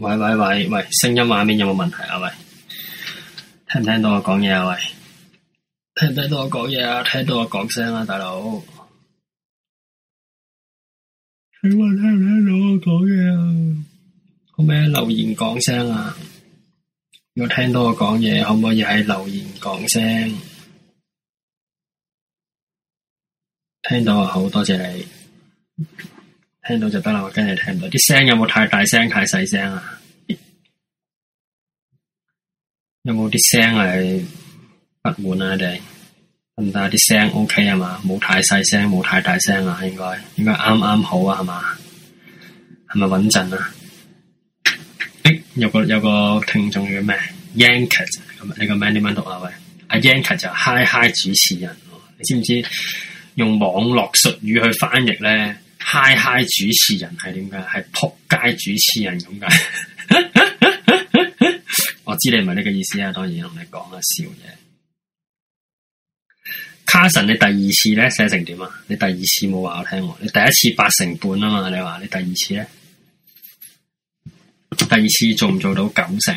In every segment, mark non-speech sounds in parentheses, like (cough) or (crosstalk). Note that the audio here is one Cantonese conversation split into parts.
喂喂喂喂，聲音畫面有冇問題啊？喂，聽唔聽到我講嘢啊？喂，聽唔聽到我講嘢啊？聽到我講聲啊，大佬，請問聽唔聽到我講嘢啊？個咩、啊、留言講聲啊？要聽到我講嘢，可唔可以喺留言講聲？聽到我好多謝你。聽到就得啦，我真係聽唔到。啲聲有冇太大聲、太細聲啊？有冇啲聲係不滿啊？你唔得啲聲 OK 係嘛？冇太細聲，冇太大聲啊？應該應該啱啱好啊？係嘛？係咪穩陣啊？誒、欸，有個有個聽眾叫咩？Yanker 咁啊？Yanket，你個名點樣讀啊？喂，阿 Yanker 就 h 嗨 h 主持人你知唔知用網絡術語去翻譯咧？嗨嗨，主持人係點解？係仆街主持人咁解？ (laughs) 我知你唔係呢個意思啊，當然同你講下笑嘢。卡神，你第二次咧寫成點啊？你第二次冇話我聽喎。你第一次八成半啊嘛，你話你第二次咧？第二次做唔做到九成？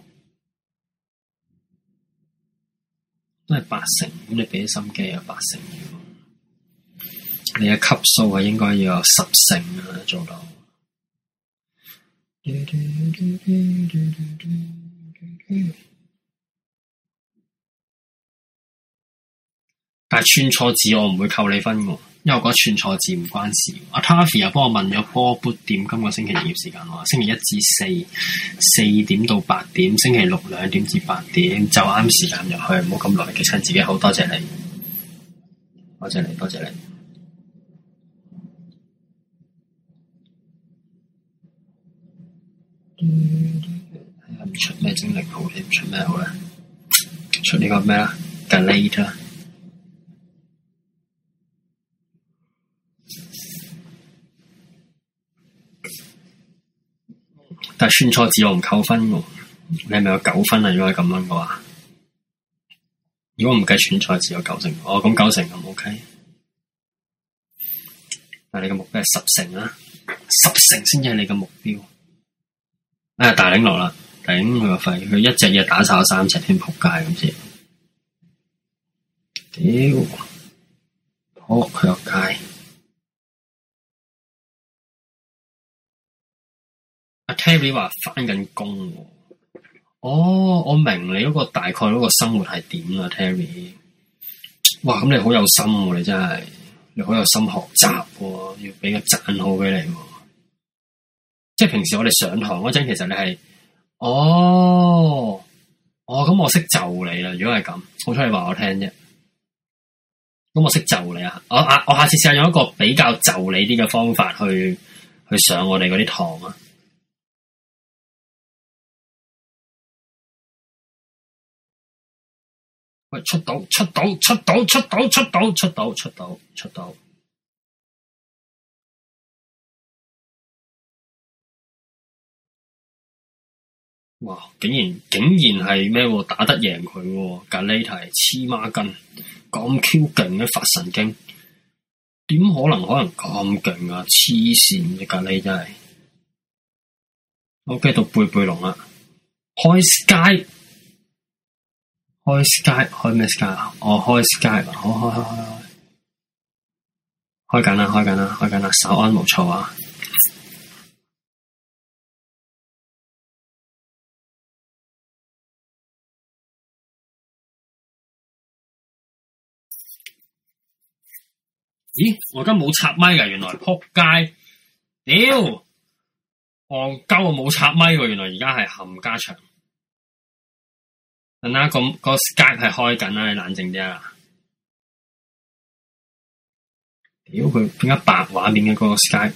都係八成，你俾啲心機有八成。你嘅級數啊，應該要有十成啊做到。但係串錯字，我唔會扣你分嘅。因為我覺得串錯字唔關事。阿 Taffy 又幫我問咗波波點今個星期二營業時間，話星期一至四四點到八點，星期六兩點至八點就啱時間入去，唔好咁耐嘅，真自己好多謝你，多謝你，多謝你，係唔出咩精力好添，唔出咩好啦，出呢個咩啦 Delay 但係串錯字我唔扣分嘅，你係咪有九分啊？如果係咁樣嘅話，如果唔計串錯字，有九成，哦，咁九成咁 OK。但你嘅目標係十成啊，十成先至係你嘅目標。啊、哎，大領落啦，頂佢個肺，佢一隻嘢打晒三隻添，仆街咁先。屌，仆佢個街。Terry 話翻緊工，哦，我明你嗰個大概嗰個生活係點啦，Terry。哇，咁你好有心，啊，你真係，你好有心學習，啊，要俾個讚好俾你。即係平時我哋上堂嗰陣，其實你係，哦，咁、哦、我識就你啦。如果係咁，好彩你話我聽啫。咁我識就你啊，我下我下次試下用一個比較就你啲嘅方法去去上我哋嗰啲堂啊。喂，出到，出到，出到，出到，出到，出到，出到，出到。出到出到哇，竟然竟然係咩？打得贏佢喎？隔離係黐孖筋，咁 Q 勁咧，發神經，點可能可能咁勁啊？黐線嘅隔離真係。OK，讀貝貝龍啦，開街。開 sky 開咩 sky 啊？我開 sky，好開開開開開緊啦！開緊啦！開緊啦！稍安勿躁啊。咦？我而家冇插麥噶，原來撲街！屌！戇鳩啊！冇插麥喎，原來而家係冚家祥。嗱，個個 Skype 係開緊啦，你冷靜啲啊！屌佢點解白畫面嘅，那個 Skype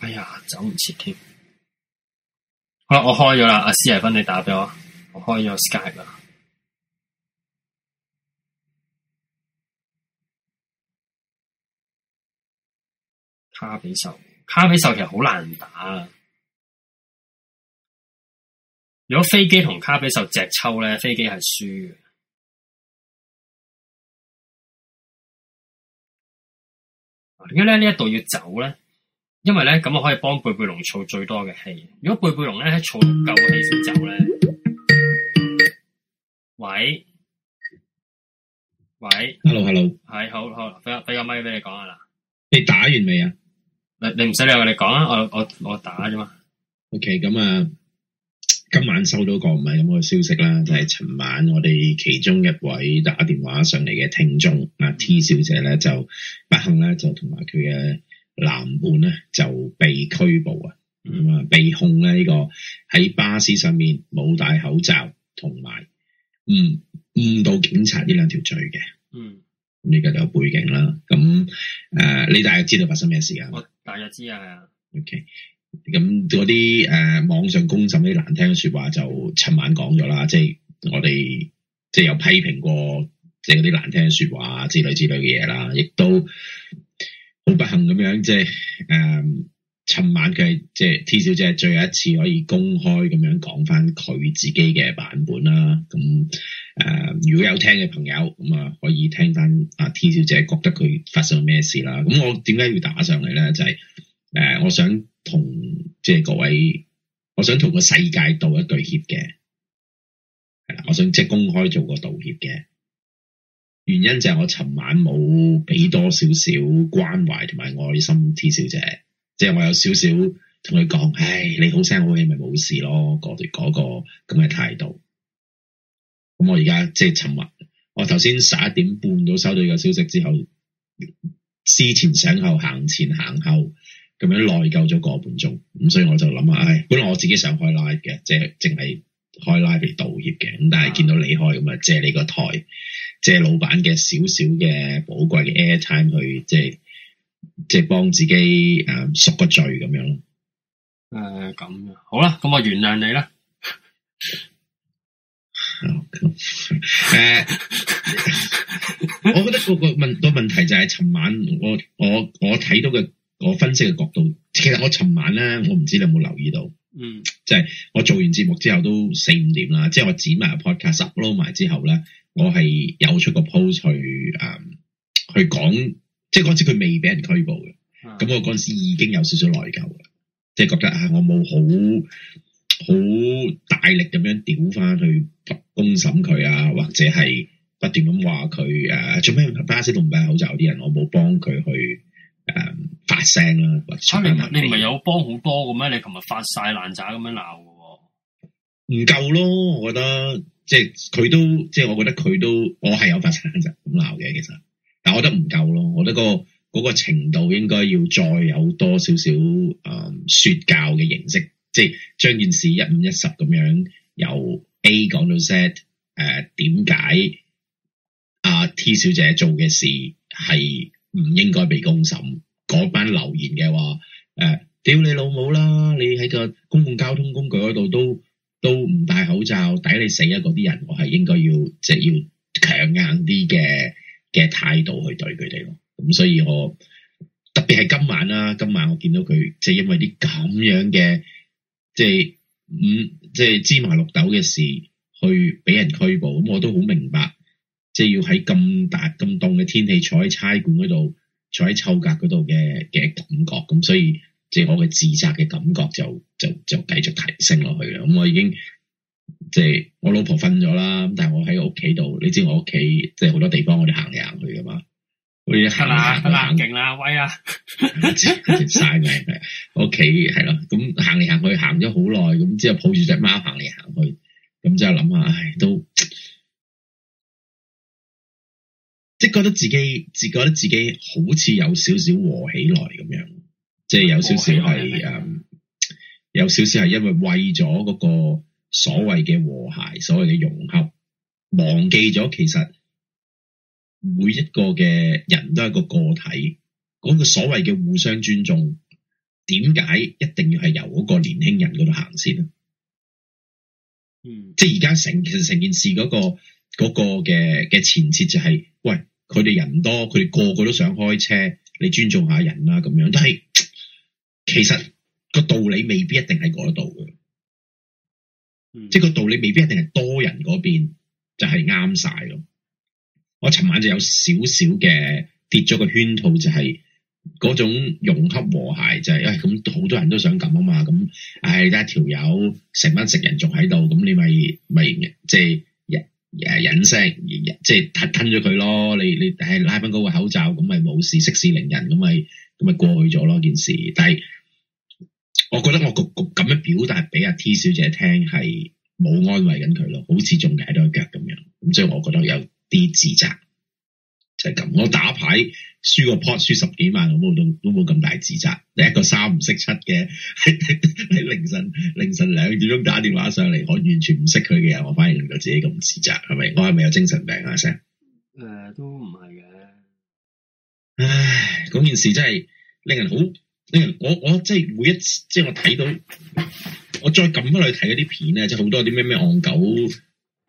哎呀，走唔切添。好啦，我開咗啦，阿思賢芬，你打俾我。開咗 Skype 啦。卡比獸。卡比獸其實好難打啊！如果飛機同卡比獸隻抽咧，飛機係輸嘅。點解咧？呢一度要走咧？因為咧，咁我可以幫貝貝龍儲最多嘅氣。如果貝貝龍咧儲夠氣先走咧。喂喂，hello hello，係好好，俾個咪俾你講下啦。你打完未啊？你你唔使理我哋講啊，我我我打啫嘛。OK，咁啊，今晚收到個唔係咁嘅消息啦，就係，是，尋晚我哋其中一位打電話上嚟嘅聽眾啊，T 小姐咧就不幸咧就同埋佢嘅男伴咧就被拘捕啊，咁、嗯、啊被控咧呢、這個喺巴士上面冇戴口罩同埋。嗯誤到警察呢兩條罪嘅，嗯，咁依家就有背景啦。咁誒、呃，你大約知道發生咩事啊？我大約知啊，OK 那那。咁嗰啲誒網上公審啲難聽嘅說話就尋晚講咗啦，即、就、係、是、我哋即係有批評過即係嗰啲難聽嘅說話之類之類嘅嘢啦，亦都好不幸咁樣即係誒。嗯尋晚佢係即係 T 小姐最後一次可以公開咁樣講翻佢自己嘅版本啦。咁誒、呃、如果有聽嘅朋友咁啊，可以聽翻阿 T 小姐覺得佢發生咩事啦。咁我點解要打上嚟咧？就係、是、誒、呃，我想同即係各位，我想同個世界道一句歉嘅。係啦，我想即係公開做個道歉嘅原因就係我尋晚冇俾多少少關懷同埋愛心 T 小姐。即係我有少少同佢講，唉，你好聲好氣咪冇事咯，嗰啲嗰個咁嘅態度。咁我而家即係尋日，我頭先十一點半到收到個消息之後，思前想後，行前行後，咁樣內疚咗個半鐘。咁所以我就諗，唉，本來我自己想開 live 嘅，即係淨係開 live 嚟道歉嘅。咁但係見到你開，咁啊借你個台，借老闆嘅少少嘅寶貴嘅 air time 去即係。即係幫自己誒贖個罪咁樣咯。誒、呃，咁好啦，咁我原諒你啦。誒 (laughs) (laughs) (laughs) (laughs) (laughs) 我覺得個個問個問題就係，尋晚我我我睇到嘅我分析嘅角度，其實我尋晚咧，我唔知你有冇留意到，嗯，即、就、係、是、我做完節目之後都四五點啦，即、就、係、是、我剪埋 podcast load 埋之後咧，我係有出個 post 去誒、嗯、去講。即係嗰陣時佢未俾人拘捕嘅，咁、啊、我嗰陣時已經有少少內疚嘅，即、就、係、是、覺得啊，我冇好好大力咁樣屌翻去公審佢啊，或者係不斷咁話佢誒做咩唔戴口罩？唔戴口罩啲人，我冇幫佢去誒、嗯、發聲啦、啊。你你唔係有幫好多嘅咩？你琴日發晒爛渣咁樣鬧嘅，唔夠咯。我覺得即係佢都，即係我覺得佢都，我係有發聲就咁鬧嘅，其實。我覺得唔夠咯，我覺得、那個、那個程度應該要再有多少少誒說教嘅形式，即係將件事一五一十咁樣由 A 講到 Z，誒點解阿 T 小姐做嘅事係唔應該被公審？嗰班留言嘅話，誒、呃、屌你老母啦！你喺個公共交通工具嗰度都都唔戴口罩，抵你死啊！嗰啲人我係應該要即係、就是、要強硬啲嘅。嘅態度去對佢哋咯，咁所以我特別係今晚啦，今晚我見到佢即係因為啲咁樣嘅即係五即係芝麻綠豆嘅事，去俾人拘捕，咁我都好明白，即係要喺咁大咁凍嘅天氣坐喺差館嗰度，坐喺臭格嗰度嘅嘅感覺，咁所以即係我嘅自責嘅感覺就就就繼續提升落去啦，咁我已經。即、就、係、是、我老婆瞓咗啦，但係我喺屋企度。你知我屋企即係好多地方我走走、嗯，我哋行嚟行去噶嘛。得、嗯、啦，得、嗯、啦，勁、嗯、啦，威啊！晒命我屋企係咯，咁行嚟行去，行咗好耐，咁之後抱住隻貓行嚟行去，咁之後諗下，唉都即係覺得自己，自覺得自己好似有少少和起來咁樣，即係、就是、有少少係誒，有少少係因為為咗嗰、那個。所謂嘅和諧，所謂嘅融合，忘記咗其實每一個嘅人都係個個體，嗰、嗰個所謂嘅互相尊重，點解一定要係由嗰個年輕人嗰度行先咧？嗯，即係而家成成件事嗰、嗰個、嗰個嘅嘅前設就係、是，喂，佢哋人多，佢哋個個都想開車，你尊重一下人啦、啊，咁樣都係，其實嗰個道理未必一定係過得到嘅。即係個道理，未必一定係多人嗰邊就係啱晒咯。我尋晚就有少少嘅跌咗個圈套，就係嗰種融洽和諧，就係，哎，咁好多人都想咁啊嘛，咁，哎，一條友成班食人族喺度，咁你咪咪即係誒忍聲，即係吞咗佢咯。你你誒拉翻嗰個口罩，咁咪冇事，息事寧人，咁咪咁咪過去咗咯件事，但係。我覺得我局局咁樣表達俾阿 T 小姐聽係冇安慰緊佢咯，好似仲踩到腳咁樣，咁所以我覺得我有啲自責，就係、是、咁。我打牌輸個 pot 輸十幾萬，我冇都都冇咁大自責。你一個三唔識七嘅喺 (laughs) 凌晨凌晨兩點鐘打電話上嚟，我完全唔識佢嘅人，我反而令到自己咁自責，係咪？我係咪有精神病啊？Sir？誒、呃，都唔係嘅。唉，嗰件事真係令人好。我我即係每一次，即係我睇到我再撳翻去睇嗰啲片咧，即係好多啲咩咩惡狗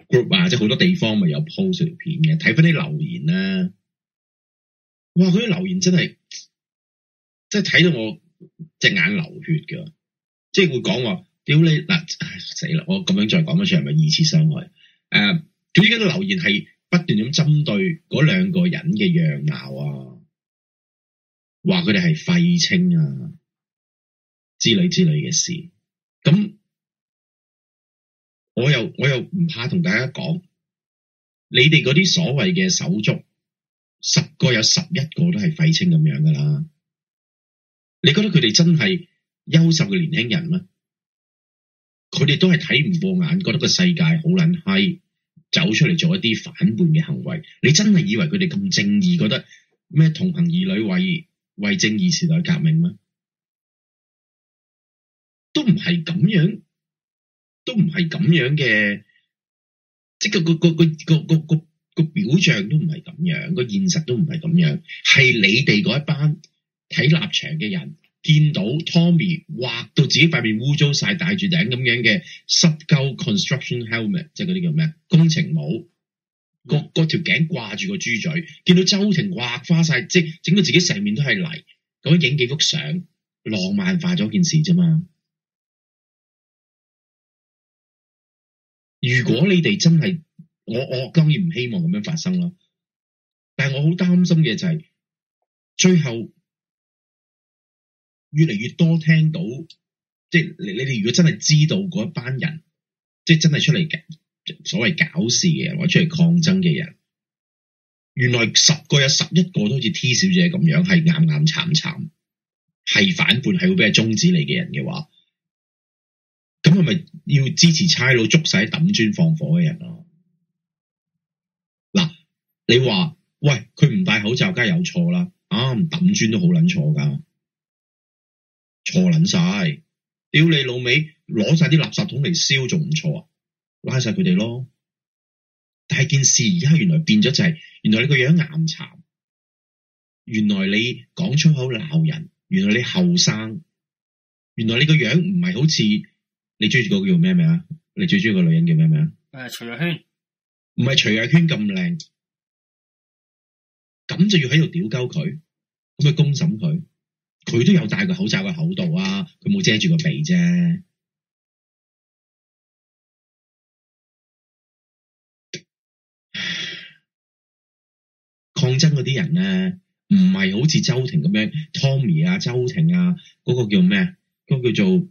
group 啊，即係好多地方咪有 post 條片嘅，睇翻啲留言咧、啊，哇！佢啲留言真係即係睇到我隻眼流血㗎。即係會講，屌你嗱死啦！我咁樣再講咗次，係咪二次傷害？誒、呃，佢依家啲留言係不斷咁針對嗰兩個人嘅樣貌啊！話佢哋係廢青啊，之類之類嘅事，咁我又我又唔怕同大家講，你哋嗰啲所謂嘅手足，十個有十一個都係廢青咁樣噶啦。你覺得佢哋真係優秀嘅年輕人咩？佢哋都係睇唔過眼，覺得個世界好撚閪，走出嚟做一啲反叛嘅行為。你真係以為佢哋咁正義，覺得咩同行異女為？為正義時代革命咩？都唔係咁樣，都唔係咁樣嘅，即係個個個個個個個表象都唔係咁樣，個現實都唔係咁樣，係你哋嗰一班睇立場嘅人見到 Tommy 畫到自己塊面污糟晒，戴住頂咁樣嘅濕鳩 construction helmet，即係嗰啲叫咩？工程帽。嗯、個個條頸掛住個豬嘴，見到周庭畫花晒，即係整到自己成面都係泥，咁樣影幾幅相，浪漫化咗件事啫嘛。如果你哋真係，我我當然唔希望咁樣發生啦。但係我好擔心嘅就係，最後越嚟越多聽到，即係你哋如果真係知道嗰一班人，即係真係出嚟嘅。所謂搞事嘅人，或者出嚟抗爭嘅人，原來十個有十一個都好似 T 小姐咁樣，係啱啱慘慘，係反叛，係會俾人終止嚟嘅人嘅話，咁係咪要支持差佬捉晒抌磚放火嘅人咯？啊？嗱，你話喂，佢唔戴口罩，梗係有錯啦。啊，唔抌磚都好撚錯噶，錯撚晒，屌你老味，攞晒啲垃圾桶嚟燒仲唔錯啊？拉晒佢哋咯，但係件事而家原來變咗就係、是，原來你個樣岩殘，原來你講粗口鬧人，原來你後生，原來你個樣唔係好似你最中意個叫咩名啊？你最中意個女人叫咩名啊？誒，徐若瑄，唔係徐若瑄咁靚，咁就要喺度屌鳩佢，咁去公審佢，佢都有戴個口罩嘅口度啊，佢冇遮住個鼻啫。真嗰啲人咧、啊，唔係好似周庭咁樣，Tommy 啊、周庭啊，嗰、那個叫咩？嗰、那個叫做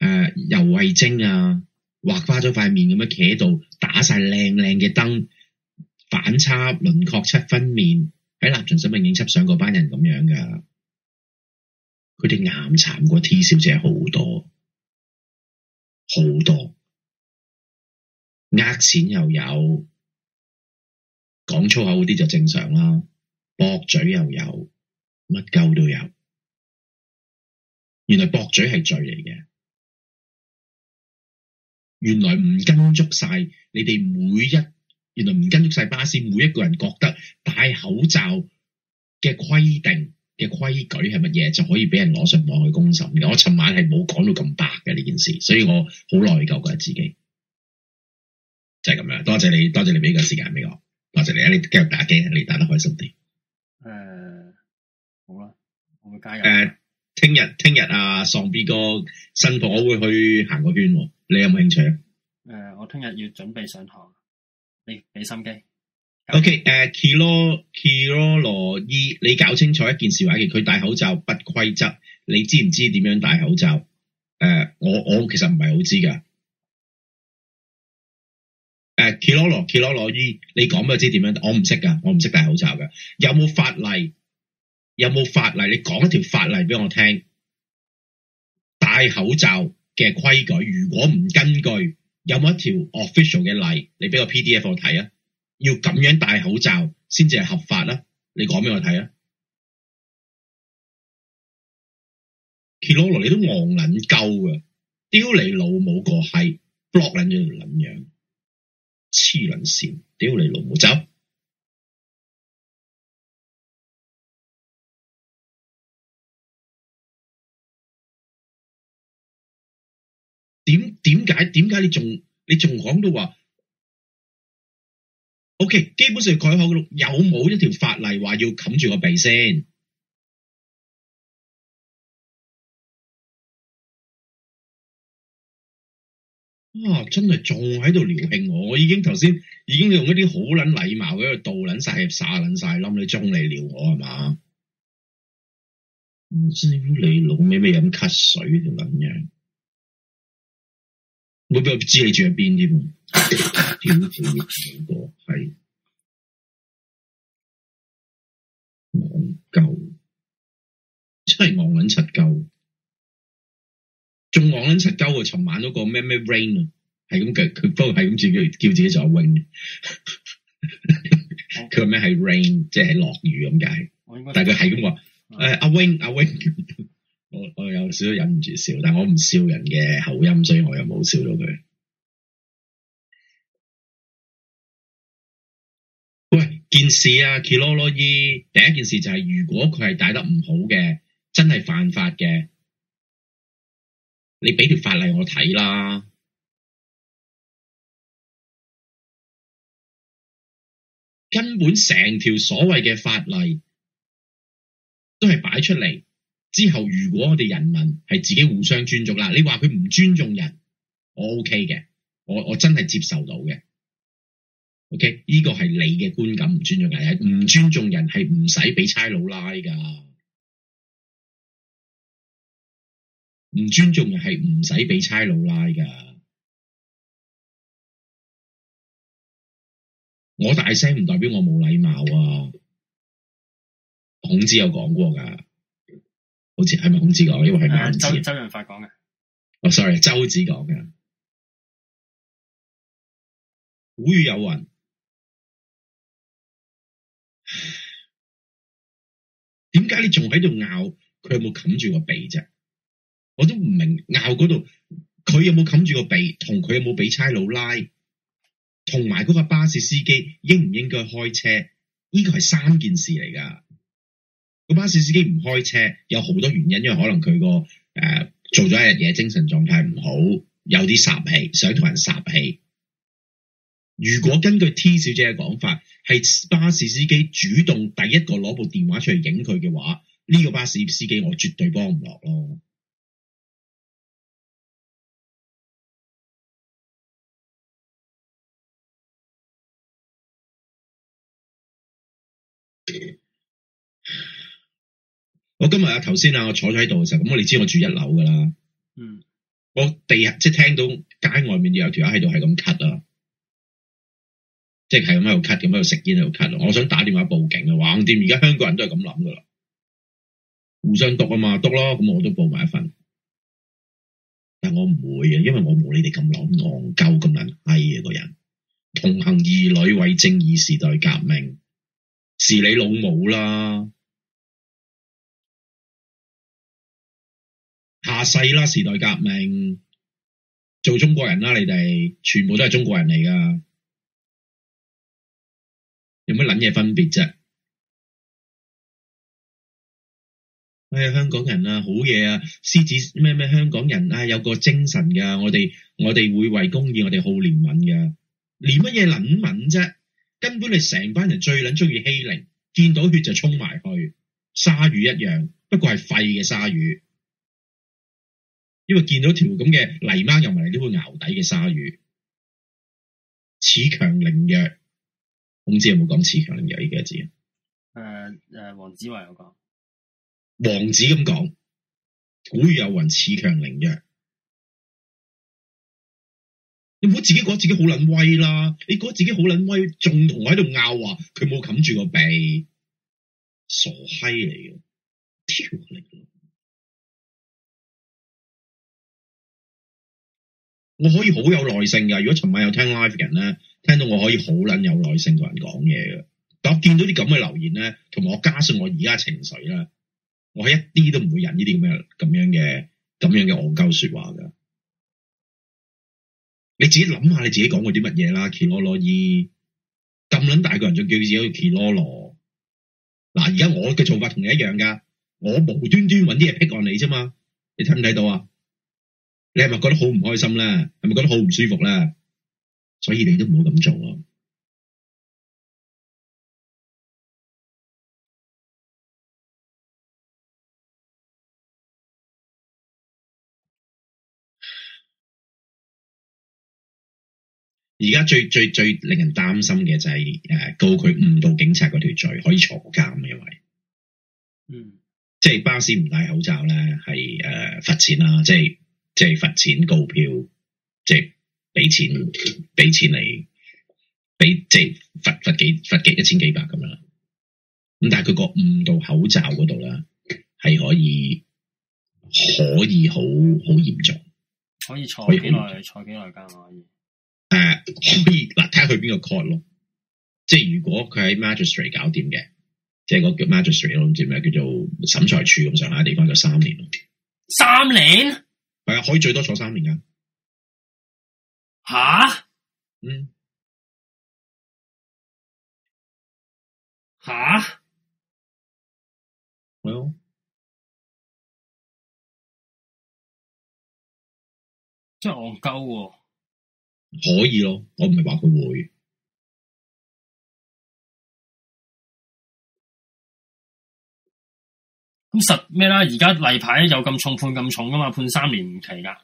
誒，游惠貞啊，畫花咗塊面咁樣企喺度，打晒靚靚嘅燈，反差輪廓七分面，喺立場新聞影輯相嗰班人咁樣噶，佢哋眼殘過 T 小姐好多，好多，呃錢又有。講粗口嗰啲就正常啦，駁嘴又有，乜鳩都有。原來駁嘴係罪嚟嘅，原來唔跟足晒你哋每一，原來唔跟足晒巴士每一個人覺得戴口罩嘅規定嘅規矩係乜嘢就可以俾人攞上網去公審嘅。我尋晚係冇講到咁白嘅呢件事，所以我好內疚，覺得自己就係、是、咁樣。多謝你，多謝你俾個時間俾我。美國或者你咧，你繼續打機，你打得開心啲。誒、呃，好啦，我會加油。誒、呃，聽日聽日阿喪 B 哥，新抱我會去行個圈，哦，你有冇興趣？誒、呃，我聽日要準備上堂，你俾心機。O K，誒，Kilo，Kilo 羅伊，你搞清楚一件事話嘅，佢戴口罩不規則，你知唔知點樣戴口罩？誒、呃，我我其實唔係好知噶。Kilo 羅 Kilo 羅、e，咦，你講咪知點樣？我唔識噶，我唔識戴口罩嘅。有冇法例？有冇法例？你講一條法例俾我聽，戴口罩嘅規矩。如果唔根據，有冇一條 official 嘅例？你俾個 PDF 我睇啊！要咁樣戴口罩先至係合法啦。你講俾我睇啊！Kilo 羅，Kilolo，你都戇撚鳩嘅，丟你老母個閪，block 撚咗條捻樣。黐撚線，屌你老母走！點解？點解你仲你仲講到話？O K，基本上佢喺有冇一條法例話要冚住個鼻先？啊！真係仲喺度撩興我，我已經頭先已經用一啲好撚禮貌嘅度撚晒，曬、撒撚晒。冧你盅嚟撩我係嘛？至於你老味咩飲咳水條撚樣，會唔會知你住喺邊添？點知呢個係戇鳩，真係戇撚柒鳩。仲講緊七鳩啊！尋晚嗰個咩咩 rain 啊，係咁嘅，佢不過係咁叫叫自己做阿 wing，佢個咩係 rain 即係落雨咁解。但係佢係咁話，誒阿 wing 阿 wing，我我有少少忍唔住笑，但我唔笑人嘅口音，所以我又冇笑到佢。喂，件事啊，Kilo 洛伊第一件事就係、是、如果佢係帶得唔好嘅，真係犯法嘅。你俾條法例我睇啦，根本成條所謂嘅法例都係擺出嚟之後，如果我哋人民係自己互相尊重啦，你話佢唔尊重人，我 O K 嘅，我我真係接受到嘅。O K，呢個係你嘅觀感，唔尊重人，唔尊重人係唔使俾差佬拉噶。唔尊重人係唔使畀差佬拉噶，我大聲唔代表我冇禮貌啊孔！是是孔子有講過噶，好似係咪孔子講？因為係孟子。周周潤發講嘅。哦、oh，sorry，周子講嘅。古語有云：點解你仲喺度拗？佢有冇冚住個鼻啫？.我都唔明拗嗰度，佢有冇冚住個鼻，同佢有冇俾差佬拉，同埋嗰個巴士司機應唔應該開車？呢個係三件事嚟噶。個巴士司機唔開車有好多原因，因為可能佢個誒做咗一日嘢，精神狀態唔好，有啲霎氣，想同人霎氣。如果根據 T 小姐嘅講法，係巴士司機主動第一個攞部電話出嚟影佢嘅話，呢、呢個巴士司機我絕對幫唔落咯。我今日啊，頭先啊，我坐咗喺度嘅時候，咁我你知我住一樓噶啦。嗯。我地下即係聽到街外面有條友喺度係咁咳啊，即係係咁喺度咳，咁喺度食煙喺度咳。我想打電話報警啊，橫掂而家香港人都係咁諗噶啦，互相督啊嘛，督咯，咁我都報埋一份。但係我唔會嘅，因為我冇你哋咁諗。戇鳩咁人哎嘅個人。同行兒女為正義，時代革命。是你老母啦！下世啦，時代革命，做中國人啦，你哋全部都係中國人嚟噶，有乜撚嘢分別啫？哎呀，香港人啊，好嘢啊！獅子咩咩香港人啊，有個精神噶，我哋我哋會為公義，我哋好憐憫噶，憐乜嘢憐憫啫？根本你成班人最撚鍾意欺凌，見到血就衝埋去，鯊魚一樣，不過係廢嘅鯊魚。因為見到條咁嘅泥蜢入嚟，都會淆底嘅鯊魚，恃強凌弱。我唔知有冇講恃強凌弱呢幾個字？誒、呃、誒，黃子華有講，王子咁講，古語有云恃強凌弱。你唔好自己覺得自己好撚威啦！你覺得自己好撚威，仲同我喺度拗話，佢冇冚住個鼻，傻閪嚟嘅，嚟、啊！我可以好有耐性㗎。如果尋晚有聽 live 人咧，聽到我可以好撚有耐性同人講嘢嘅。但我見到啲咁嘅留言咧，同埋我加上我而家情緒咧，我係一啲都唔會忍呢啲咁樣咁樣嘅咁樣嘅戇鳩說話噶。你自己諗下你自己講過啲乜嘢啦，奇羅羅伊咁撚大個人仲叫自己奇羅羅，嗱，而家我嘅做法同你一樣噶，我無端端搵啲嘢劈岸你啫嘛，你睇唔睇到啊？你係咪覺得好唔開心咧？係咪覺得好唔舒服咧？所以你都唔好咁做啊！而家最最最令人擔心嘅就係誒告佢誤導警察嗰條罪可以坐監嘅，因為，嗯，即係巴士唔戴口罩咧，係誒、呃、罰錢啦，即係即係罰錢告票，即係俾錢俾錢你俾即係罰罰幾罰幾一千幾，幾，幾，幾百咁樣。咁但係佢個誤導口罩嗰度咧，係可以可以好好嚴重，可以坐幾耐？坐幾耐監可以？可以嗱，睇下佢邊個 court 咯，即係如果佢喺 magistrate 搞掂嘅，即係嗰叫 magistrate 咯，唔知咩叫做審裁處咁上下地方就三年咯。三年？係啊，可以最多坐三年噶。吓？嗯吓？喂、哦，真係戇鳩喎！可以咯，我唔係話佢會，咁實咩啦？而家例牌又咁重判咁重噶嘛？判三年期噶。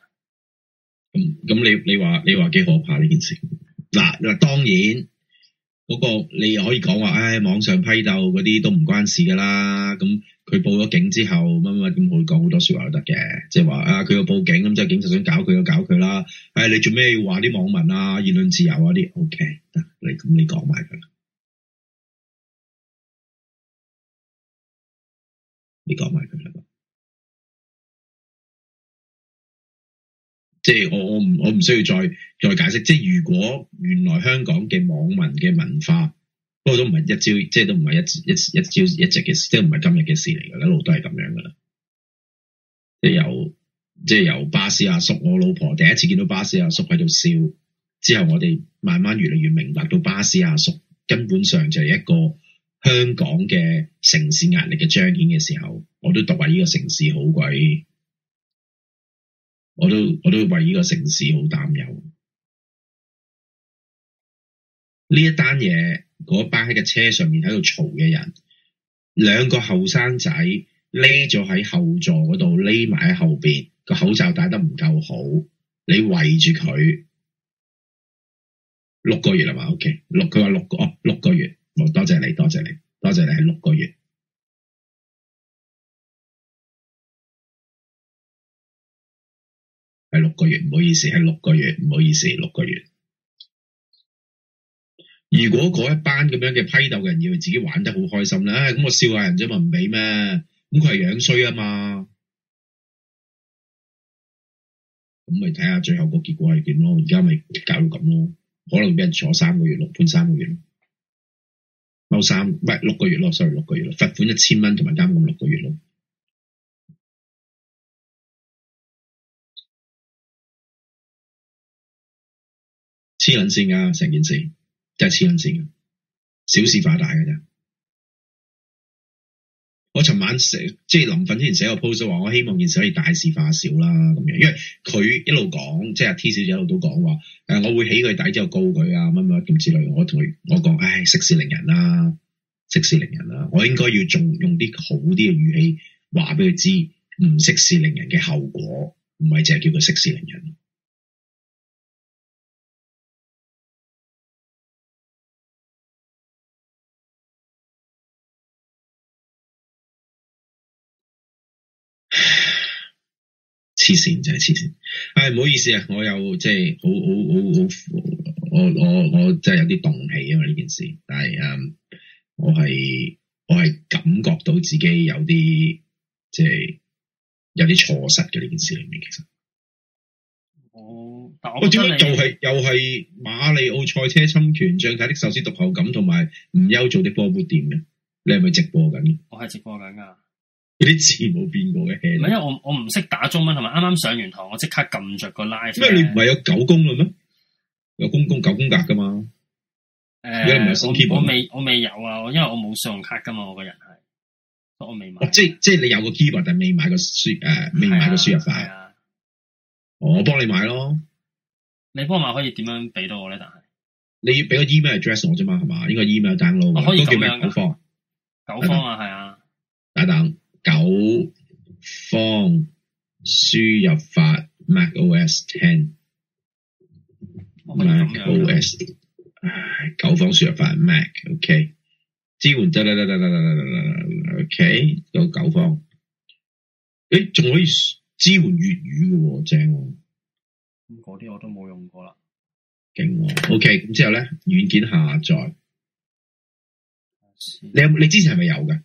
咁咁你你話你話幾可怕呢件事？嗱嗱當然，嗰個你可以講話，唉，網上批鬥嗰啲都唔關事噶啦。咁。佢報咗警之後，乜乜乜咁，佢講好多說話都得嘅，即係話啊，佢又報警咁，即係警察想搞佢就搞佢啦。誒、哎，你做咩要話啲網民啊？言論自由啊啲，OK，得你咁，你講埋佢啦，你講埋佢啦。即係我我唔我唔需要再再解釋。即係如果原來香港嘅網民嘅文化。不過都唔係一朝，即係都唔係一朝一朝一夕嘅事，即係唔係今日嘅事嚟嘅，一路都係咁樣嘅啦。即係由即係由巴士阿叔，我老婆第一次見到巴士阿叔喺度笑之後，我哋慢慢越嚟越明白到巴士阿叔根本上就係一個香港嘅城市壓力嘅彰顯嘅時候，我都讀話呢個城市好鬼，我都我都為呢個城市好擔憂。呢一單嘢。嗰班喺架車上面喺度嘈嘅人，兩個後生仔匿咗喺後座嗰度，匿埋喺後邊，個口罩戴得唔夠好。你圍住佢六個月啦嘛？OK，六佢話六個哦，六個月。多謝你，多謝你，多謝你係六個月係六個月，唔好意思係六個月，唔好意思六個月。如果嗰一班咁樣嘅批鬥嘅人以為自己玩得好開心咧，咁、啊、我笑下人啫嘛，唔俾咩？咁佢係樣衰啊嘛，咁咪睇下最後個結果係點咯？而家咪搞到咁咯，可能俾人坐三個月，六判三個月，踎三，喂，六個月咯，sorry，六個月咯，罰款一千蚊，同埋監禁六個月咯，黐捻線噶成件事。就係黐撚線嘅，小事化大嘅啫。我尋晚寫，即係臨瞓之前寫個 post 話，我希望件事可以大事化小啦咁樣。因為佢一路講，即係 T 小姐一路都講話，誒，我會起佢底之後告佢啊，乜乜咁之類。我同佢我講，唉，息事寧人啦、啊，息事寧人啦、啊。我應該要用用啲好啲嘅語氣話俾佢知，唔息事寧人嘅後果，唔係淨係叫佢息事寧人。黐線就係黐線，唉，唔好意思啊，我又，即係好好好好，好，好，我我我真係有啲動氣，因為呢件事，但係誒、嗯、我係我係感覺到自己有啲即係有啲錯失嘅，呢件事裏面其實我但我點解、就是、又係又係馬里奧賽車侵權、象牙的壽司獨厚感同埋唔休做的波波店嘅？你係咪直播緊？我係直播緊㗎。啲字冇變過嘅，唔係因為我我唔識打中文，同埋啱啱上完堂，我即刻撳着個 live。因為你唔係有九宮嘅咩？有公公九宮格噶嘛？誒、欸，我未我未，我未有啊！我因為我冇信用卡噶嘛，我個人係我未買、哦。即即係你有個 keyboard，但未買個輸誒，未買個輸入法。我幫你買咯。你幫我買可以點樣俾到我咧？但係你要俾個 email address 我啫嘛？係嘛？應該 email download。我可以叫咩九方？九方啊，係啊。是啊方輸入法 MacOS Ten、啊、MacOS、啊、九方輸入法 Mac OK 支援得得得得得得得得得 OK 有九方，誒仲可以支援粵語嘅正喎。咁嗰啲我都冇用過啦。勁喎、哦、OK 咁之後咧軟件下載，你有你之前係咪有㗎？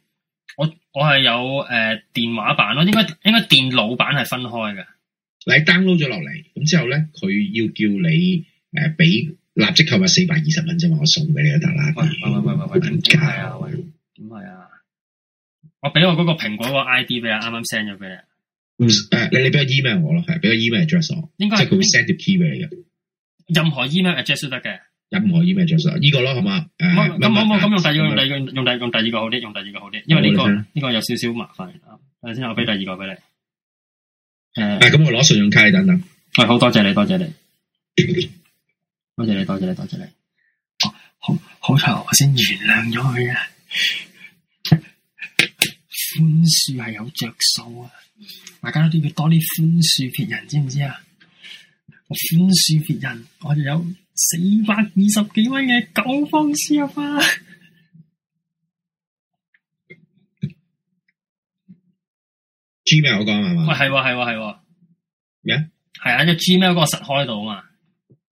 我係有誒、呃、電話版咯，應該應該電腦版係分開嘅。你 download 咗落嚟，咁之後咧佢要叫你誒俾、呃、立即購物四百二十蚊啫嘛，我送俾你得啦。喂喂喂喂喂，唔該。係啊，點係啊？我俾我嗰個蘋果個 ID 俾你，啱啱 send 咗俾你。唔，你你俾個 email 我咯，係俾個 email address 我，應該即係佢會 send 條 key 俾你嘅。任何 email address 都得嘅。任何依咩着數？呢個咯，好嘛？咁冇冇咁用第二個、啊，用第二個，用第二個好啲，用第二個好啲，因為呢、呢個呢、呢個有少少麻煩。係先？我俾第二個俾你。誒、呃，咁、啊、我攞信用卡等等。喂、哎，好多謝，多，謝 (laughs) 多謝你，多謝你，多謝你，多謝你，多謝你。好，好彩我先原諒咗佢啊！寬 (laughs) 恕係有着數啊！大家都啲要多啲寬恕別人，知唔知啊？寬恕別人，我哋有。四百二十幾米嘅九方輸入法、啊，Gmail 我講係嘛？喂，係係係咩啊？係啊，啊，啊，因為 Gmail 嗰個實開到嘛？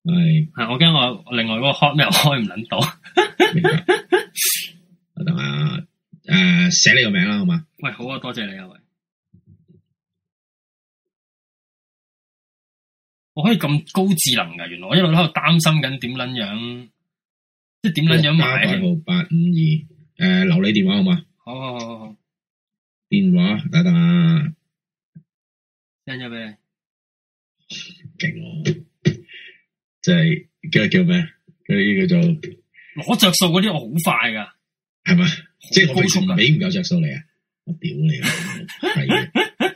係係我驚我另外嗰個 hotmail 開唔捻到？我， (laughs) 我等下，誒、呃，寫你個名啦，好嘛？喂，好啊，多謝你啊，喂。我可以咁高智能噶，原來我一路喺度擔心緊點捻樣，即係點捻樣買？孖號八五二，誒，留你電話好嘛？好好好好好，電話等等啊，聽咗未，勁哦， (laughs) 就係、是、叫叫咩？嗰啲叫做攞着數嗰啲，我好快噶，係咪即係我俾唔夠着數你啊！我屌你啊！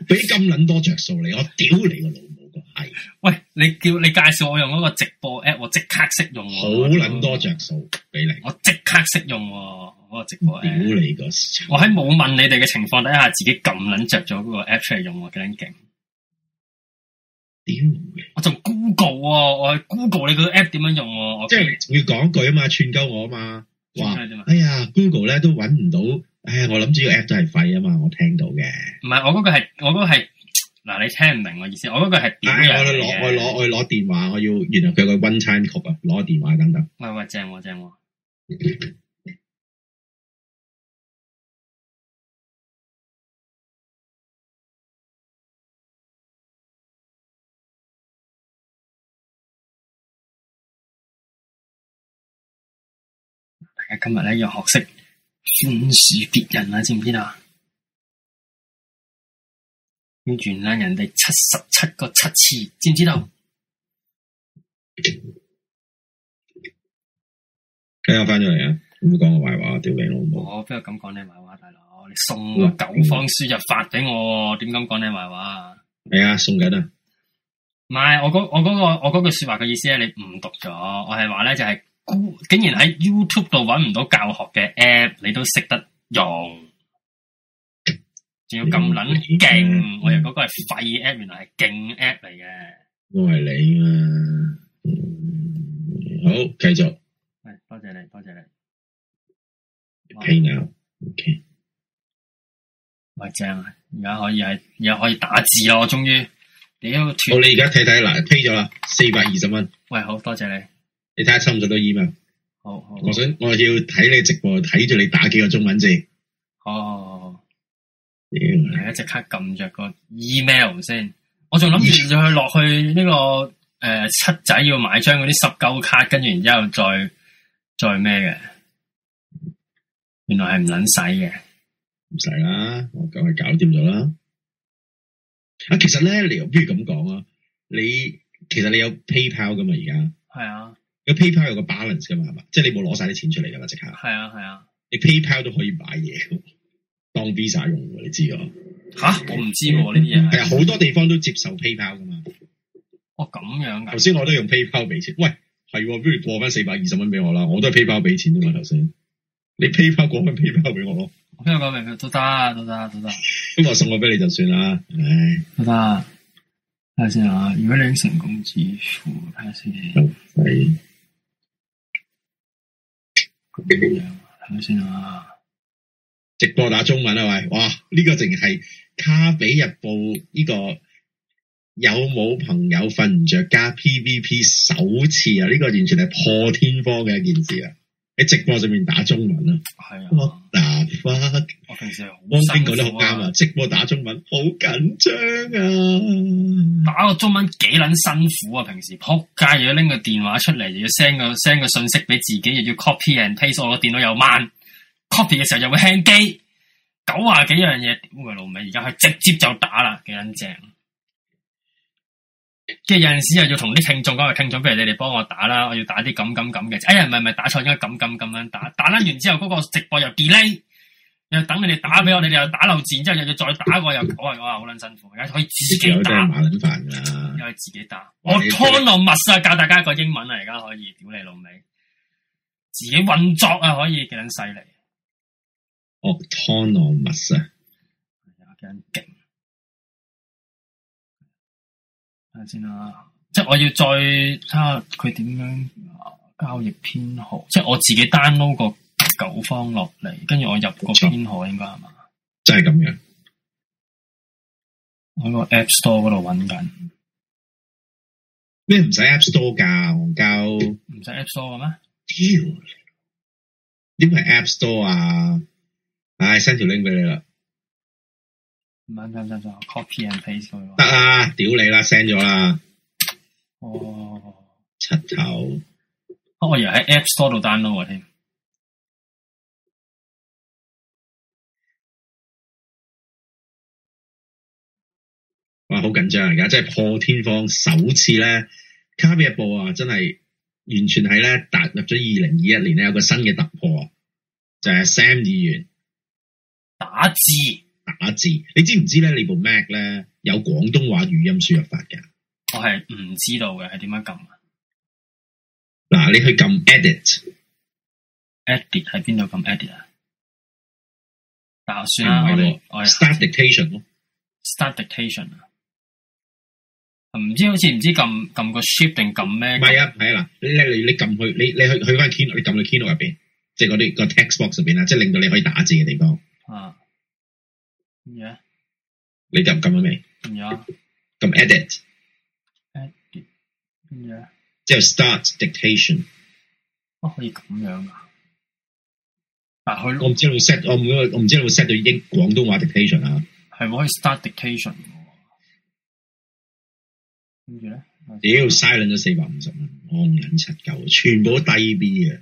俾咁捻多着數你，我屌你個腦！喂，你叫你介紹我用嗰個直播 app，我即刻識用。好撚多着數俾你，我即刻識用嗰、嗰個直播 app。屌你個，我喺冇問你哋嘅情況底下、嗯，自己撳撚着咗嗰個 app 出嚟用，幾撚勁？屌，我就 Google 啊，我係 Google 你個 app 點樣用？即係你要講句啊嘛，串鳩我啊嘛。哇，哎呀，Google 咧都揾唔到，哎呀，我諗住個 app 都係廢啊嘛，我聽到嘅。唔係，我嗰個係，我個係。嗱、啊，你聽唔明我意思？我嗰個係點嘅。哎，我攞，我攞，我攞電話，我要，原來佢有個 one time code 啊，攞電話等等。喂喂，正喎、啊、正喎、啊。 (laughs) 大家今日咧要學識宣示別人啊，知唔知道？完啦！人哋七十七個七次，知唔知道？聽我翻咗嚟啊！唔好講我壞話，屌你老母！我邊有咁講你壞話，大佬？你送九方輸入法俾我，點、嗯、敢講你壞話啊？係啊，送緊多、啊？唔係我嗰、嗰個我句說話嘅意思咧，你唔讀咗，我係話咧就係、是，竟然喺 YouTube 度揾唔到教學嘅 App，你都識得用。仲要咁捻勁，我又嗰個係廢 app，原來係勁 app 嚟嘅，都係你嘛。好，繼續。喂，多謝你，多謝你。You pay now，ok, okay。喂，正啊，而家可以，而家可以打字咯，終於。屌，好，你而家睇睇嗱，pay 咗啦，四百二十蚊。喂，好多謝你。你睇下差唔多到 email 好好。我想我要睇你直播，睇住你打幾個中文字。哦。好你一隻卡，撳着個 email 先我，這個，我仲諗住就去落去呢個誒七仔要買張嗰啲十九個卡，跟住然之後再再咩嘅？原來係唔捻使嘅，唔使啦，我梗係搞掂咗啦。啊，其實咧，你又不如咁講啊？你其實你有 PayPal 噶嘛？而家係啊，有 PayPal 有個 balance 噶嘛？係咪？即係你冇攞晒啲錢出嚟噶嘛？即刻係啊係啊，你 PayPal 都可以買嘢。當 visa 用嘅，你知噶吓？我唔知喎，呢啲嘢。係啊，好多地方都接受 paypal 㗎嘛。哦，咁樣嘅。頭先我都用 paypal 畀錢。喂，係喎，不如過返四百二十蚊畀我啦。我都係 paypal 畀錢啫嘛。頭先你 paypal 過返 paypal 畀我囉。我聽日講明，都得，都得，都得。咁我送我畀你就算啦。唉，都得。睇下先啊，如果你成功支付，睇下先。係。咁樣，睇下先啊。Okay. 直播打中文啊，喂！哇，呢個淨係《卡比日報》呢個有冇朋友瞓唔着加 PVP 首次啊？呢個完全係破天荒嘅一件事啊！喺直播上面打中文啊，係啊，我平時安邊講都好啱啊！直播打中文好緊張啊！打個中文幾撚辛苦啊！平時仆街又要拎個電話出嚟，又要 send 個 send 個信息俾自己，又要 copy and paste，我個電腦又慢。copy 嘅時候又會輕機，九啊幾樣嘢屌佢老味，而家係直接就打啦，幾撚正。即係有陣時又要同啲聽眾講話，聽眾譬如你哋幫我打啦，我要打啲咁咁咁嘅，哎呀唔係唔係打錯，應該咁咁咁樣打。打啦完之後，嗰個直播又 delay， (laughs) 又等你哋打俾我，你哋又打漏字，之後又要再打過 (laughs) 又講下講下好撚辛苦。而家可以自己打，又 (laughs) 係自己打。 (laughs) 我 autonomous 教大家一個英文啊，而家可以屌你老味，自己運作啊，可以幾撚犀利。Octonous 啊！廿斤勁，睇下先啦。即係我要再睇下佢點樣交易編號。即係我自己 download 個九方落嚟，跟住我入個編號應該，應該係嘛？即係咁樣。喺個 App Store 嗰度揾緊。咩唔使 App Store 㗎？唔使 App Store 咩？屌！點解 App Store 啊？唉，send 條 link 俾你啦。唔緊唔緊，就 copy and paste 佢。得啦，屌你啦，send 咗啦。哦，七頭。我又喺 App Store 度 download 添。哇，好緊張！而家真係破天荒首次咧，卡比日報啊，真係完全係咧踏入咗二零二一年咧，有個新嘅突破，就係、是、Sam 議員。打字，打字，你知唔知咧？你部 Mac 咧有廣東話語音輸入法嘅？我係唔知道嘅，係點樣撳啊？嗱，你去以撳 Edit，Edit 喺邊度撳 Edit 啊？打算唔係 Start, Start Dictation 咯？Start Dictation 啊？唔、嗯、知好似唔知撳撳個 Shift 定撳咩？唔係啊，係啊嗱，你你你撳去，你你去去翻 Key，你撳去 Key 入邊，即係嗰啲個 Text Box 入邊啊，即、就、係、是、令到你可以打字嘅地方。啊，咁住你撳咁樣未？咁、啊、有撳 edit，edit，之後 start dictation，可以咁樣啊？但、啊、係我唔知你會 set，我唔我唔知你會 set 到已經廣東話 dictation 啊？係咪可以 start dictation 嘅，跟住咧，屌 silent 咗四百五十蚊，我唔忍柒夠，全部都低 B 嘅。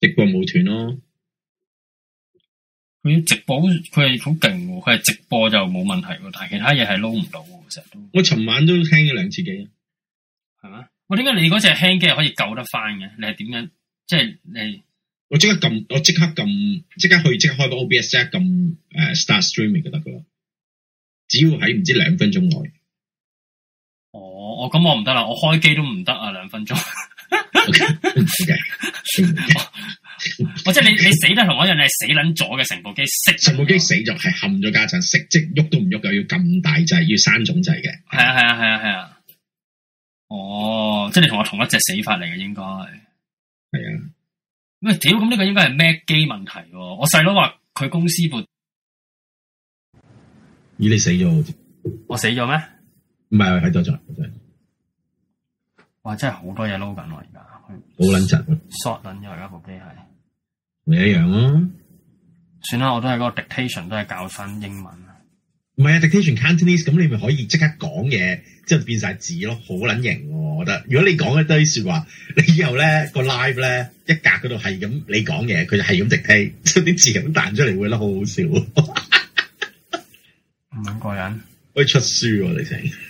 直播冇斷咯，佢直播佢係好勁，佢係直播就冇問題，但係其他嘢係撈唔到，成日都。我尋晚都聽咗兩次機、啊，係、啊、嘛？我點解你嗰隻輕機係可以救得翻嘅？你係點樣？即、就、係、是、你我即刻撳，我即刻撳，即刻，刻去即刻開個 OBS 即刻撳誒，start streaming 就得噶啦。只要喺唔知兩分鐘內。哦，我咁我唔得啦，我開機都唔得啊，兩分鐘。 (laughs) (laughs) okay, okay, okay 我即係你，你死得同我一樣你，你係死撚咗嘅，成部機熄，成部機死咗，係冚咗家產熄，即係喐都唔喐又要咁大掣，要三種掣嘅。係啊，係啊，係啊，係啊。哦，即係你同我同一隻死法嚟嘅，應該係啊。喂，屌，咁呢個應該係咩機問題？我細佬話佢公司撥，咦？你死咗？我死咗咩？唔係喺度在。哇！真係好多嘢撈緊我而家好撚窒，short 撚咗而家部機係，咪一樣咯、啊。算啦，我都係嗰個 dictation 都係教新英文啊。唔係啊，dictation cantonese 咁你咪可以即刻講嘢，之後變晒字咯，好撚型喎！我覺得，如果你講一堆説話，你以後咧個 live 咧一格嗰度係咁你講嘢，佢就係咁 dictate，即係啲字咁彈出嚟，會得好好笑。唔撚過癮，可以出書喎、啊、你先。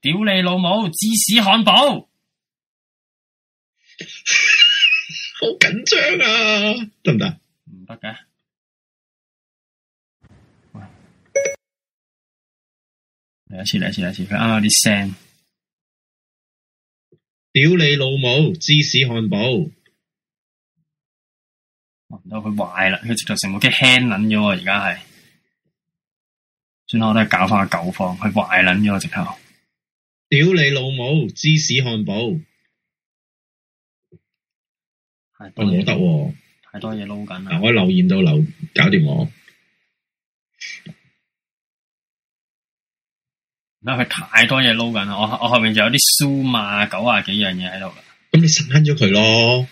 屌、嗯啊、你老母芝士漢堡， (laughs) 好緊張啊，得唔得？唔得㗎。嚟一次，嚟一次，嚟一次。啊，啲聲！屌你老母芝士漢堡，我唔得，佢壞啦，佢直頭成部機輕撚咗，而家係。算我都係搞翻個九方，佢壞撚咗直頭。屌你老母，芝士漢堡。係。我冇得。太多嘢撈緊啦。我，我留言到留，搞掂我。唔係佢太多嘢撈緊啦，我我後面就有啲蘇馬九啊幾樣嘢喺度咁你蝕咗佢咯。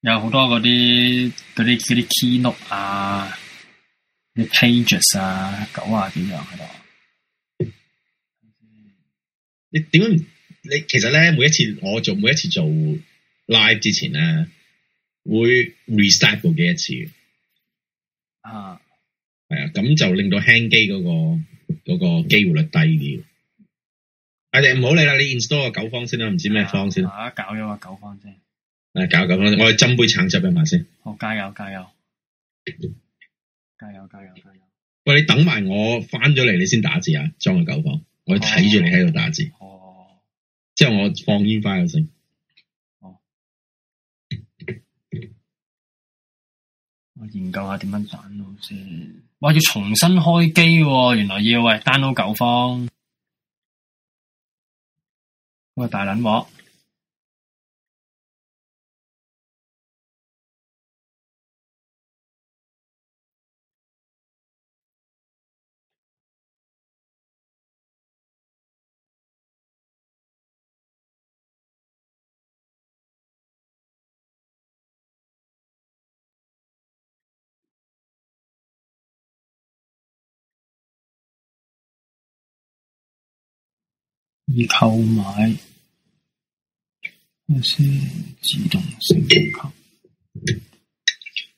有好多嗰啲嗰啲嗰啲 keynote 啊。啲 pages 啊，狗啊，點樣喺度？你點？你其實咧，每一次我做，每一次做 live 之前咧，會 reset 過幾多次？啊，係啊，咁就令到輕機嗰個嗰、嗰個機會率低啲。阿爺唔好理啦，你 install 個九方先啦，唔知咩方先啊，搞咗個九方先。誒，搞、啊、九方、啊方、啊、方、方，我去斟杯橙汁俾埋先。好，加油，加油。加油加油加油！喂，你等埋我翻咗嚟，你先打字啊，裝個九方，我要睇住你喺度打字。哦，之後我放煙花先。哦，我研究下點樣玩先。哇，要重新開機喎、啊，原來要喂 download 九方。喂，大撚鑊。而購買一自動性要求。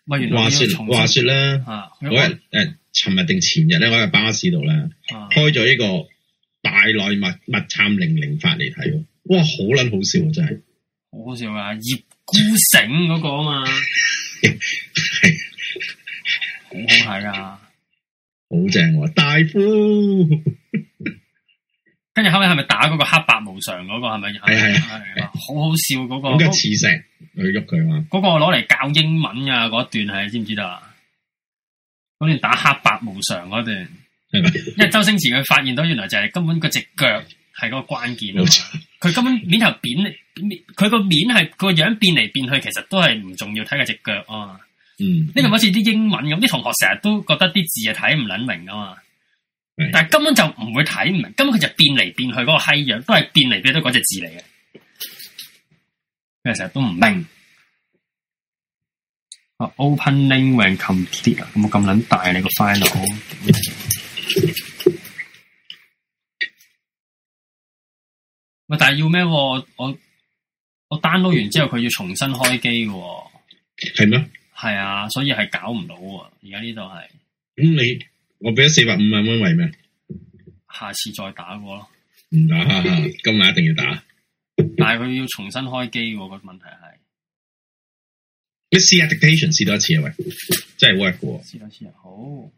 咪原來呢個話說啦、啊，我係誒，尋、啊呃、日定前日咧，我喺巴士度啦、啊，開咗呢個大內密密探零零發嚟睇喎。哇，好撚好笑啊，真係好笑，葉， (laughs) 笑， (laughs) 啊，葉孤城嗰個啊嘛，係啊，好正大夫。跟住後尾係咪打嗰個黑白無常嗰、嗰個係咪？係係係，係係係係好好笑嗰、嗰個。咁嘅似成！去喐佢嘛？嗰個攞嚟教英文啊嗰段係知唔知道啊？嗰段打黑白無常嗰段，因為周星馳佢發現到原來就係、係、根本個隻腳係嗰個關鍵。佢根本面頭扁佢個面係個個樣變嚟變去，其實都係唔重要，睇佢隻腳啊嘛。嗯，呢個好似啲英文咁，啲、嗯、同學成日都覺得啲字係睇唔撚明噶嘛。但係根本就唔會睇唔明白，根本佢就變嚟變去嗰個閪樣，都係變嚟變去都嗰隻字嚟嘅，成日都唔明。啊，opening when complete 啊，咁我咁撚大你個 final。喂、哎，但係要咩？我我 download 完之後，佢要重新開機噶。係咩？係啊，所以係搞唔到喎。而家呢度係咁你。我俾咗四百五萬蚊為咩？下次再打過咯。唔打，呵呵今晚一定要打。但係佢要重新開機喎，個問題係。你試 adaptation 試多一次呀喂，真係 work 喎，試多一次好。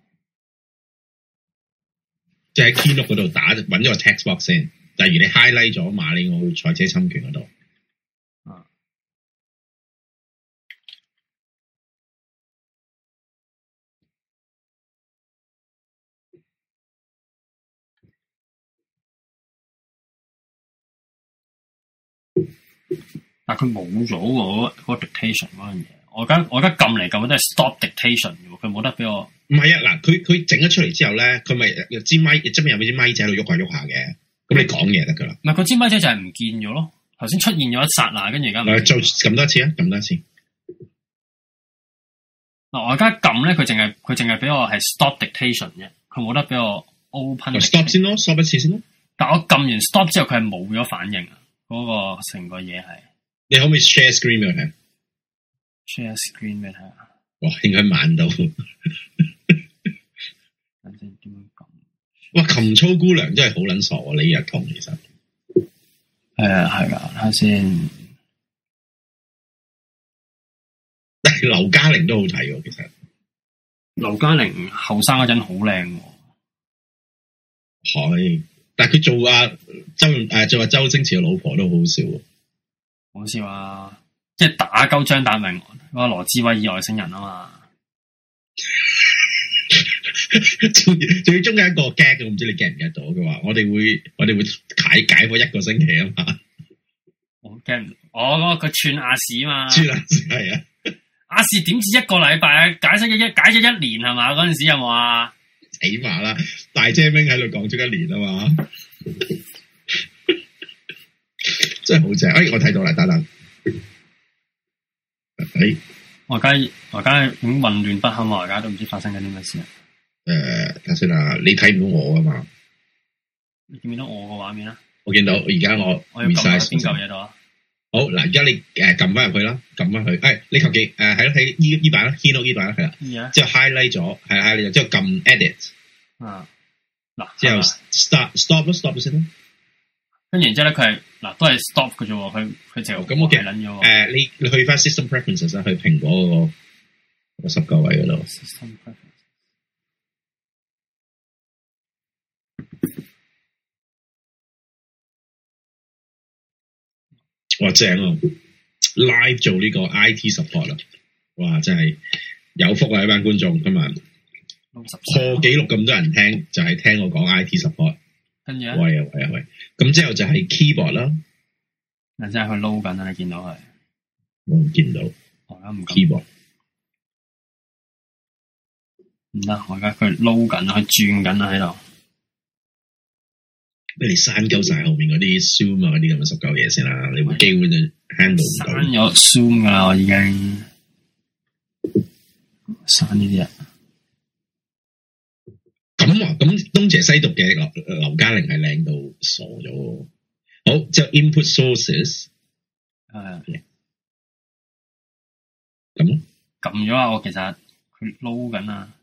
即係喺 keynote 嗰度打，搵咗個 text box 先。例如你 highlight 咗馬里奧賽車侵權嗰度。但佢冇咗嗰個 dictation 嗰樣嘢，我而家我而家撳嚟撳，都係 stop dictation 嘅，佢冇得俾我。唔係啊，嗱，佢佢整咗出嚟之後咧，佢咪有支咪，即係入邊有支咪仔喺度喐下喐下嘅。咁你講嘢得噶啦。唔係，佢支咪仔就係唔見咗咯。頭先出現咗一剎那，跟住而家。嗱，再撳多次啊，撳多次。嗱，我而家撳咧，佢淨係佢淨係俾我係 stop dictation 啫，佢冇得俾我 open。stop 先咯，stop 一次先咯。但我撳完 stop 之後，佢係冇咗反應。嗰、那個成個嘢係，你可唔可以 share screen 俾我睇？share screen 俾我睇下，哇、哦，應該慢到。反正點講？哇，琴操姑娘真係好撚傻啊！李若彤其實係啊係啊，睇、嗯、下先。劉嘉玲都好睇喎、哦，其實劉嘉玲後生嗰陣好靚喎。可以。但佢做阿、啊啊、周，誒、啊，再話、啊、周星馳嘅老婆都好好笑、啊，好笑啊！即係打鳩張大明，阿羅志偉以外星人啊嘛 (laughs) 最終最終有一個 gag 嘅，我唔知你 get 唔 get 到嘅話，我哋會我哋會解解咗一、那個啊啊啊啊啊、一個星期啊嘛，我 get 我嗰個佢串亞視嘛，串亞視係啊，亞視點知一個禮拜解釋一一解咗一年係嘛？嗰陣時有冇啊？起碼啦，大 j 明喺度講咗一年啊嘛，呵呵真係好正。哎、欸，我睇到啦，等等。哎、欸，我而家我而家咁混亂不堪，我而家都唔知發生緊啲咩事啊。誒、呃，頭先你睇唔到我啊嘛？你見唔見到我個畫面啊？我見到，而家我我滅晒邊嚿嘢咗。好嗱，而家你誒撳翻入去啦，撳翻去，誒、哎、你求其誒係咯，喺呢呢版啦，先到呢版啦，係啦，之後 highlight 咗，係係你就之後撳 edit，啊，嗱之後 start,、uh, start, stop stop 後 stop 先啦，跟住然之後咧佢係嗱都係 stop 嘅啫，佢佢就咁，嗯哦 okay, 嗯、我太卵咗，誒、uh, 你你去翻 system preferences 啊、嗰個，去蘋果嗰個個十九位嗰度。System 哇正啊，live 做呢個 I T support 啦，哇真係有福啊！呢班觀眾今晚破紀錄咁多人聽，就係聽我講 I T support。跟住，喂啊喂啊喂！咁之後就係 keyboard 啦。嗱，真係去撈緊啊！你見到佢，我唔見到。我而家唔 keyboard。唔得，我而家佢撈緊啊，佢轉緊啊，喺度。你刪鳩晒後面嗰啲 zoom 啊嗰啲咁嘅十九嘢先啦，你基本就 handle 唔到。刪咗 zoom 啊，我已經刪呢啲啊。咁啊，咁東邪西毒嘅劉劉嘉玲係靚到傻咗。好，之後 input sources。誒，咁撳咗啊！我其實佢撈緊啊。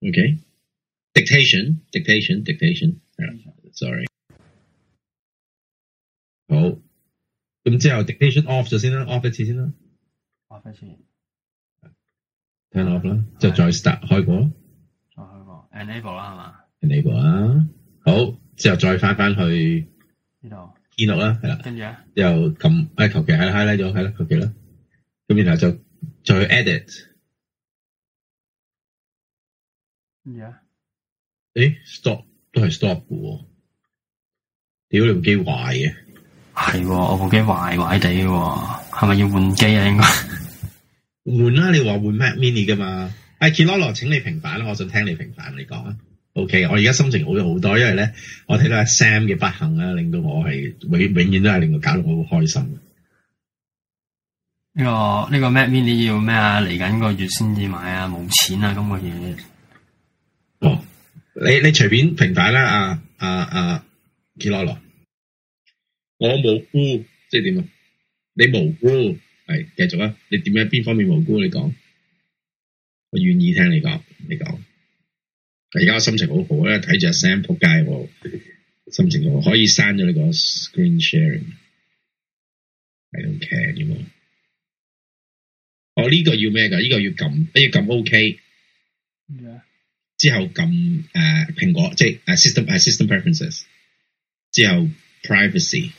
Okay，dictation，dictation，dictation。Sorry。好，咁之後 dictation off 咗先啦，off 一次先啦。off 一次，turn off 啦，之後再 start 開過。再開過，enable 啦係嘛？enable 啦，好，之後再翻翻去呢度，記錄啦，係啦，跟住啊，又撳，哎，求其係啦，highlight 咗係啦，求其啦，咁然後就再 edit。跟住啊？誒、欸，stop 都係 stop 嘅、哦，屌你部機壞嘅。係，我部機壞壞地，係咪要換機啊？應該換啦，你話換 Mac Mini 噶嘛？阿 Kilolo，Kilolo，請你平反啦，我想聽你平反，你講啊。OK，我而家心情好咗好多，因為咧，我睇到阿 Sam 嘅不幸咧，令到我係永永遠都係令到搞到我好開心。呢，這個呢，這個 Mac Mini 要咩啊？嚟緊個月先至買啊，冇錢啊，咁個嘢。哦，你你隨便平反啦，啊，阿啊阿 Kilolo。啊啊 Kilolo 我無辜即係點啊？你無辜係繼續啊？你點樣邊方面無辜？你講，我願意聽你講。你講，而家我心情好好啊！睇住阿 Sam 仆街，心情好，可以刪咗你個 screen sharing。I don't care 咁啊！哦，呢個要咩噶？呢、呢個要撳，要撳 OK、yeah。之後撳誒蘋果，即係 system, system preferences。之後 privacy。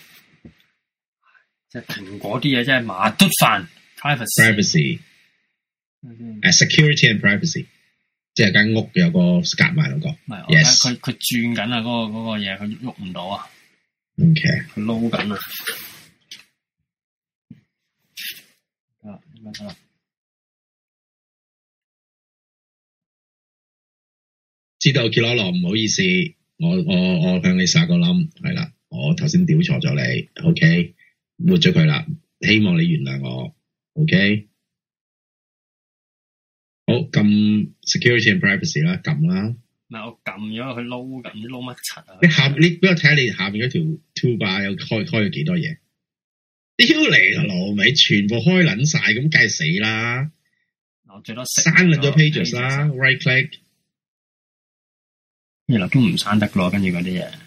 蘋果啲嘢真係麻督飯。privacy，privacy security and privacy，即係間屋有個夾埋嗰個。係、我睇，佢佢轉緊啊，嗰個個嘢佢喐唔到啊。OK，佢撈緊啊。知道吉拉羅，唔好意思，我我我向你撒個冧。係啦。我頭先屌錯咗你，OK。抹咗佢啦，希望你原諒我。OK，好，撳 security and privacy 啦，撳啦。唔係我撳咗佢撈，唔知撈乜柒啊！你下你俾我睇下你下邊嗰條 toolbar 有開開咗幾多嘢？屌你老味，全部開捻晒，咁梗係死啦！我最多刪捻咗 pages 啦，right click。你留都唔刪得咯，跟住嗰啲嘢。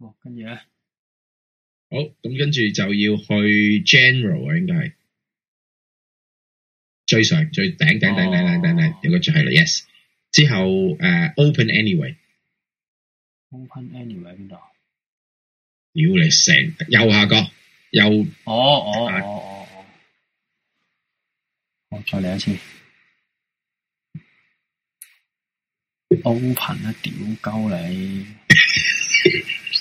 哦、好，跟住咧，好，咁跟住就要去 general 啊，應該係最上、最頂、頂頂頂頂頂頂，應該就係啦。Yes，之後誒、uh,，open anyway，open anyway 邊度？屌你成右下角右哦哦哦哦哦，好、哦嗯哦哦嗯哦、再嚟一次 (laughs) ，open 啊，屌鳩你！ (laughs)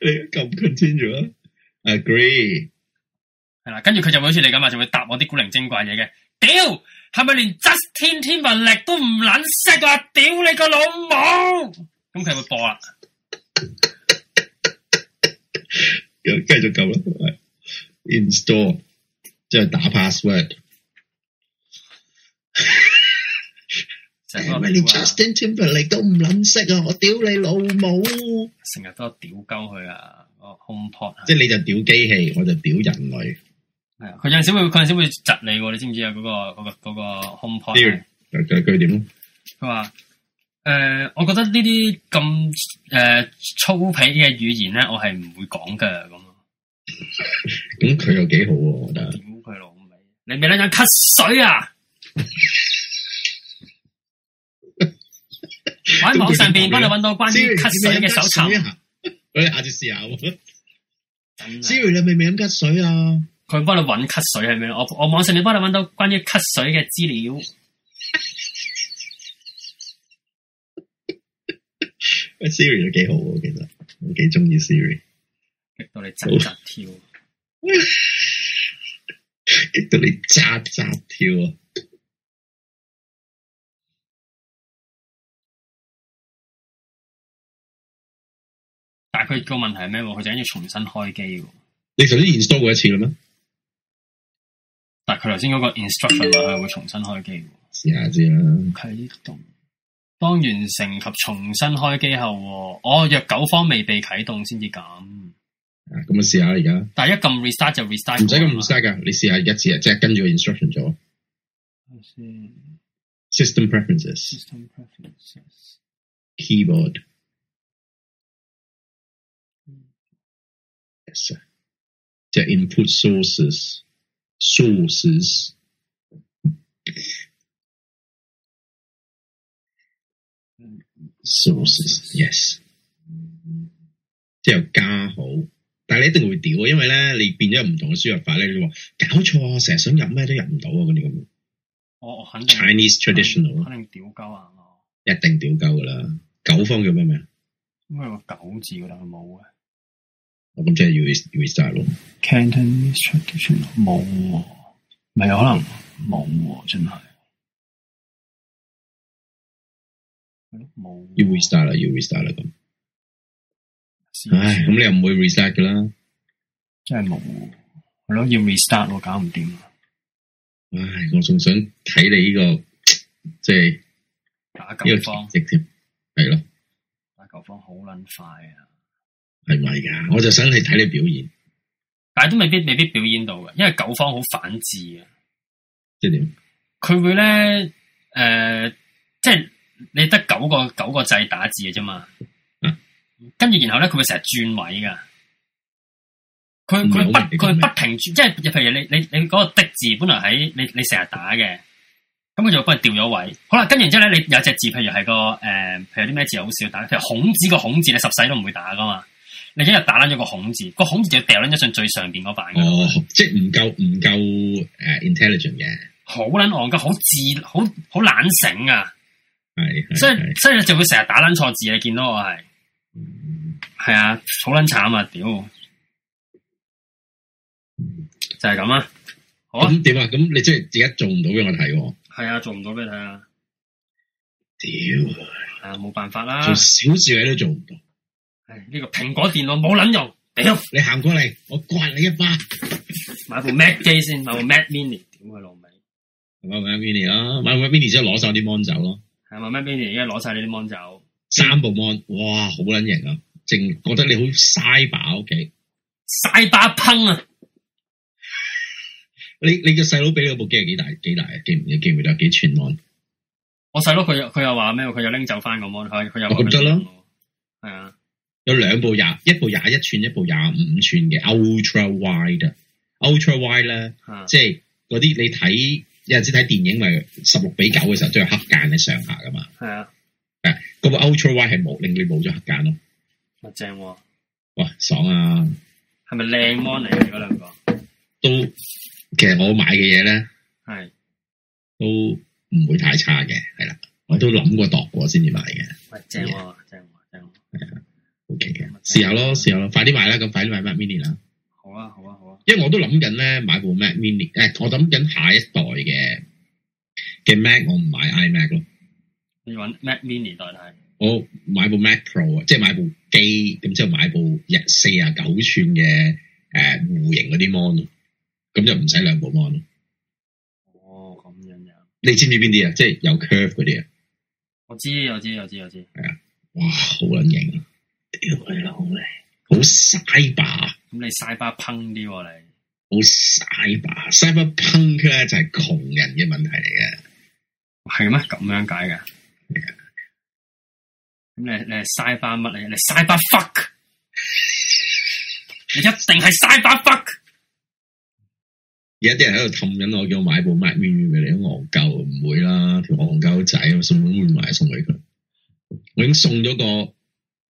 你咁 continue 啊？Agree 係啦，跟住佢就好似你咁啊，就會答我啲古靈精怪嘢嘅。屌，係咪連 just 天天文力都唔捻識啊？屌你個老母！咁佢會播啊？又繼續夠啦，in s t a l l 即係打 password。啊、連 Justin Timberlake 都唔諗識啊！我屌你老母！成日都屌鳩佢啊！哦，HomePod，即係你就屌機器，我就屌人類。係啊，佢有陣時會，佢陣時會窒你，啊，你知唔知啊？嗰、嗰個、嗰、嗰個、嗰個 HomePod。佢佢點？佢話：誒，我覺得呢啲咁誒粗鄙嘅語言咧，我係唔會講噶。咁、 (laughs) 啊，咁佢又幾好我覺得。屌佢老味！你咪嗱陣咳水啊！ (laughs) 我喺網上面幫你揾到關於咳水嘅手冊，我下次試下。Siri 你係未飲咳水啊？佢幫你揾咳水係咪？我我網上面幫你揾到關於咳水嘅資料。喂，Siri 都幾好啊，其實我幾中意 Siri，激到你扎扎跳，激到你扎扎跳。啊！但係佢個問題係咩？佢就咁要重新開機喎。你頭先 install 過一次嘅咩？但係佢頭先嗰個 instruction 話佢會重新開機。試下先啦。啟動。當完成及重新開機後，哦，若九方未被啟動，先至咁。啊，咁啊，試下啦，而家。但係一撳 restart 就 restart。唔使咁 restart 噶，你試下試一次試啊，即係跟住個 instruction 咗。System preferences。System preferences。Keyboard。嘅、yes. input sources，sources，sources，yes，即 sources. 係 yes.、Mm -hmm. 加好，但係你一定會屌，因為咧你變咗唔同嘅輸入法咧，你話搞錯啊，成日想入咩都入唔到啊嗰啲咁。我常常我，我肯定 Chinese traditional 肯定屌鳩硬，一定屌鳩噶啦。九方叫咩名啊？應該有個九字噶啦，冇啊。咁即係要要 restart 咯。Cantonese tradition 冇，咪係可能冇喎，真係，冇。要 restart 啦，要 restart 啦咁。唉，咁你唔會 reset 噶啦。真係冇，係咯，要 restart 我搞唔掂。唉，我仲想睇你呢、這個，即、就、係、是、打九方，係、這、咯、個。打九方好撚快啊！係唔係噶？我就想你睇你表演，但係都未必未必表演到嘅，因為九方好反智啊！即係點？佢會咧誒、即、呃、係、就是、你得九個九個字打字嘅啫嘛。跟、啊、住然後咧，佢會成日轉位噶。佢佢不佢不，不停轉，即係譬如你你你嗰個的字本來喺你你成日打嘅，咁、嗯、佢就幫你調咗位。好啦，跟住之後咧，你有隻字，譬如係個誒、呃，譬如啲咩字好少打，譬如孔子、個孔字，你十世都唔會打噶嘛。你一日打爛咗個孔字，個孔字就掉咗上最上邊嗰塊，即係唔夠唔夠誒，intelligent 嘅，好撚戇鳩，好自好好懶醒啊，所以所以就會成日打爛錯字，你見到我係係、嗯啊，啊，嗯就是、啊，好撚慘啊，屌就係咁啊，好！咁點啊？咁你即係自己做唔到俾我睇？係啊，做唔到俾你睇啊！屌、嗯、啊，冇辦法啦、啊，做小事都做唔到。呢、哎這個蘋果電腦冇卵用屌！你行過嚟，我刮你一巴。買一部 Mac 機先，買一部 Mac Mini 點啊老味？買 Mac Mini 啊，買 Mac Mini 即係攞晒啲芒 o n 走咯。係買 Mac Mini 而攞晒你啲芒走，三部 mon 哇，好卵型啊！淨覺得你好嘥把 o k 嘥把噴啊！你你個細佬俾你部機係幾大？幾大啊？記唔記唔得幾寸 m 我細佬佢佢又話咩？佢又拎走翻個 mon，佢又覺得得咯，係啊。有兩部廿一部廿一寸，一部廿五寸嘅 Ultra Wide Ultra Wide 咧，即係嗰啲你睇有陣時睇電影咪十六比九嘅時候都有黑間喺上下噶嘛。係啊，誒、嗯，嗰個 Ultra Wide 係冇令你冇咗黑間咯、啊。正喎、啊，哇，爽啊！係咪靚 mon 嚟嗰兩個？都，其實我買嘅嘢咧，係都唔會太差嘅，係啦、啊，我都諗過度過先至買嘅、啊。正喎、啊，正喎、啊，正喎。係啊。啊試下咯，試下咯，快啲買啦！咁快啲買 Mac Mini 啦。好啊，好啊，好啊。因為我都諗緊咧買部 Mac Mini，誒、欸，我諗緊下一代嘅嘅 Mac，我唔買 iMac 咯。你揾 Mac Mini 代替。我、哦、買部 Mac Pro 啊，即係買部機，咁之後買部一四啊九寸嘅誒弧形嗰啲 Mon 咯，咁就唔使兩部 Mon 咯。哦，咁樣樣。你知唔知邊啲啊？即係有 Curve 嗰啲啊？我知，我知，我知，我知。係啊，哇，好撚型啊！屌你好嘥巴！咁你嘥巴噴啲喎你，好嘥巴，嘥巴噴佢咧就係窮人嘅問題嚟嘅，係咩咁樣解㗎？咁你你係嘥巴乜嚟嘅？你嘥巴 fuck，你一定係嘥巴 fuck。而家啲人喺度氹緊我，叫我買部 Mac Mini 俾 (music) 你，都戇鳩唔會啦，條戇鳩仔，我送都唔埋送俾佢，我已經送咗個。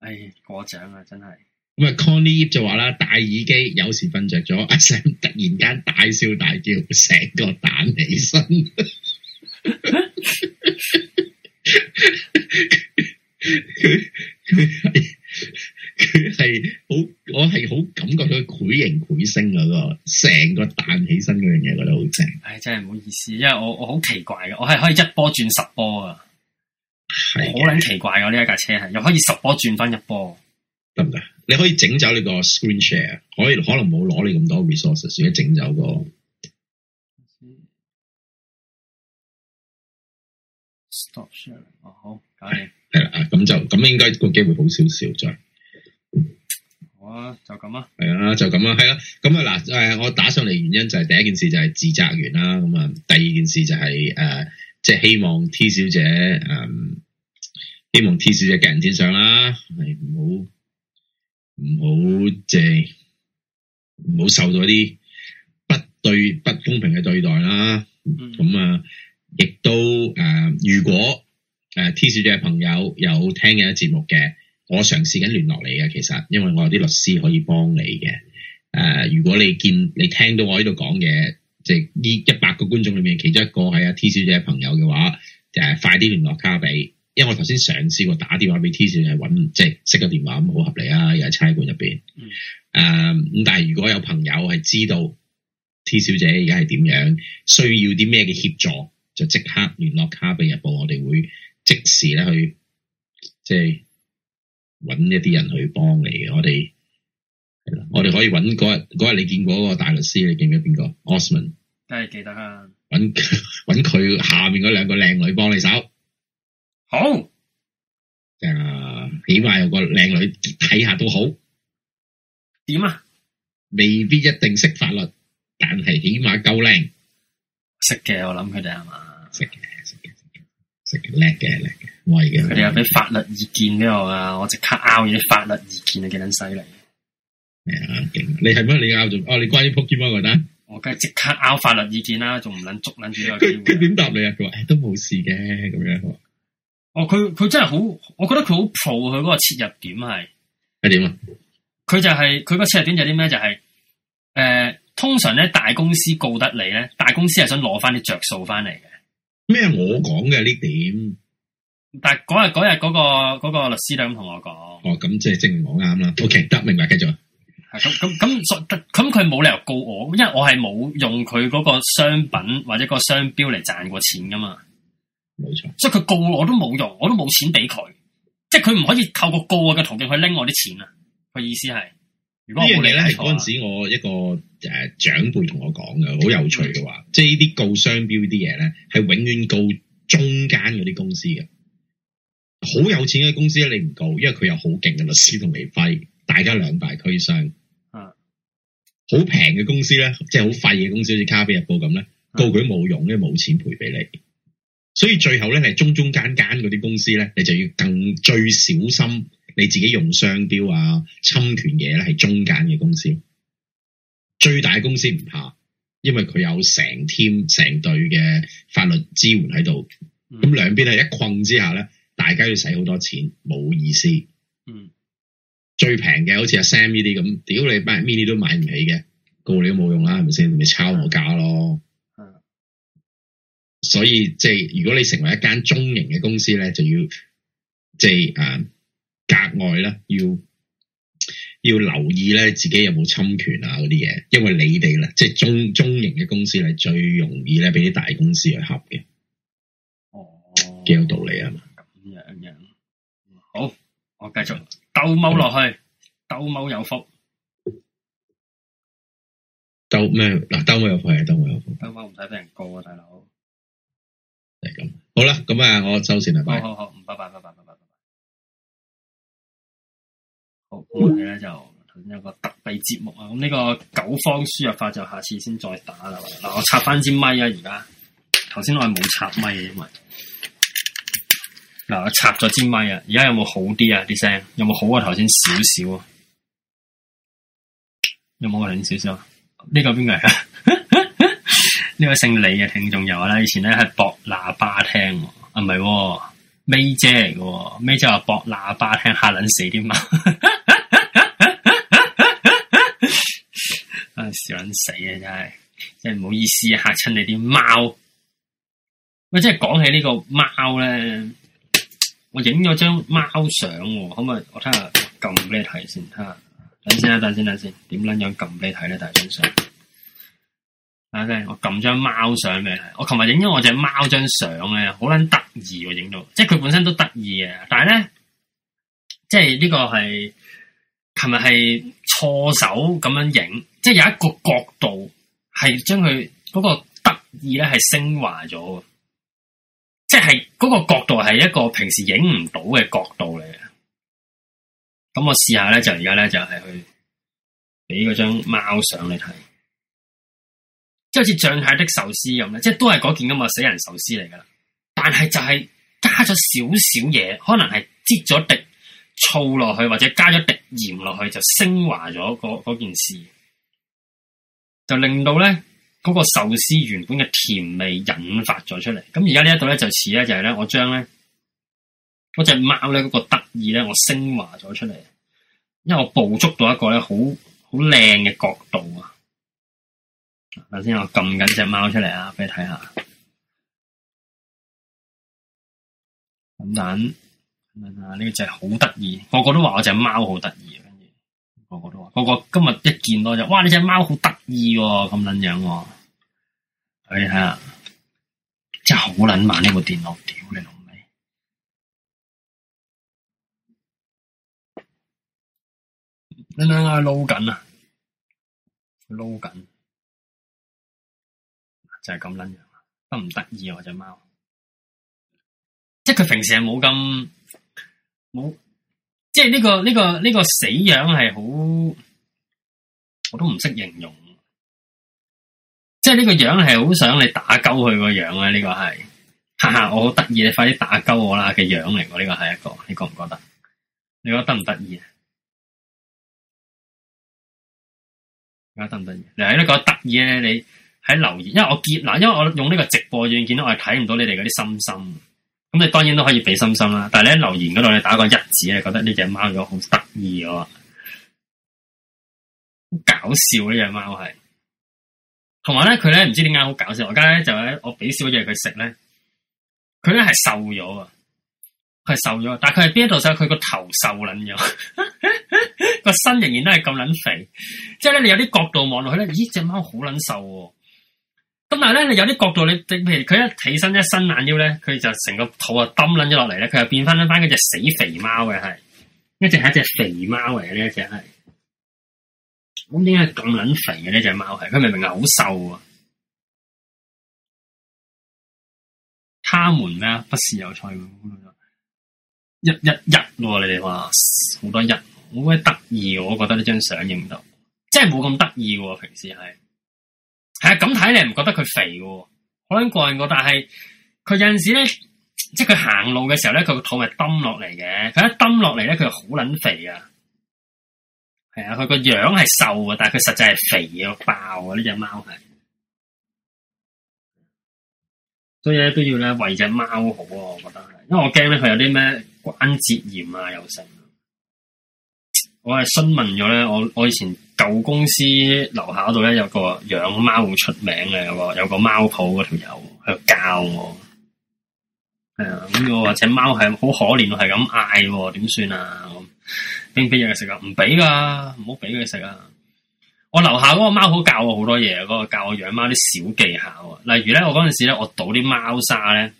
唉、哎，過獎啊，真係咁啊 Connie 就話啦，said, 戴耳機有時瞓着咗，阿 Sam 突然間大笑大叫，成個彈起身，佢佢佢係好，我係好感覺佢繪形繪聲嗰個，成個彈起身嗰樣嘢，覺得好正。唉、哎，真係唔好意思，因為我我好奇怪嘅，我係可以一波轉十波啊！好捻奇怪噶呢一架車係，又可以十波轉翻一波，得唔得？你可以整走你個 screen share，我可，可能冇攞你咁多 resources，所以整走個 stop share、oh。哦，好，搞掂，係啦，咁就咁應該個機會好少少，再好啊，就咁啊，係啊，就咁啊，係啦，咁啊嗱，誒，我打上嚟原因就係、是、第一件事就係自責完啦，咁啊，第二件事就係、是、誒。呃即係希望 T 小姐，嗯，希望 T 小姐吉人天相啦，係唔好唔好即係唔好受到一啲不對不公平嘅對待啦。咁、嗯、啊，亦都誒、呃，如果誒、呃、T 小姐嘅朋友有聽緊節目嘅，我嘗試緊聯絡你嘅，其實因為我有啲律師可以幫你嘅。誒、呃，如果你見你聽到我呢度講嘢。呢一百個觀眾裏面，其中一個係阿 T 小姐嘅朋友嘅話，誒、就係，快啲聯絡卡俾，因為我頭先嘗試過打電話俾 T 小姐找，係搵即係識個電話咁好合理啊，又喺差館入邊。誒、嗯，咁但係如果有朋友係知道 T 小姐而家係點樣，需要啲咩嘅協助，就即刻聯絡卡俾日報，我哋會即時咧去即係搵一啲人去幫你嘅。我哋係啦，我哋可以搵嗰日嗰日你見過嗰個大律師，你記唔記得邊個 Osman？真係記得吖！揾揾佢下面嗰兩個靚女幫你手，好啊！就起碼有個靚女睇下都好。點啊？未必一定識法律，但係起碼夠靚。識嘅，我諗佢哋係嘛？識嘅，識嘅，識嘅，叻嘅係叻嘅，威嘅。佢哋有俾法律意見嗰度噶，我即刻拗住啲法律意見，幾捻犀利。係啊，你係咩？你拗做？哦，你關於 Pokemon 嗰單？我梗係即刻拗法律意見啦，仲唔捻捉捻住呢個機會？佢佢點答你啊？佢話誒都冇事嘅咁樣。哦，佢佢真係好，我覺得佢好 pro，佢嗰個切入點係係點啊？佢就係、是、佢個切入點就係啲咩？就係、是、誒、呃，通常咧大公司告得你咧，大公司係想攞翻啲着數翻嚟嘅。咩？我講嘅呢點？但係嗰日嗰日嗰個嗰、嗰個律師都咁同我講。哦，咁即係證明我啱啦。OK，得，明白，繼續。咁咁咁佢冇理由告我，因為我係冇用佢嗰個商品或者個商標嚟賺過錢噶嘛，冇錯。所以佢告我都冇用，我都冇錢俾佢，即係佢唔可以透過告我嘅途徑去拎我啲錢啊。佢意思係，如果你咧嗰陣時我一個誒長輩同我講嘅，好有趣嘅話，嗯、即係呢啲告商標呢啲嘢咧，係永遠告中間嗰啲公司嘅，好有錢嘅公司你唔告，因為佢有好勁嘅律師同嚟揮，大家兩敗俱傷。好平嘅公司咧，即係好廢嘅公司，好似卡比日報咁咧，告佢冇用，因為冇錢賠俾你。所以最後咧，係中中間間嗰啲公司咧，你就要更最小心，你自己用商標啊，侵權嘢咧，係中間嘅公司。最大公司唔怕，因為佢有成添成隊嘅法律支援喺度。咁兩邊係一困之下咧，大家要使好多錢，冇意思。嗯。最平嘅，好似阿 Sam 呢啲咁，屌你百 mini 都買唔起嘅，告你都冇用啦，係咪先？你咪抄我價咯。係。所以即係如果你成為一間中型嘅公司咧，就要即係誒、啊、格外咧，要要留意咧自己有冇侵權啊嗰啲嘢，因為你哋啦，即係中中型嘅公司係最容易咧俾啲大公司去合嘅。哦。幾有道理啊嘛。咁樣樣。好，我繼續。兜踎落去，兜踎有福。兜咩？嗱，兜踎有福係，兜踎有福。兜踎唔使俾人告啊，大佬。係咁。好啦，咁啊，我收線啦，拜，拜。好好好，拜拜拜拜拜拜，拜拜。好，我哋咧就有個特備節目啊。咁呢個九方輸入法就下次先再打啦。嗱、呃，我插翻支咪啊，而家頭先我係冇插咪嘅、啊，因、呃、為。嗱，插咗支咪啊！而家有冇好啲啊？啲聲有冇好過頭先少少啊？有冇過頭少少啊？呢、這個邊 (laughs) 個嚟啊？呢位姓李嘅聽眾有啦，以前咧係博喇叭聽，啊唔係，May 姐嚟嘅，May 姐話博喇叭聽吓撚死啲貓， (laughs) 啊笑撚死啊！真係真係唔好意思啊，嚇親你啲貓。喂、就是，即係講起呢個貓咧。我影咗張貓相，可唔可？我睇下撳俾你睇先，睇下等先啊，等先，等先。點撚樣撳俾你睇咧？大張相、okay，我撳張貓相俾你睇。我琴日影咗我隻貓張相咧，好撚得意，我影到，即係佢本身都得意嘅，但係咧，即係呢個係琴日係錯手咁樣影，即係有一個角度係將佢嗰個得意咧係升華咗。即係嗰、那個角度係一個平時影唔到嘅角度嚟，咁我試下咧就而家咧就係、是、去俾嗰張貓相你睇，即係好似醬蟹的壽司咁咧，即係都係嗰件咁嘅死人壽司嚟噶啦，但係就係加咗少少嘢，可能係擠咗滴醋落去，或者加咗滴鹽落去，就升華咗嗰件事，就令到咧。嗰個壽司原本嘅甜味引發咗出嚟，咁而家呢一度咧就似咧就係咧我將咧嗰隻貓咧嗰個得意咧我升華咗出嚟，因為我捕捉到一個咧好好靚嘅角度啊！頭先，我撳緊隻貓出嚟啊，俾你睇下。咁等睇下呢隻好得意，個個都話我隻貓好得意。個個都話，個個今日一見到隻，哇！呢隻貓好得意喎，咁撚樣喎。你睇下，真係好撚慢呢部電腦，屌你老味！你睇下撈緊啊，撈緊，就係咁撚樣，得唔得意啊？我隻貓，即係佢平時係冇咁冇。沒有即係呢個呢、呢個呢、呢個呢個死樣係好，我都唔識形容。即係呢個樣係好想你打鳩佢、呢個樣啊！呢個係，哈哈，我好得意你快啲打鳩我嘅樣，快啲打鳩我啦嘅樣嚟，我呢個係一個，你覺唔覺得？你覺得唔得意啊？而家得唔得意？你喺呢個得意咧？你喺留言，因為我見嗱，因為我用呢個直播軟件我係睇唔到你哋嗰啲心心。咁你當然都可以畀心心啦，但係呢，留言嗰度你打個「一」字咧，覺得呢隻貓咗好得意喎。好搞笑，隻貓呢隻貓係。同埋咧，佢咧唔知點解好搞笑，我而家咧就喺我俾少嘢佢食咧，佢咧係瘦咗，佢係瘦咗，但係佢係邊一度瘦？佢個頭瘦撚咗，個身仍然都係咁撚肥。即係咧，你有啲角度望落去咧，咦，隻貓好撚瘦喎。咁但係咧，你有啲角度，你譬如佢一起身一伸懶腰咧，佢就成個肚啊耷撚咗落嚟咧，佢又變翻翻嗰隻死肥貓嘅係，一隻係一隻肥貓嚟嘅呢一隻係。咁點解咁撚肥嘅呢隻貓係？佢明明係好瘦啊。佢哋咩、啊、不是有趣。一一一喎，你哋話好多人，好鬼得意。我覺得呢張相影到，即係冇咁得意。平時係。係啊，咁睇你唔覺得佢肥喎？可能個人覺得啊，但係佢有陣時咧，即係佢行路嘅時候咧，佢個肚係耷落嚟嘅。佢一耷落嚟咧，佢好撚肥啊！係啊，佢個樣係瘦啊，但係佢實際係肥到爆啊！呢隻貓係，所以咧都要咧為隻貓好啊！我覺得係，因為我驚咧佢有啲咩關節炎啊，又成。我係詢問咗咧，我我以前舊公司樓下度咧有個養貓好出名嘅，有個有個貓鋪嗰條友喺度教我，係啊，咁我話隻貓係好可憐，係咁嗌點算啊？應唔應俾嘢佢食啊？唔俾噶，唔好俾佢食啊！我樓下嗰個貓鋪教我好多嘢，嗰個教我養貓啲小技巧，啊。例如咧，我嗰陣時咧我倒啲貓砂咧，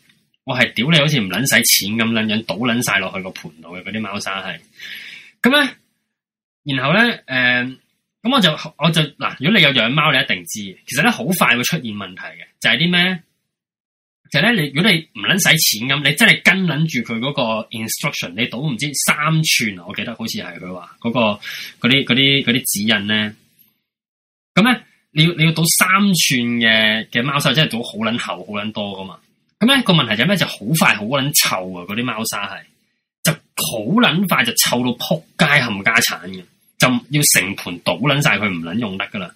我係屌你好似唔捻使錢咁捻樣倒捻晒落去個盤度嘅嗰啲貓砂係，咁咧。然後咧，誒、呃，咁我就我就嗱，如果你有養貓，你一定知其實咧，好快會出現問題嘅，就係啲咩？就係、是、咧，如果你唔捻使錢咁，你真係跟捻住佢嗰個 instruction，你倒唔知三寸啊，我記得好似係佢話嗰個嗰啲嗰啲嗰啲指引咧。咁咧，你要你要倒三寸嘅嘅貓砂，真係倒好捻厚，好捻多噶嘛。咁咧個問題就係咩？就好、是、快好捻臭啊！嗰啲貓砂係。就好捻快就臭到撲街冚家鏟嘅，就要成盤倒捻晒佢唔捻用得噶啦。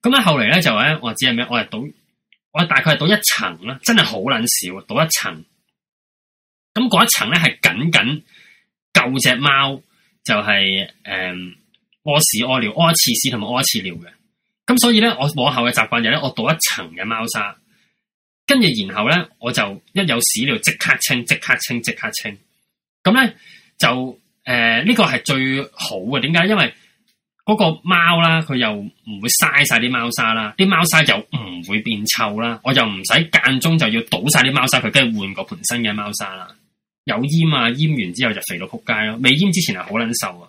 咁咧後嚟咧就咧我知係咩？我係倒，我係大概係倒一層啦，真係好捻少，倒一層。咁嗰一層咧係僅僅夠隻貓，就係誒屙屎屙尿屙一次屎同埋屙一次尿嘅。咁所以咧我往後嘅習慣就咧、是、我倒一層嘅貓砂，跟住然後咧我就一有屎尿即刻清，即刻清，即刻清。咁咧就誒呢、呃呢個係最好嘅，點解？因為嗰個貓啦，佢又唔會嘥晒啲貓砂啦，啲貓砂又唔會變臭啦，我又唔使間中就要倒晒啲貓砂，佢跟住換個盆新嘅貓砂啦。有閹啊，閹完之後就肥到撲街咯，未閹之前係好撚瘦啊，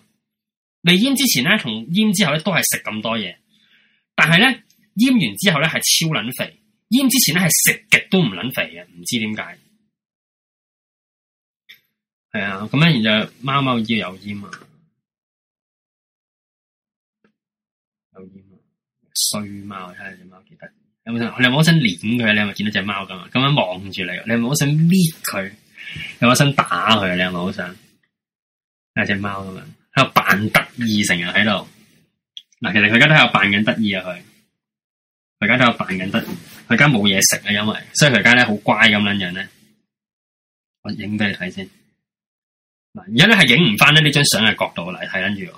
未閹之前咧同閹之後咧都係食咁多嘢，但係咧閹完之後咧係超撚肥，閹之前咧係食極都唔撚肥嘅，唔知點解。係啊，咁樣然之後貓貓要有煙啊，有煙啊，衰貓睇下隻貓，幾得意！你有冇想碾佢？你有冇想見到隻貓噶？咁樣望住你，有冇想搣佢？你有冇想打佢？你有冇想，想，想？係隻貓咁嘛，喺度扮得意，成日喺度。嗱、嗯，其實佢而家都喺度扮緊得意啊，佢。佢而家都喺度扮緊得意。佢而家冇嘢食啊，因為所以佢而家咧好乖咁樣樣咧。我影俾你睇先。嗱，而家咧係影唔翻呢張相嘅角度嚟，睇緊住，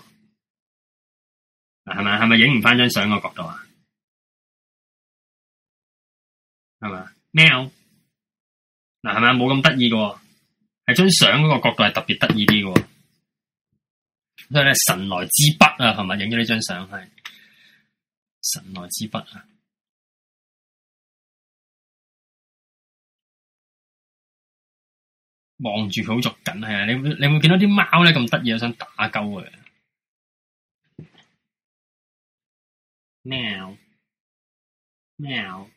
嗱，係咪，係咪影唔翻張相個角度啊？係咪？喵！嗱，係咪冇咁得意嘅，係張相嗰個角度係特別得意啲嘅，所以咧神來之筆啊，係咪影咗呢張相係神來之筆啊？望住佢好着緊係啊！你會你見到啲貓咧咁得意，想打鳩佢。喵喵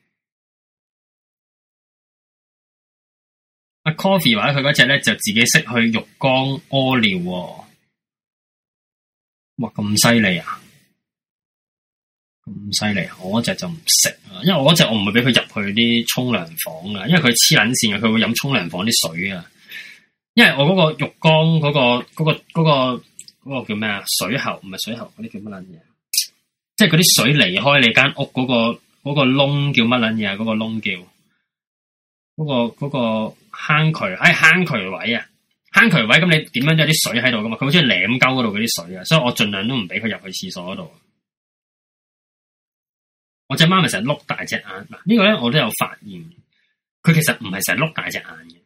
阿 Coffee 話佢嗰隻咧就自己識去浴缸屙尿喎、哦。哇！咁犀利啊！咁犀利啊！我嗰隻就唔識啊，因為我嗰隻我唔會俾佢入去啲沖涼房啊，因為佢黐撚線啊，佢會飲沖涼房啲水啊。因為我嗰個浴缸嗰個嗰個嗰個嗰個叫咩啊？水喉唔係水喉，嗰啲叫乜撚嘢？即係嗰啲水離開你間屋嗰個嗰個窿叫乜撚嘢啊？嗰個窿叫嗰個嗰個坑渠，喺坑渠位啊，坑渠位咁你點樣有啲水喺度噶嘛？佢好中意舐溝嗰度嗰啲水啊，所以我盡量都唔俾佢入去廁所嗰度。我隻媽咪成日碌大隻眼，嗱呢個咧我都有發現，佢其實唔係成日碌大隻眼嘅。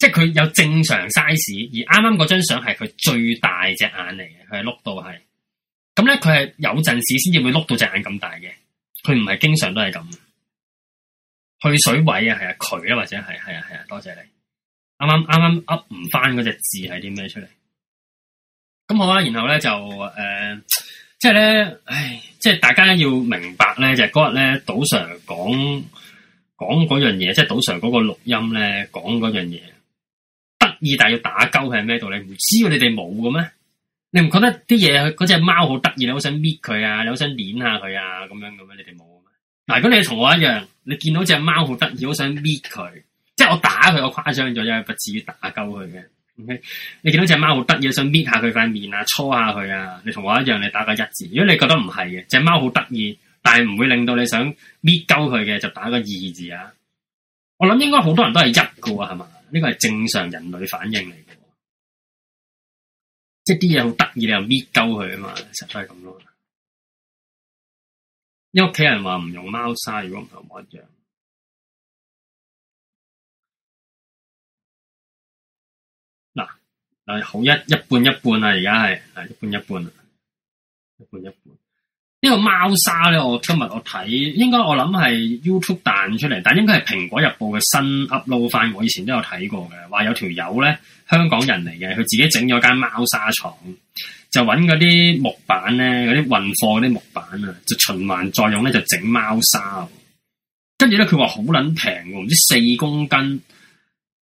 即係佢有正常 size，而啱啱嗰張相係佢最大隻眼嚟嘅，佢係碌到係。咁咧佢係有陣時先至會碌到隻眼咁大嘅，佢唔係經常都係咁。去水位啊，係啊，佢啊，或者係，係啊，係啊，多謝你。啱啱啱啱 up 唔翻嗰隻字係啲咩出嚟？咁好啦，然後咧就誒、呃，即係咧，唉，即係大家要明白咧，就嗰日咧，賭 Sir 講講嗰樣嘢，即係賭 Sir 嗰個錄音咧，講嗰樣嘢。二，大要打鳩係咩道理？唔知道你哋冇嘅咩？你唔覺得啲嘢嗰隻貓好得意，你好想搣佢啊，你好想捻下佢啊，咁樣咁樣你哋冇啊？嗱，如果你同我一樣，你見到隻貓好得意，好想搣佢，即係我打佢，我誇張咗，因為不至於打鳩佢嘅。OK，你見到隻貓好得意，想搣下佢塊面啊，搓下佢啊，你同我一樣，你打個一字。如果你覺得唔係嘅，隻貓好得意，但係唔會令到你想搣鳩佢嘅，就打個二字啊。我諗應該好多人都係一嘅喎，係嘛？呢個係正常人類反應嚟嘅，即係啲嘢好得意，你又搣鳩佢啊嘛，實在係咁咯。因為屋企人話唔用貓砂，如果唔同我一樣。嗱，啊好一一半一半啦，而家係啊一半一半啊，而家係一半一半。一半一半。這個、貓呢個貓砂咧，我今日我睇，應該我諗係 YouTube 彈出嚟，但應該係蘋果日報嘅新 upload 翻。我以前都有睇過嘅，話有條友咧，香港人嚟嘅，佢自己整咗間貓砂廠，就搵嗰啲木板咧，嗰啲運貨嗰啲木板啊，就循環再用咧，就整貓砂。跟住咧，佢話好撚平，唔知四公斤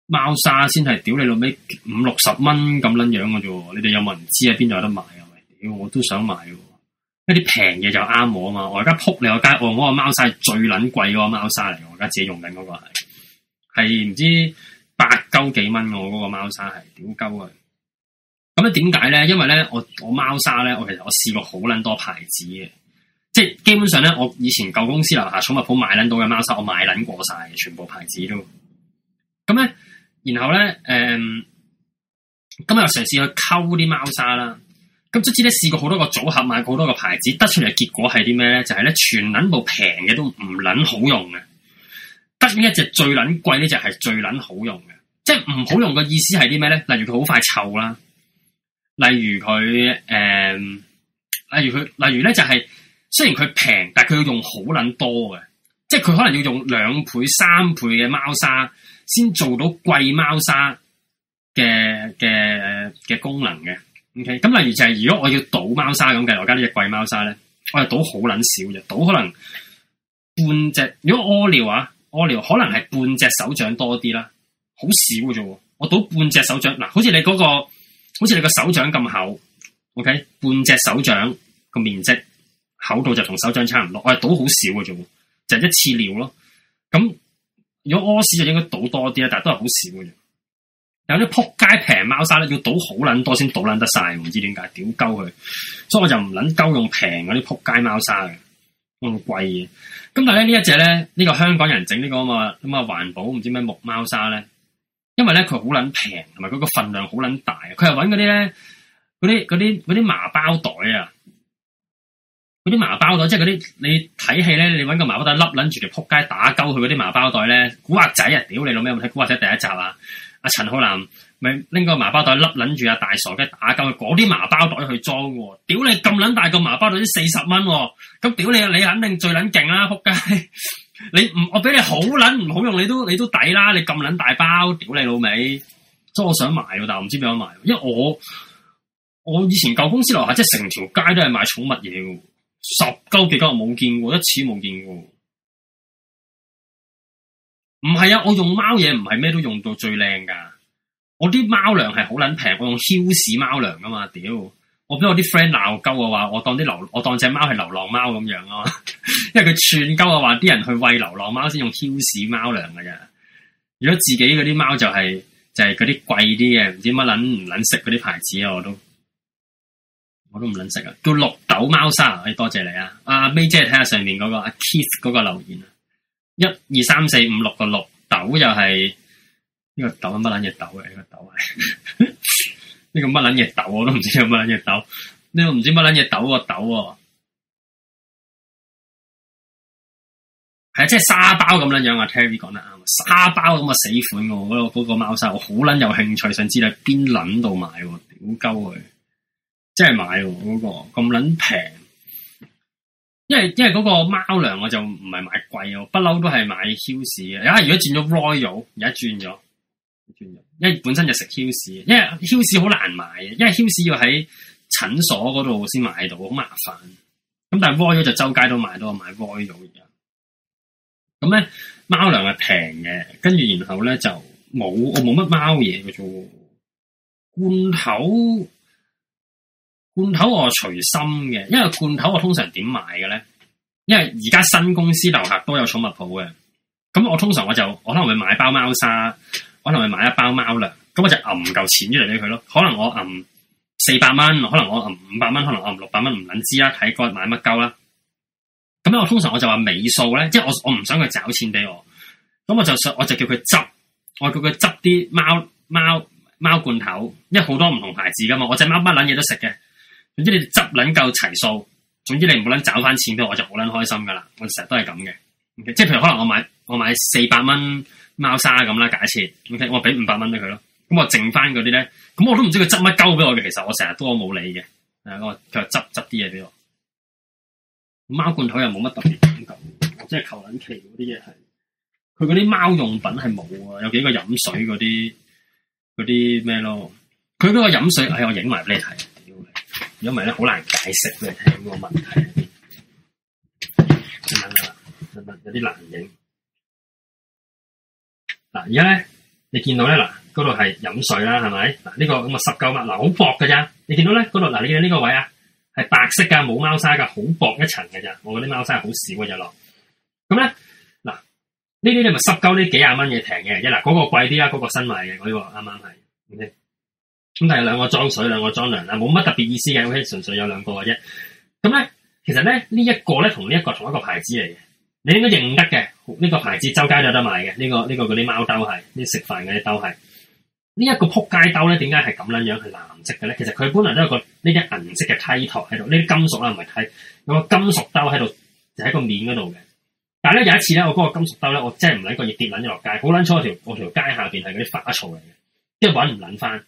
貓砂先係屌你老味五六十蚊咁撚樣嘅啫。你哋有冇人知喺邊度有得買啊？我都想買。一啲平嘅就啱我啊嘛！我而家撲你個街，我嗰個貓砂係最捻貴嗰個貓砂嚟，我而家自己用緊嗰個係，係唔知八鳩幾蚊我嗰個貓砂係，屌鳩啊！咁咧點解咧？因為咧，我我貓砂咧，我其實我試過好捻多牌子嘅，即係基本上咧，我以前舊公司樓下寵物鋪買捻到嘅貓砂，我買捻過晒全部牌子都。咁咧，然後咧，誒、嗯，今日嘗試去溝啲貓砂啦。咁即係咧，試過好多個組合，買好多個牌子，得出嚟嘅結果係啲咩咧？就係咧，全揇部平嘅都唔揇好用嘅，得呢一隻最揇貴呢隻係最揇好用嘅。即係唔好用嘅意思係啲咩咧？例如佢好快臭啦，例如佢誒、呃，例如佢，例如咧就係、是、雖然佢平，但係佢要用好揇多嘅，即係佢可能要用兩倍、三倍嘅貓砂先做到貴貓砂嘅嘅嘅功能嘅。O K，咁例如就係如果我要倒貓砂咁計，而家呢隻貴貓砂咧，我係倒好捻少嘅，倒可能半隻。如果屙尿啊，屙尿可能係半隻手掌多啲啦，好少嘅啫。我倒半隻手掌，嗱，好似你嗰個，好似你個手掌咁厚。OK，半隻手掌個面積厚度就同手掌差唔多。我係倒好少嘅啫，就係一次尿咯。咁如果屙屎就應該倒多啲啦，但係都係好少嘅。有啲撲街平貓砂咧，要倒好捻多先倒捻得晒，唔知點解，屌鳩佢，所以我就唔捻鳩用平嗰啲撲街貓砂嘅，用貴嘅。咁但係咧，呢一隻咧，呢、這個香港人整、這個，呢個咁啊咁啊環保唔知咩木貓砂咧，因為咧佢好捻平，同埋嗰個份量好捻大，佢係搵嗰啲咧，嗰啲啲啲麻包袋啊，嗰啲麻包袋，即係嗰啲你睇戲咧，你搵個麻包袋笠捻住條撲街打鳩佢嗰啲麻包袋咧，古惑仔啊，屌你老咩，有冇睇古惑仔第一集啊！阿陳浩南咪拎個麻包袋笠捻住啊，大傻雞打交，攞啲麻包袋去裝。屌你咁捻大個麻包袋40，都四十蚊。咁屌你，啊，你肯定最捻勁啦，扑街！你唔，我俾你好捻唔好用，你都你都抵啦。你咁捻大包，屌你老味！尾！我想買，但唔知點樣買，因為我我以前舊公司樓下，即係成條街都係賣寵物嘢嘅，十鳩幾鳩冇見過一次，冇見過。一次沒見過唔係啊，我用貓嘢唔係咩都用到最靚噶，我啲貓糧係好捻平，我用 Hills 貓糧噶嘛，屌！我俾我啲 friend 鬧鳩我話，我當啲流，我當隻貓係流浪貓咁樣咯，因為佢串鳩我話，啲人去喂流浪貓先用 Hills 貓糧噶啫。如果自己嗰啲貓就係就係嗰啲貴啲嘅，唔知乜捻唔捻食嗰啲牌子啊，我都我都唔捻食啊，叫綠豆貓砂，多謝你啊，阿 May 姐睇下上面嗰個阿 Keith 嗰個留言一二三四五六個六豆又係呢個豆乜捻嘢豆嘅呢個豆係呢個乜捻嘢豆我都唔知有乜捻嘢豆呢個唔知乜捻嘢豆個豆係啊即係沙包咁捻樣啊 Terry 講得啱啊沙包咁啊死款我嗰個嗰個貓砂我好捻有興趣想知你喺邊捻度買喎屌鳩佢即係買嗰個咁捻平。That 因為因為嗰個貓糧我就唔係買貴嘅，不嬲都係買 Hills 嘅。而家如果轉咗 Royal，而家轉咗，轉咗，因為本身就食 h i l l 因為 Hills 好嘅。因為 h i l l 要喺診所嗰度先買到，好麻煩。咁但係 Royal 就周街都買到，我買 Royal 而家。咁咧貓糧係平嘅，跟住然後咧就冇，我冇乜貓嘢嘅啫。罐頭。罐頭我隨心嘅，因為罐頭我通常點買嘅咧？因為而家新公司樓下都有寵物鋪嘅，咁我通常我就，我可能會買一包貓砂，我可能會買一包貓糧，咁我就揞夠錢出嚟俾佢咯。可能我揞四百蚊，可能我揞五百蚊，可能我揞六百蚊，唔捻知啦，睇嗰日買乜鳩啦。咁我通常我就話尾數咧，即係我我唔想佢找錢俾我，咁我就想我就叫佢執，我叫佢執啲貓貓貓罐頭，因為好多唔同牌子，噶嘛，我隻貓乜捻嘢都食嘅。總之你哋執捻夠齊數，總之你唔好捻找翻錢俾我，我就好捻開心噶啦。我成日都係咁嘅，即係譬如可能我買我買四百蚊貓砂咁啦，假設，我俾五百蚊俾佢咯，咁我剩翻嗰啲咧，咁我都唔知佢執乜鳩俾我嘅。其實我成日都冇理嘅，誒，佢執執啲嘢俾我，貓罐頭又冇乜特別研究，即係求捻其嗰啲嘢係，佢嗰啲貓用品係冇啊，有幾個飲水嗰啲嗰啲咩咯，佢嗰個飲水，哎呀，我影埋俾你睇。因為咧好難解釋咧，睇個問題，有啲難影。嗱，而家咧你見到咧嗱，嗰度係飲水啦，係咪？嗱，呢個咁啊濕鳩物，嗱好薄㗎啫。你見到咧度嗱，你見到呢你見到個位啊，係白色噶，冇貓砂噶，好薄一層㗎啫。我嗰啲貓砂係好少㗎啫咯，咁咧嗱，呢啲你咪濕鳩呢幾廿蚊嘢平嘅，嗰個、一嗱嗰個貴啲啊，嗰、嗰個新買嘅，我、嗰、呢個啱啱係。咁但係兩個裝水，兩個裝糧啦，冇乜特別意思嘅，好、OK？似純粹有兩個嘅啫。咁咧，其實咧呢一、呢個咧同呢一個同一個牌子嚟嘅，你應該認得嘅呢、呢個牌子，周街都有得賣嘅。呢、呢個呢、呢個嗰啲、呢個、貓兜係，啲、呢、食、個、飯嘅啲兜係。呢、呢、一個仆街兜咧，點解係咁捻樣，係藍色嘅咧？其實佢本來都有個呢啲銀色嘅梯托喺度，呢啲金屬啦唔係梯有個金屬兜喺度，就喺、是、個面嗰度嘅。但係咧有一次咧，我嗰個金屬兜咧，我真係唔諗個嘢跌捻咗落街，好捻錯條我條街下邊係嗰啲花槽嚟嘅，即係揾唔捻翻。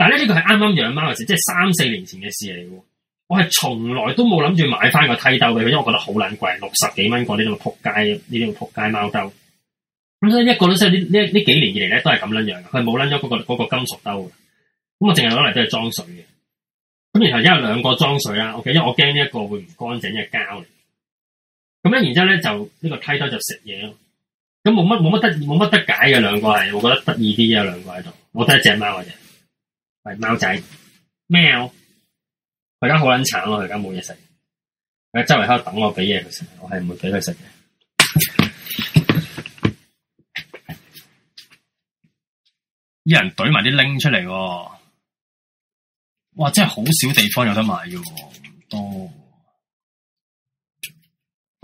但係呢個係啱啱養貓嘅事，即係三四年前嘅事嚟喎。我係從來都冇諗住買翻個梯兜俾佢，因為我覺得好撚貴，六十幾蚊個呢啲咁仆街，呢啲咁仆街貓兜。咁所以一個即係呢呢呢幾年以嚟咧都係咁樣養。佢冇拎咗嗰個嗰、嗰個金屬兜。咁我淨係攞嚟都係裝水嘅。咁然後一兩兩個裝水啦。O K，因為我驚呢一個會唔乾淨嘅膠嚟。咁樣，然之後咧就呢個梯兜就食嘢咯。咁冇乜冇乜得冇乜得解嘅兩個係，我覺得得意啲嘅兩個喺度。我得一隻貓嘅啫。喂，貓仔，喵！佢而家好撚慘咯，佢而家冇嘢食。佢周圍喺度等我畀嘢佢食，我係唔會畀佢食嘅。一人懟埋啲拎出嚟，哇！真係好少地方有得買喎！唔多、哦。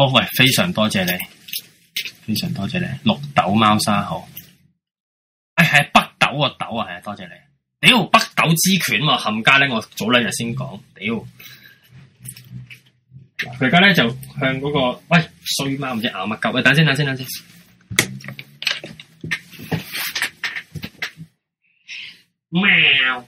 好，喂，非常多謝你，非常多謝你，綠豆貓砂好。哎，係北斗豆啊，豆啊，係多謝你。屌，北斗之拳喎，冚家咧，我早兩日先講，屌，佢而家咧就向嗰個，喂衰貓唔知咬乜鳩，喂，等先，等先，等先，喵。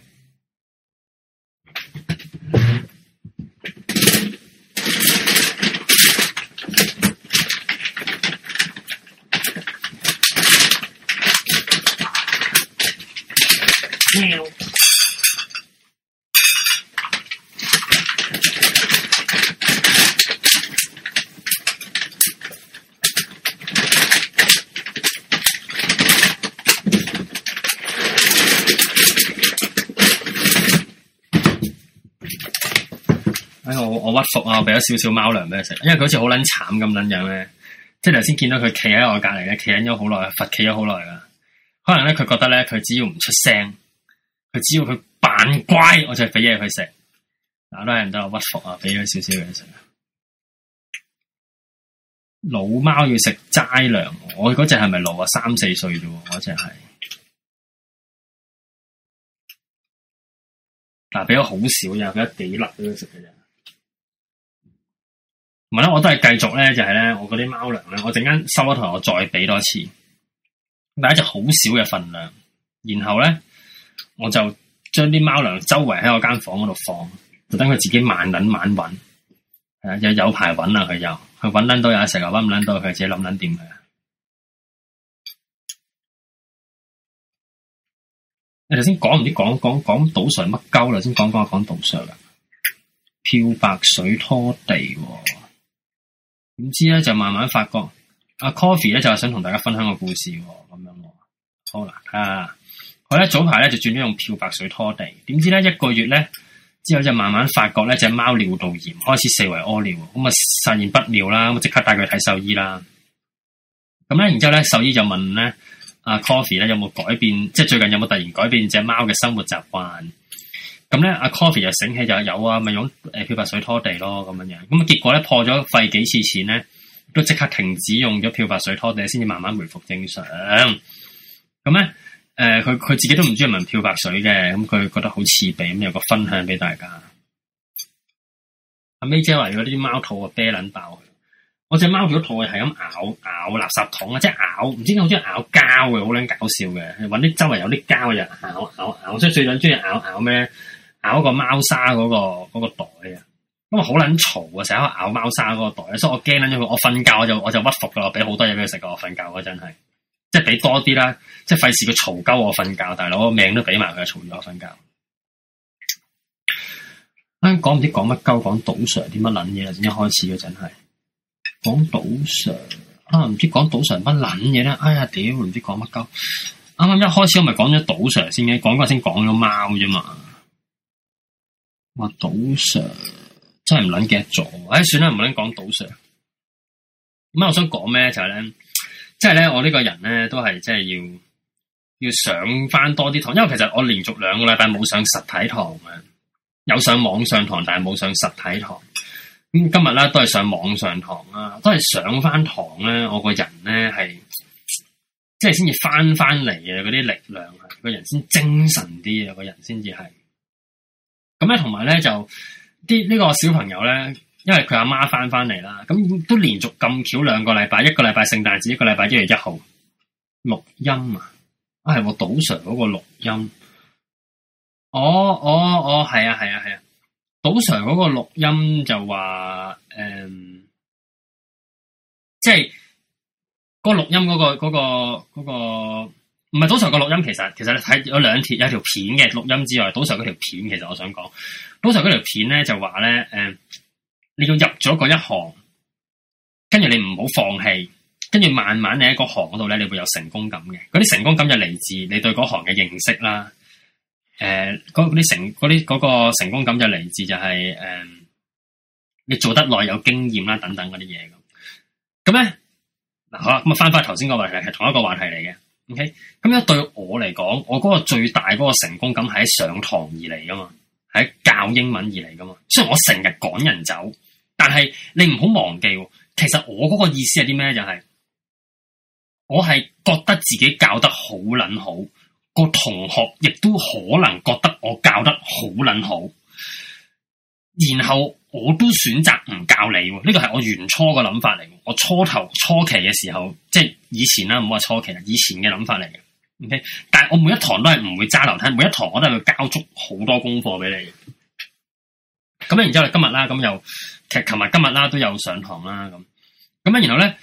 服啊！俾咗少少貓糧俾佢食，因為佢好似好捻慘咁捻樣咧，即係頭先見到佢企喺我隔籬咧，企緊咗好耐，伏企咗好耐㗎。可能咧佢覺得咧，佢只要唔出聲，佢只要佢扮乖，我就俾嘢佢食。嗱拉人都屈服啊，俾咗少少嘢食。老貓要食齋糧，我嗰隻係咪老啊？三四歲啫，我只係，嗱俾咗好少又，俾咗幾粒俾佢食嘅。唔係我都係繼續呢，就係、係、呢。我嗰啲貓糧呢，我陣間收咗台，我再俾多次。第一隻好少嘅份量，然後呢，我就將啲貓糧周圍喺我房間房嗰度放，就等佢自己慢揾慢揾。有有排揾啊，佢又佢揾唔撚到又一成，揾唔撚到佢自己諗撚點佢。你頭先講唔知講講講賭 Sir 乜鳩啦，先講講講賭 Sir 啦，漂白水拖地喎，哦。點知咧，就慢慢發覺，阿 Coffee 咧，就係想同大家分享個故事咁樣。好啦，佢咧早排咧就轉咗用漂白水拖地，點知咧一個月咧之後就慢慢發覺咧隻貓尿道炎，開始四圍屙尿，咁啊出現不妙啦，咁即刻帶佢去睇獸醫啦。咁咧，然之後咧獸醫就問咧阿 Coffee 咧有冇改變，即係最近有冇突然改變隻貓嘅生活習慣？咁咧，阿 Coffee 又醒起就有啊，咪用誒漂白水拖地咯，咁樣樣。咁啊結果咧破咗，費幾次錢咧，都即刻停止用咗漂白水拖地，先至慢慢回復正常。咁咧，誒、呃，佢佢自己都唔中意聞漂白水嘅，咁、嗯、佢覺得好刺鼻，咁有個分享俾大家。阿、啊、May 姐話如果啲貓肚啊，啤撚爆。我隻貓咗肚係咁咬咬垃圾桶啊，即係咬，唔知點解中意咬膠嘅，好撚搞笑嘅，揾啲周圍有啲膠嘅人咬咬咬，即係最捻中意咬咬咩咬一個貓砂嗰個嗰個袋啊，咁啊好撚嘈啊！成日可以咬貓砂嗰個袋，所以我驚啦，因佢。我瞓覺我就我就屈服噶，我俾好多嘢佢食我瞓覺啊真係，即係俾多啲啦，即係費事佢嘈鳩我瞓覺，大佬命都俾埋佢嘈咗我瞓覺。啱啱講唔知講乜鳩，講賭 Sir 啲乜撚嘢，一開始嘅真係講賭 Sir 啊，唔知講賭 Sir 乜撚嘢咧，哎呀屌，唔知講乜鳩。啱啱一開始我咪講咗賭 Sir 先嘅，講嗰先講咗貓啫嘛。我賭 Sir 真係唔捻記得咗，誒，算啦，唔捻講賭 Sir。咁我想講咩就係咧，即係咧，我呢個人咧都係即係要要上翻多啲堂，因為其實我連續兩個禮拜冇上實體堂，有上網上堂，但係冇上實體堂。咁今日呢，都係上網上堂啦，都係上翻堂咧。我個人咧係即係先至翻翻嚟嘅嗰啲力量啊，個人先精神啲啊，個人先至係。咁咧，同埋咧就啲呢、這個小朋友咧，因為佢阿媽翻翻嚟啦，咁都連續咁巧兩個禮拜，一個禮拜聖誕節，一個禮拜一月一號錄音啊，啊係我島常賭 Sir 嗰個錄音，哦哦哦，係啊係啊係啊，賭 Sir 嗰個錄音就話誒，即係個錄音嗰個個個。那個那個唔係賭 Sir 個錄音，其實其實你睇有兩條有條片嘅錄音之外，賭 Sir 嗰條片其實我想講，賭 Sir 嗰條片咧就話咧，誒、嗯，你要入咗嗰一行，跟住你唔好放棄，跟住慢慢你喺個行嗰度咧，你會有成功感嘅。嗰啲成功感就嚟自你對嗰行嘅認識啦，誒、嗯，嗰啲成啲、嗰個成功感就嚟自就係、是、誒、嗯，你做得耐有經驗啦，等等嗰啲嘢咁。咁咧嗱，好咁啊，翻翻頭先個話題係同一個話題嚟嘅。OK，咁樣對我嚟講，我嗰個最大嗰個成功感係喺上堂而嚟噶嘛，係喺教英文而嚟噶嘛。雖然我成日趕人走，但係你唔好忘記，其實我嗰個意思係啲咩？就係、是、我係覺得自己教得好捻好，個同學亦都可能覺得我教得好捻好，然後。我都選擇唔教你，呢個係我原初個諗法嚟。我初頭初期嘅時候，即係以前啦，唔好話初期啦，以前嘅諗法嚟嘅。O、okay? K，但係我每一堂都係唔會揸樓梯，每一堂我都係去交足好多功課俾你。咁樣，然之後今日啦，咁又其實琴日今日啦都有上堂啦，咁咁樣，然後咧，誒、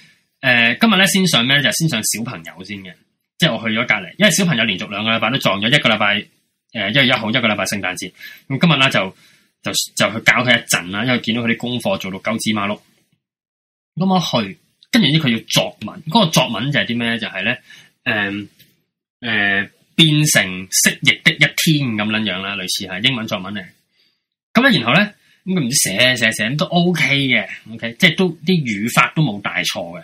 呃，今日咧先上咩咧？就是、先上小朋友先嘅，即係我去咗隔籬，因為小朋友連續兩個禮拜都撞咗一個禮拜，誒、呃，一月一號一個禮拜聖誕節，咁今日啦就。就就去教佢一陣啦，因為見到佢啲功課做到九指馬碌，咁我去，跟住呢佢要作文，嗰個作文就係啲咩？就係咧，誒誒，變成蜥蜴的一天咁樣樣啦，類似係英文作文嚟。咁咧，然後咧，咁佢唔知寫寫寫咁都 O K 嘅，O K 即係都啲語法都冇大錯嘅。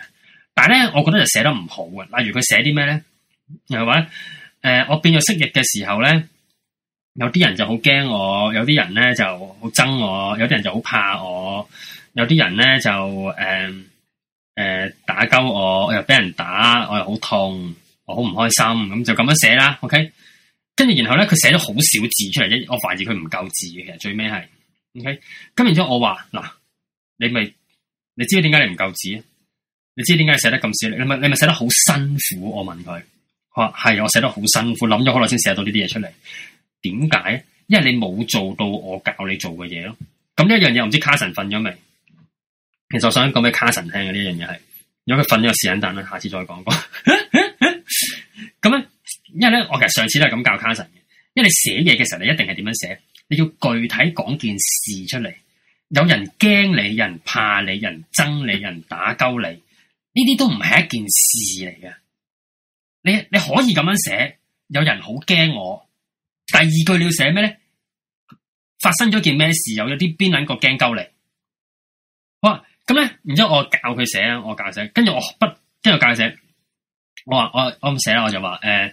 但係咧，我覺得就寫得唔好嘅。例如佢寫啲咩咧，係話，誒我變咗蜥蜴嘅時候咧。有啲人就好驚我，有啲人咧就好憎我，有啲人就好怕我，有啲人咧就誒誒、呃呃、打鳩我，我又俾人打，我又好痛，我好唔開心，咁就咁樣寫啦。OK，跟住然後咧，佢寫咗好少字出嚟啫。我懷疑佢唔夠字嘅，其實最尾係 OK。咁然之後我話嗱，你咪你知點解你唔夠字啊？你知點解你，你，你寫得咁少？你咪你咪寫得好辛苦。我問佢，佢話係，我寫得好辛苦，諗咗好耐先寫到呢啲嘢出嚟。點解？因為你冇做到我教你做嘅嘢咯。咁呢一樣嘢，我唔知卡神瞓咗未。其實我想講俾卡神聽嘅呢樣嘢係，如果佢瞓咗個時間蛋啦，下次再講過。咁咧，因為咧，我其實上次都係咁教卡神嘅。因為你寫嘢嘅時候，你一定係點樣寫？你要具體講件事出嚟。有人驚你，你，人怕你，人憎你，人打鳩你，呢啲都唔係一件事嚟嘅。你你可以咁樣寫，有人好驚我。第二句你要寫咩咧？發生咗件咩事？有啲邊捻個驚鳩嚟？哇！咁咧，然之後我教佢寫啊，我教佢寫，跟住我不即係我教佢寫。我話我我唔寫啦，我就話誒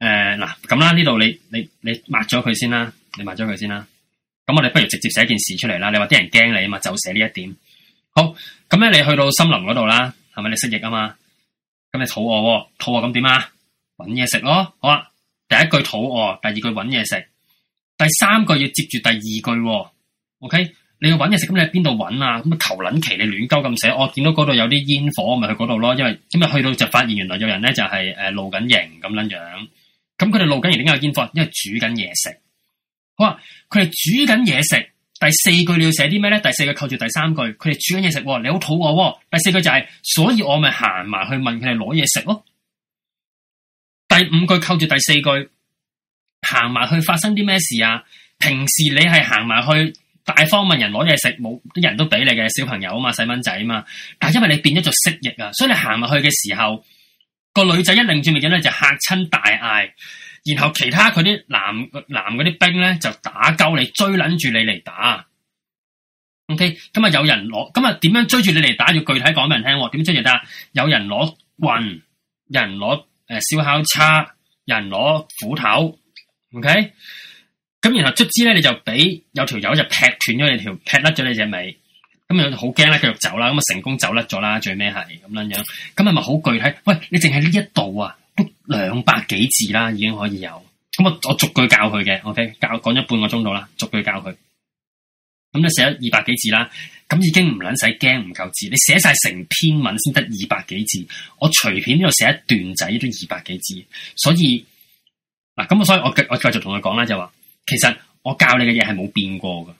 誒嗱咁啦，呢度你你你抹咗佢先啦，你抹咗佢先啦。咁我哋不如直接寫件事出嚟啦。你話啲人驚你啊嘛，就寫呢一點。好，咁咧，那你去到森林嗰度啦，係咪你失業啊嘛？咁你肚餓喎，肚餓咁點啊？搵嘢食咯，好啊。第一句肚餓，第二句揾嘢食，第三句要接住第二句，OK？你要揾嘢食，咁你喺邊度揾啊？咁啊求撚其，你亂鳩咁寫，我、哦、見到嗰度有啲煙火，咪去嗰度咯。因為咁啊，去到就發現原來有人咧就係、是、誒、呃、露緊營咁樣樣，咁佢哋露緊營點解有煙火？因為煮緊嘢食。好啊，佢哋煮緊嘢食。第四句你要寫啲咩咧？第四句扣住第三句，佢哋煮緊嘢食，你好肚餓。第四句就係、是，所以我咪行埋去問佢哋攞嘢食咯。第五句扣住第四句行埋去，發生啲咩事啊？平時你係行埋去大方問人攞嘢食，冇啲人都俾你嘅小朋友啊嘛，細蚊仔啊嘛。但係因為你變咗做蜥蜴啊，所以你行埋去嘅時候，個女仔一擰轉面咧就嚇親大嗌，然後其他佢啲男男嗰啲兵咧就打鳩你，追捻住你嚟打。OK，咁啊有人攞，咁啊點樣追住你嚟打？要具體講俾人聽。點追住得？有人攞棍，有人攞。誒，燒烤叉，有人攞斧頭，OK，咁然後卒之咧，你就俾有條友就劈斷咗你條劈甩咗你隻尾，咁又好驚啦，繼續走啦，咁啊成功走甩咗啦，最尾係咁樣樣，咁係咪好具體？喂，你淨係呢一度啊，都兩百幾字啦，已經可以有，咁我我逐句教佢嘅，OK，教講咗半個鐘度啦，逐句教佢，咁你寫咗二百幾字啦。咁已經唔撚使驚唔夠字，你寫晒成篇文先得二百幾字，我隨便呢度寫一段仔都二百幾字，所以嗱，咁所以我我繼續同佢講啦，就話其實我教你嘅嘢係冇變過噶。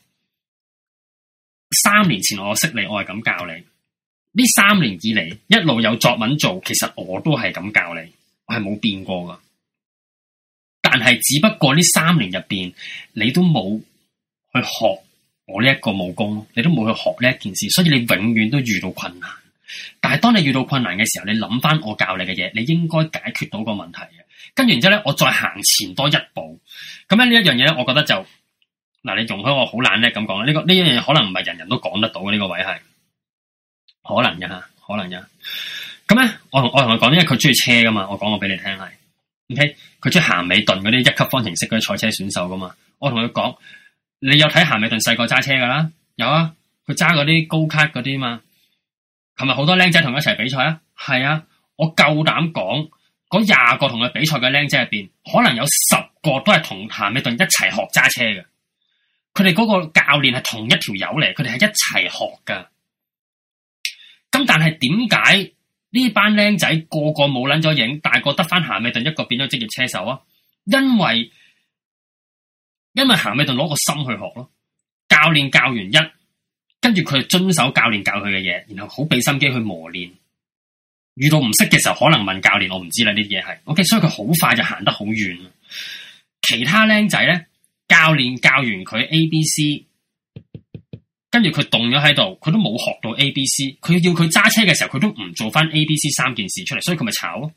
三年前我識你，我係咁教你，呢三年以嚟一路有作文做，其實我都係咁教你，我係冇變過噶。但係只不過呢三年入邊，你都冇去學。我呢一個武功，你都冇去學呢一件事，所以你永遠都遇到困難。但係當你遇到困難嘅時候，你諗翻我教你嘅嘢，你應該解決到個問題嘅。跟住然之後咧，我再行前多一步。咁樣呢一樣嘢咧，我覺得就嗱，你容許我好懶呢咁講。呢個呢一樣嘢可能唔係人人都講得到嘅呢、這個位係可能嘅吓，可能嘅。咁咧，我同我同佢講，因為佢中意車噶嘛，我講我俾你聽係，OK？佢中意咸美頓嗰啲一級方程式嗰啲賽車選手噶嘛，我同佢講。你有睇咸美頓細個揸車噶啦？有啊，佢揸嗰啲高卡嗰啲嘛。琴日好多僆仔同佢一齊比賽啊。係啊，我夠膽講，嗰廿個同佢比賽嘅僆仔入邊，可能有十個都係同咸美頓一齊學揸車嘅。佢哋嗰個教練係同一條友嚟，佢哋係一齊學噶。咁但係點解呢班僆仔個個冇捻咗影，大個得翻咸美頓一個變咗職業車手啊？因為。因為行喺度攞個心去學咯，教練教完一，跟住佢遵守教練教佢嘅嘢，然後好俾心機去磨練。遇到唔識嘅時候，可能問教練，我唔知啦呢啲嘢係。O K，所以佢好快就行得好遠。其他僆仔咧，教練教完佢 A B C，跟住佢動咗喺度，佢都冇學到 A B C。佢要佢揸車嘅時候，佢都唔做翻 A B C 三件事出嚟，所以佢咪炒咯。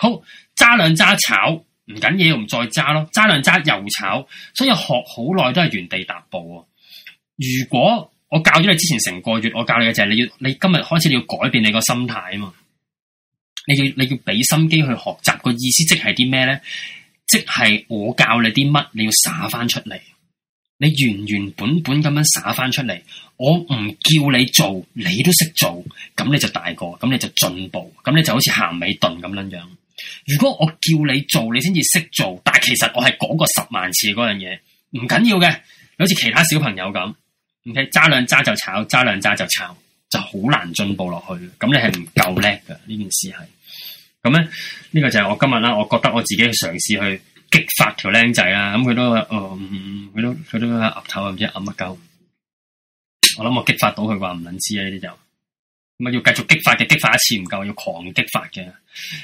好揸兩揸炒。唔緊要，我唔再揸咯，揸兩揸又炒，所以學好耐都係原地踏步啊！如果我教咗你之前成個月，我教你嘅就係你要，你今日開始你要改變你個心態啊嘛！你要你要俾心機去學習個意思呢，即係啲咩咧？即係我教你啲乜，你要灑翻出嚟，你原原本本咁樣灑翻出嚟，我唔叫你做，你都識做，咁你就大個，咁你就進步，咁你就好似咸尾頓咁樣樣。如果我叫你做，你先至識做，但係其實我係講過十萬次嗰樣嘢，唔緊要嘅，好似其他小朋友咁唔 k 揸兩揸就炒，揸兩揸就炒，就好難進步落去，咁你係唔夠叻嘅呢件事係，咁咧呢、這個就係我今日啦，我覺得我自己嘗試去激發條僆仔啦，咁佢都誒，佢、嗯、都佢都岌頭唔知岌乜鳩，我諗我激發到佢話唔捻知啊呢啲就，咪要繼續激發嘅，激發一次唔夠，要狂激發嘅，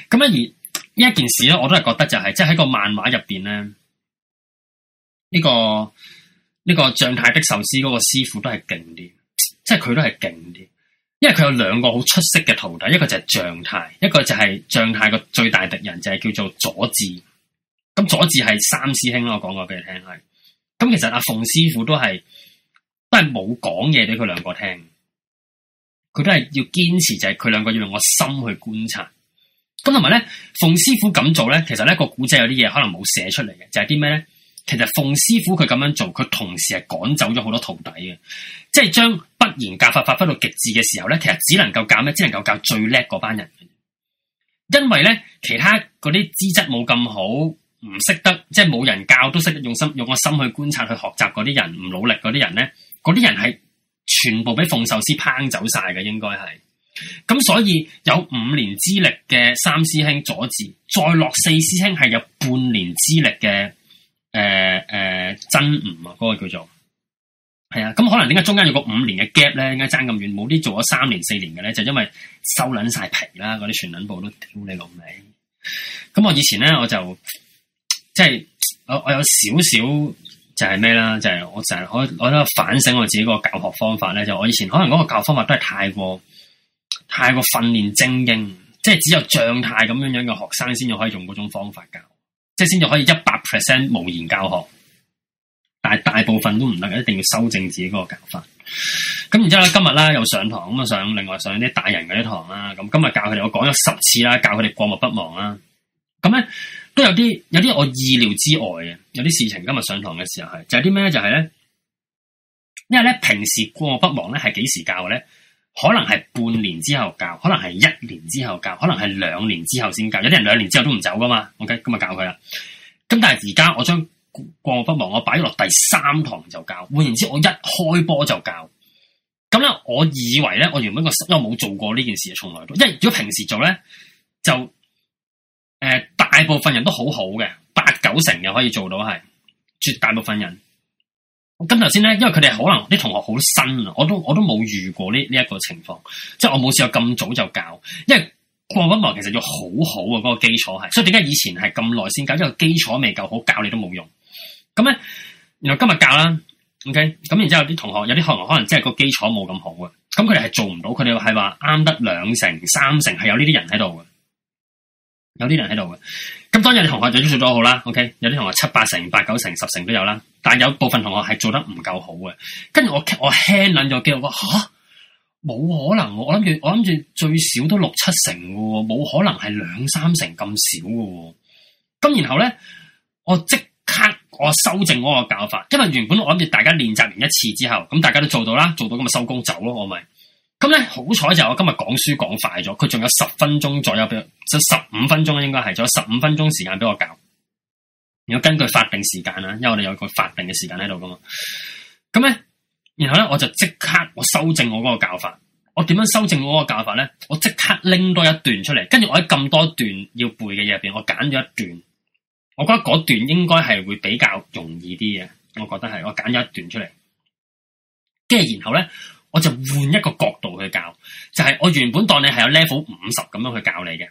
咁啊而。一件事咧，我都係覺得就係、是，即係喺個漫畫入邊咧，呢、這個呢、這個將太的壽司嗰個師傅都係勁啲，即係佢都係勁啲，因為佢有兩個好出色嘅徒弟，一個就係將太，一個就係將太嘅最大敵人就係叫做佐治。咁佐治係三師兄啦，我講過俾你聽係。咁其實阿、啊、馮師傅都係都係冇講嘢俾佢兩個聽，佢都係要堅持就係佢兩個要用個心去觀察。咁同埋咧，鳳師傅咁做咧，其實咧個古仔有啲嘢，可能冇寫出嚟嘅，就係啲咩咧？其實鳳師傅佢咁樣做，佢同時係趕走咗好多徒弟嘅，即係將不言教法發揮到極致嘅時候咧，其實只能夠教咩？只能夠教最叻嗰班人，因為咧其他嗰啲資質冇咁好，唔識得即係冇人教都識得用心用個心去觀察去學習嗰啲人，唔努力嗰啲人咧，嗰啲人係全部俾馮壽司烹走晒嘅，應該係。咁所以有五年之力嘅三師兄佐治，再落四師兄係有半年之力嘅。誒、呃、誒、呃、真悟啊，嗰、那個叫做係啊。咁可能點解中間有個五年嘅 gap 咧，點解爭咁遠，冇啲做咗三年四年嘅？咧，就因為收捻晒皮啦，嗰啲全捻部都屌你老味。咁我以前咧我就即係、就是、我我有少少就係咩啦，就係、是、我成、就、日、是、我我喺反省我自己教、就是、我個教學方法咧，就我以前可能嗰個教學方法都係太過。太過訓練精英，即係只有狀態咁樣樣嘅學生先至可以用嗰種方法教，即係先至可以一百 percent 無言教學。但係大部分都唔得，一定要修正自己嗰個教法。咁然之後咧，今日咧又上堂咁啊，上另外上啲大人嗰啲堂啦。咁今日教佢哋，我講咗十次啦，教佢哋過目不忘啦。咁咧都有啲有啲我意料之外嘅，有啲事情今日上堂嘅時候係就係啲咩咧？就係咧、就是，因為咧平時過目不忘咧係幾時教嘅咧？可能係半年之後教，可能係一年之後教，可能係兩年之後先教。有啲人兩年之後都唔走噶嘛？OK，咁就教佢啦。咁但係而家我將過我不忘，我擺落第三堂就教。換言之，我一開波就教。咁咧，我以為咧，我原本個室友冇做過呢件事，從來都因為如果平時做咧，就誒、呃、大部分人都好好嘅，八九成又可以做到係絕大部分人。咁頭先咧，因為佢哋可能啲同學好新啊，我都我都冇遇過呢呢一個情況，即係我冇試過咁早就教，因為過不埋其實要好好啊嗰個基礎係，所以點解以前係咁耐先教，因為基礎未夠好，教你都冇用。咁咧，然後今日教啦，OK，咁然之後啲同學有啲學員可能即係個基礎冇咁好啊，咁佢哋係做唔到，佢哋係話啱得兩成三成係有呢啲人喺度嘅。有啲人喺度嘅，咁當然你同學就做咗好啦，OK，有啲同學七八成、八九成、十成都有啦，但係有部分同學係做得唔夠好嘅，跟住我 kept，我輕諗就驚話吓，冇可能，我諗住我諗住最少都六七成嘅，冇可能係兩三成咁少嘅，咁然後咧，我即刻我修正嗰個教法，因為原本我諗住大家練習完一次之後，咁大家都做到啦，做到咁咪收工走咯，我咪。咁咧，好彩就係我今日講書講快咗，佢仲有十分鐘左右，俾十五分鐘應該係，仲有十五分鐘時間俾我教。然後根據法定時間啦，因為我哋有個法定嘅時間喺度噶嘛。咁咧，然後咧我就即刻我修正我嗰個教法。我點樣修正我嗰個教法咧？我即刻拎多一段出嚟，跟住我喺咁多段要背嘅嘢入邊，我揀咗一段。我覺得嗰段應該係會比較容易啲嘅，我覺得係，我揀咗一段出嚟。跟住然後咧。我就換一個角度去教，就係、是、我原本當你係有 level 五十咁樣去教你嘅，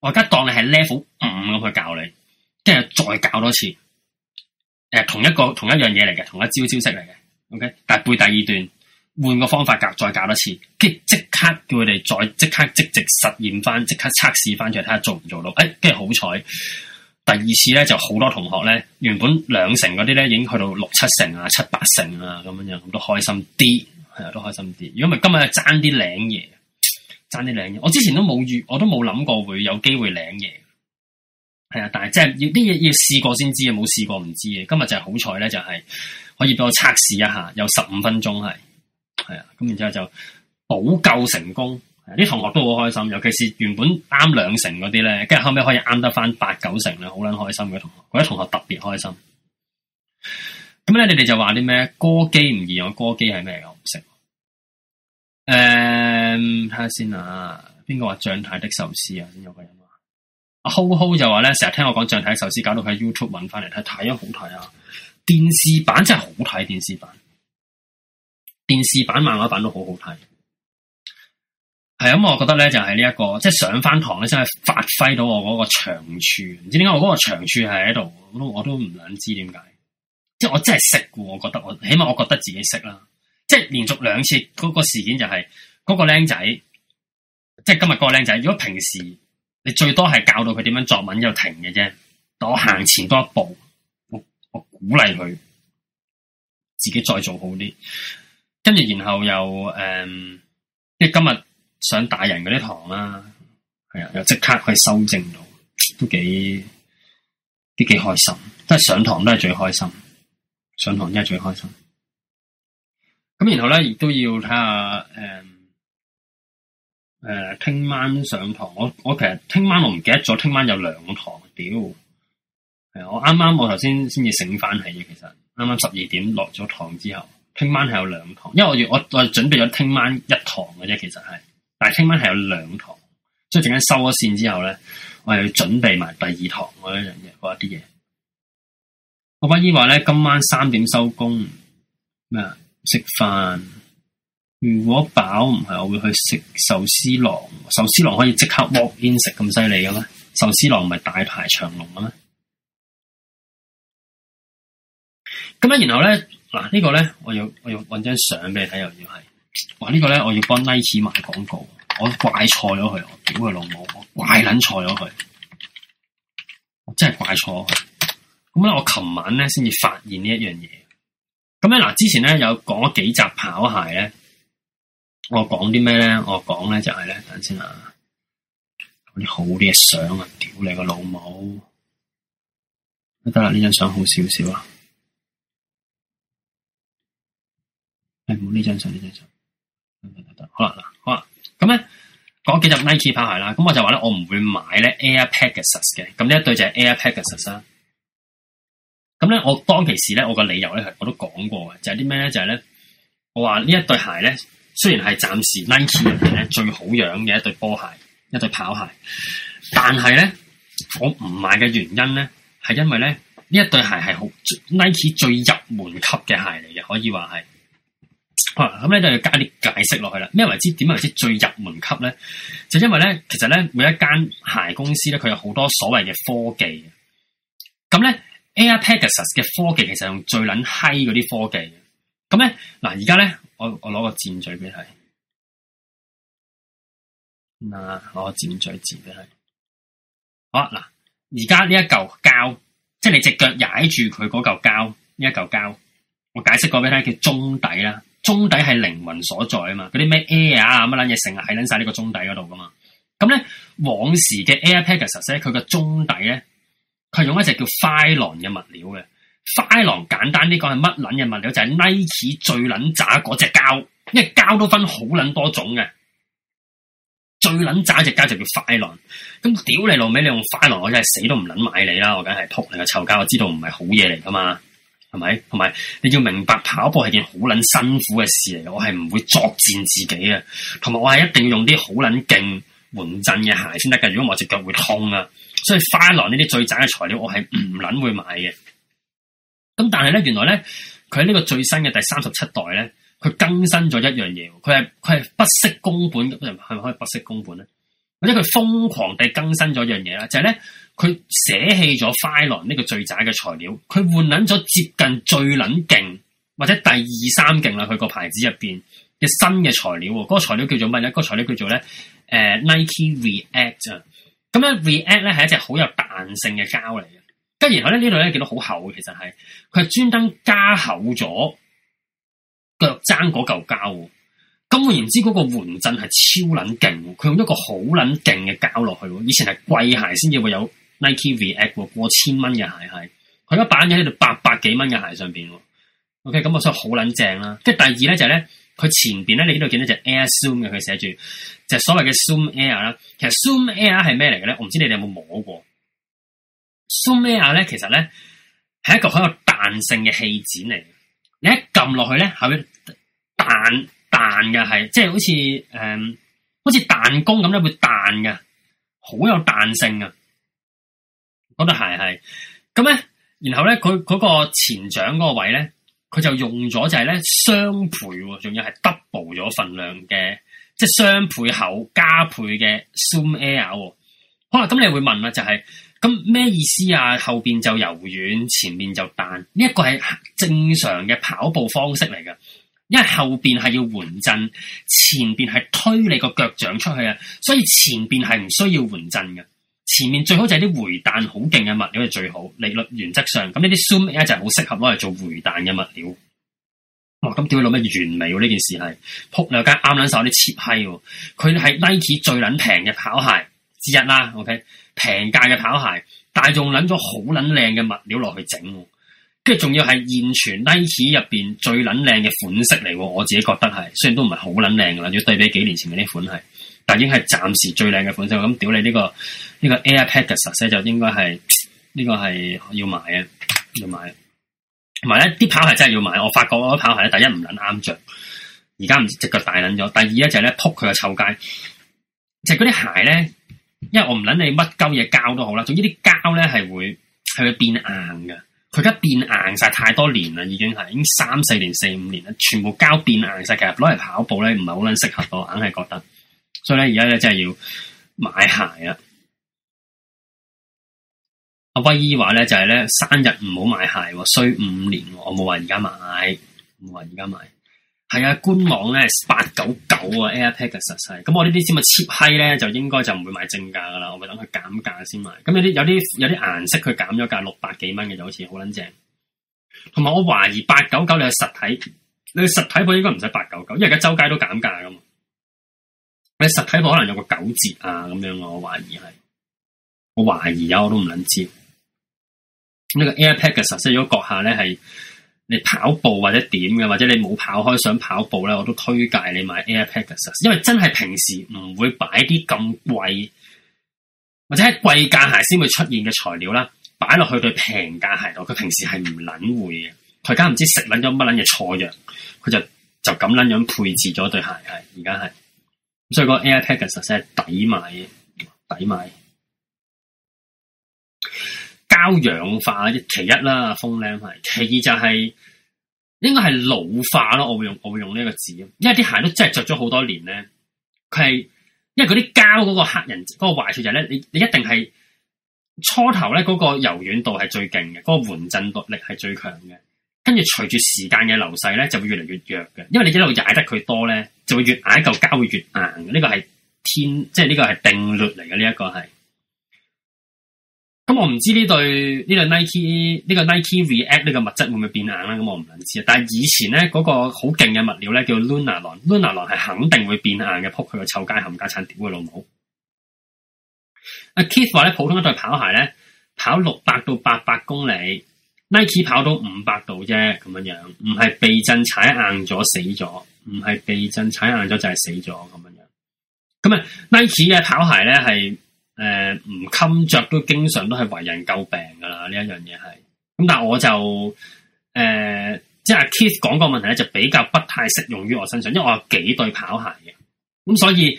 我而家當你係 level 五咁去教你，跟住再教多次，誒、呃、同一個同一樣嘢嚟嘅，同一招招式嚟嘅，ok，但係背第二段，換個方法教，再教多次，跟住即刻叫佢哋再即刻即即實驗翻，即刻測試翻出嚟，睇下做唔做到？誒、哎，跟住好彩，第二次咧就好多同學咧，原本兩成嗰啲咧已經去到六七成啊、七八成啊咁樣樣，咁都開心啲。係啊，都開心啲。如果唔係今日爭啲領嘢，爭啲領嘢。我之前都冇遇，我都冇諗過會有機會領嘢。係啊，但係即係要啲嘢要試過先知嘅，冇試過唔知嘅。今日就係好彩咧，就係可以俾我測試一下，有十五分鐘，係，係啊。咁然之後就補救成功。啲同學都好開心，尤其是原本啱兩成嗰啲咧，跟住後尾可以啱得翻八九成咧，好捻開心嘅同學。嗰啲同學特別開心。咁咧，你哋就話啲咩？歌基唔易啊，歌基係咩嚟？誒、嗯，睇下先啊，邊個話《象太的壽司》啊？有個人話阿 Ho Ho 就話咧，成日聽我講《象太的壽司》，搞到佢喺 YouTube 搵翻嚟睇，睇咗好睇啊！電視版真係好睇，電視版、電視版、漫畫版都好好睇。係咁，我覺得咧就係呢一個，即係上翻堂咧真係發揮到我嗰個長處。唔知點解我嗰個長處係喺度，我都我都唔想知點解。即係我真係識嘅，我覺得我起碼我覺得自己識啦。即係連續兩次嗰、那個事件、就是，就係嗰個僆仔，即係今日個僆仔。如果平時你最多係教到佢點樣作文又停嘅啫，我行前多一步，我我鼓勵佢自己再做好啲。跟住然後又誒、即、嗯、係今日上大人嗰啲堂啦，係啊，又即刻去修正到，都幾都幾開心。都係上堂都係最開心，上堂真係最開心。咁然後咧，亦都要睇下誒誒，聽晚上堂。我我其實聽晚我唔記得咗，聽晚有兩堂屌。係啊，我啱啱我頭先先至醒翻起嘅，其實啱啱十二點落咗堂之後，聽晚係有兩堂。因為我我我準備咗聽晚一堂嘅啫，其實係，但係聽晚係有兩堂，所以陣間收咗線之後咧，我係要準備埋第二堂嗰一樣嘢，嗰一啲嘢。我關姨話咧，今晚三點收工咩啊？食飯，如果飽唔係我會去食壽司郎。壽司郎可以即刻 walk in 食咁犀利嘅咩？壽司郎唔係大排長龍嘅咩？咁樣，然後咧嗱呢、這個咧，我要我要揾張相俾你睇，又要係話、這個、呢個咧，我要幫 Nike 賣廣告。我怪錯咗佢，我屌佢老母，我怪撚錯咗佢，我真係怪錯佢。咁咧，我琴晚咧先至發現呢一樣嘢。咁咧嗱，之前咧有講咗幾集跑鞋咧，我講啲咩咧？我講咧就係咧，等先啊！有啲好啲嘅相啊，屌你個老母，得啦，呢張相好少少啊！係冇呢張相，呢張相，得得得，好啦，嗱，好啦，咁咧講幾集 Nike 跑鞋啦，咁我就話咧，我唔會買咧 Air Pegasus 嘅，咁呢一對就係 Air Pegasus 啦。咁咧，我當其時咧，我個理由咧，我都講過嘅，就係啲咩咧，就係、是、咧，我話呢一對鞋咧，雖然係暫時 Nike 入邊咧最好養嘅一對波鞋、一對跑鞋，但係咧我唔買嘅原因咧，係因為咧呢一對鞋係好 Nike 最入門級嘅鞋嚟嘅，可以話係。啦咁咧就要加啲解釋落去啦。咩為之？點為之最入門級咧？就因為咧，其實咧，每一間鞋公司咧，佢有好多所謂嘅科技，咁咧。Air Pegasus 嘅科技其實用最撚閪嗰啲科技呢，咁咧，嗱，而家咧，我我攞個箭嘴俾你，箭嘴你，嗱攞個箭嘴剪俾你，好啦嗱，而家呢一嚿膠，即係你隻腳踩住佢嗰嚿膠，呢一嚿膠，我解釋過俾你聽，叫中底啦，中底係靈魂所在啊嘛，嗰啲咩 Air 乜撚嘢成日喺撚晒呢個中底嗰度噶嘛呢，咁咧往時嘅 Air Pegasus 咧，佢個中底咧。佢用一隻叫 Phylon 嘅物料嘅，Phylon 簡單啲講係乜撚嘅物料，就係、是、Nike 最撚渣嗰隻膠，因為膠都分好撚多種嘅，最撚渣隻膠就叫 Phylon。咁屌你老味，你用 Phylon，我真係死都唔撚買你啦！我梗係扑你個臭膠，我知道唔係好嘢嚟噶嘛，係咪？同埋你要明白，跑步係件好撚辛苦嘅事嚟，我係唔會作賤自己啊。同埋我係一定要用啲好撚勁緩震嘅鞋先得噶，如果我隻腳會痛啊。所以 Phylon 呢啲最渣嘅材料，我係唔捻會買嘅。咁但係咧，原來咧，佢喺呢個最新嘅第三十七代咧，佢更新咗一樣嘢。佢係佢係不惜工本，係咪可以不惜工本咧？或者佢瘋狂地更新咗一樣嘢啦，就係、是、咧，佢捨棄咗 Phylon 呢個最渣嘅材料，佢換捻咗接近最捻勁或者第二三勁啦，佢個牌子入邊嘅新嘅材料。嗰、那個材料叫做乜咧？嗰、那個材料叫做咧，誒、呃、Nike React 啊。咁咧 React 咧，係一隻好有彈性嘅膠嚟嘅，跟住然後咧，呢度咧見到好厚，其實係佢專登加厚咗腳踭嗰嚿膠。咁換言之，嗰個緩震係超撚勁，佢用一個好撚勁嘅膠落去。以前係貴鞋先至會有 Nike React 喎，過千蚊嘅鞋係佢一板嘢喺度八百幾蚊嘅鞋上邊喎。OK，咁我所以好撚正啦。即第二咧就係、是、咧。佢前面咧，你呢度見到隻 air zoom 嘅，佢寫住就係、所謂嘅 zoom air 啦。其實 zoom air 係咩嚟嘅咧？我唔知你哋有冇摸過 zoom air 咧？其實咧係一個好有彈性嘅氣墊嚟。你一撳落去咧，係會彈彈嘅，係即係好似誒，好、嗯、似彈弓咁咧，會彈嘅，好有彈性啊！覺得係係咁咧，然後咧，佢嗰個前掌嗰個位咧。佢就用咗就係咧雙倍，仲要係 double 咗份量嘅，即係雙倍厚加倍嘅 Zoom Air 好。好啦，咁你會問啦、就是，就係咁咩意思啊？後邊就柔軟，前面就彈呢一，這個係正常嘅跑步方式嚟㗎，因為後邊係要緩震，前邊係推你個腳掌出去啊，所以前邊係唔需要緩震㗎。前面最好就係啲回彈好勁嘅物料係最好，利率原則上咁呢啲 Zoom 嘢就係好適合攞嚟做回彈嘅物料。哇！咁屌，諗咩完美喎？呢件事係仆兩街啱撚手，啲切批喎！佢係 Nike 最撚平嘅跑鞋之一啦，OK？平價嘅跑鞋，但係仲撚咗好撚靚嘅物料落去整，跟住仲要係現存 Nike 入邊最撚靚嘅款式嚟喎！我自己覺得係，雖然都唔係好撚靚噶啦，要對比幾年前嘅啲款係。但已經係暫時最靚嘅款式，咁屌你呢個呢個 AirPods 呢，就應該係呢個係要買嘅，要買。同埋咧啲跑鞋真係要買，我發覺我跑鞋咧，第一唔捻啱着，而家唔只腳大捻咗，第二咧就係咧扑佢嘅臭街。即係嗰啲鞋咧，因為我唔捻你乜鳩嘢膠都好啦，總之啲膠咧係會係會變硬噶。佢而家變硬晒，太多年啦，已經係已經三四年、四五年啦，全部膠變硬晒嘅，攞嚟跑步咧唔係好捻適合，我硬係覺得。所以咧，而家咧真係要買鞋啊！阿威姨話咧就係咧，生日唔好買鞋喎，衰五年喎。我冇話而家買，冇話而家買。係啊，官網咧八九九啊 AirPods 實體。咁我呢啲先咪切批咧，就應該就唔會買正價噶啦。我咪等佢減價先買。咁有啲有啲有啲顏色佢減咗價六百幾蚊嘅，就好似好撚正。同埋我懷疑八九九你係實體，你實體鋪應該唔使八九九，因為而家周街都減價噶嘛。你實體部可能有個九折啊，咁樣我懷疑係，我懷疑啊，我都唔捻知實。呢個 Air Pegasus 如果閣下咧係你跑步或者點嘅，或者你冇跑開想跑步咧，我都推介你買 Air Pegasus 因為真係平時唔會擺啲咁貴，或者係貴價鞋先會出現嘅材料啦，擺落去對平價鞋度，佢平時係唔捻會嘅。佢家唔知食捻咗乜捻嘅錯藥，佢就就咁捻樣配置咗對鞋，係而家係。所以嗰 AirTag 其實真係抵買抵買。膠氧化即其一啦，風咧係其二就係、是、應該係老化咯。我會用我會用呢個字，因為啲鞋都真係着咗好多年咧，佢係因為嗰啲膠嗰個黑人嗰、嗰個壞處就係咧，你你一定係初頭咧嗰個柔軟度係最勁嘅，嗰、嗰個緩震度力係最強嘅。跟住，隨住時間嘅流逝咧，就會越嚟越弱嘅。因為你一路踩得佢多咧，就會越踩嚿膠會越硬。呢個係天，即係呢個係定律嚟嘅。呢、這、一個係。咁我唔知呢對呢個 Nike 呢個 Nike React 呢個物質會唔會變硬啦？咁我唔能知。但以前咧嗰、那個好勁嘅物料咧叫 Lunarlon，Lunarlon 係肯定會變硬嘅。撲佢個臭街冚家鏟屌佢老母！阿 Keith 話咧，普通一對跑鞋咧，跑六百到八百公里。Nike 跑到五百度啫，咁樣樣，唔係避震踩硬咗死咗，唔係避震踩硬咗就係、是、死咗咁樣樣。咁啊，Nike 嘅跑鞋咧係誒唔襟著都經常都係為人詬病噶啦，呢一樣嘢係。咁但係我就誒、呃、即係阿 Keith 講個問題咧，就比較不太適用於我身上，因為我有幾對跑鞋嘅。咁所以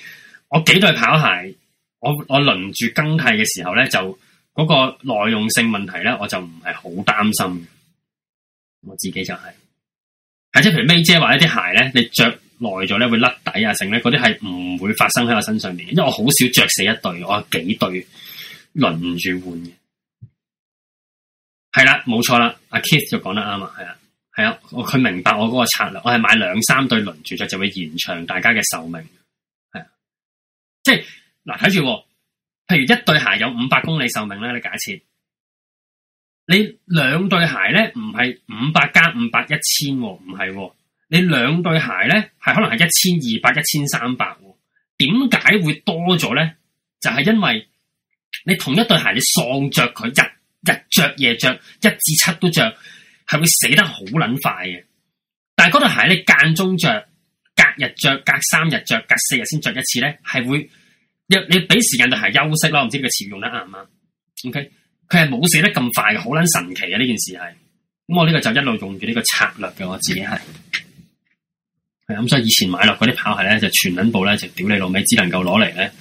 我幾對跑鞋，我我輪住更替嘅時候咧就。嗰、那個耐用性問題咧，我就唔係好擔心。我自己就係，係即係譬如 May 姐話一啲鞋咧，你著耐咗咧會甩底啊，剩咧嗰啲係唔會發生喺我身上面，因為我好少著死一對，我幾對輪住換嘅。係啦，冇錯啦，阿 Keith 就講得啱啊，係啊，係啊，我佢明白我嗰個策略，我係買兩三對輪住著就會延長大家嘅壽命，係啊，即係嗱，睇住。譬如一對鞋有五百公里壽命咧，你假設你兩對鞋咧唔係五百加五百一千，唔係，你兩對鞋咧係可能係一千二百、一千三百，點解會多咗咧？就係因為你同一對鞋你喪着，佢日日着、夜着，一至七都着，係會死得好捻快嘅。但係嗰對鞋你間中着、隔日着、隔三日着、隔四日先着一次咧，係會。你你俾時間就係休息咯，唔知佢詞用得啱唔啱？OK，佢係冇寫得咁快嘅，好捻神奇啊！呢件事係，咁我呢個就一路用住呢個策略嘅，我自己係係咁，所以以前買落嗰啲跑鞋咧就全捻部咧就屌你老味，只能夠攞嚟，咧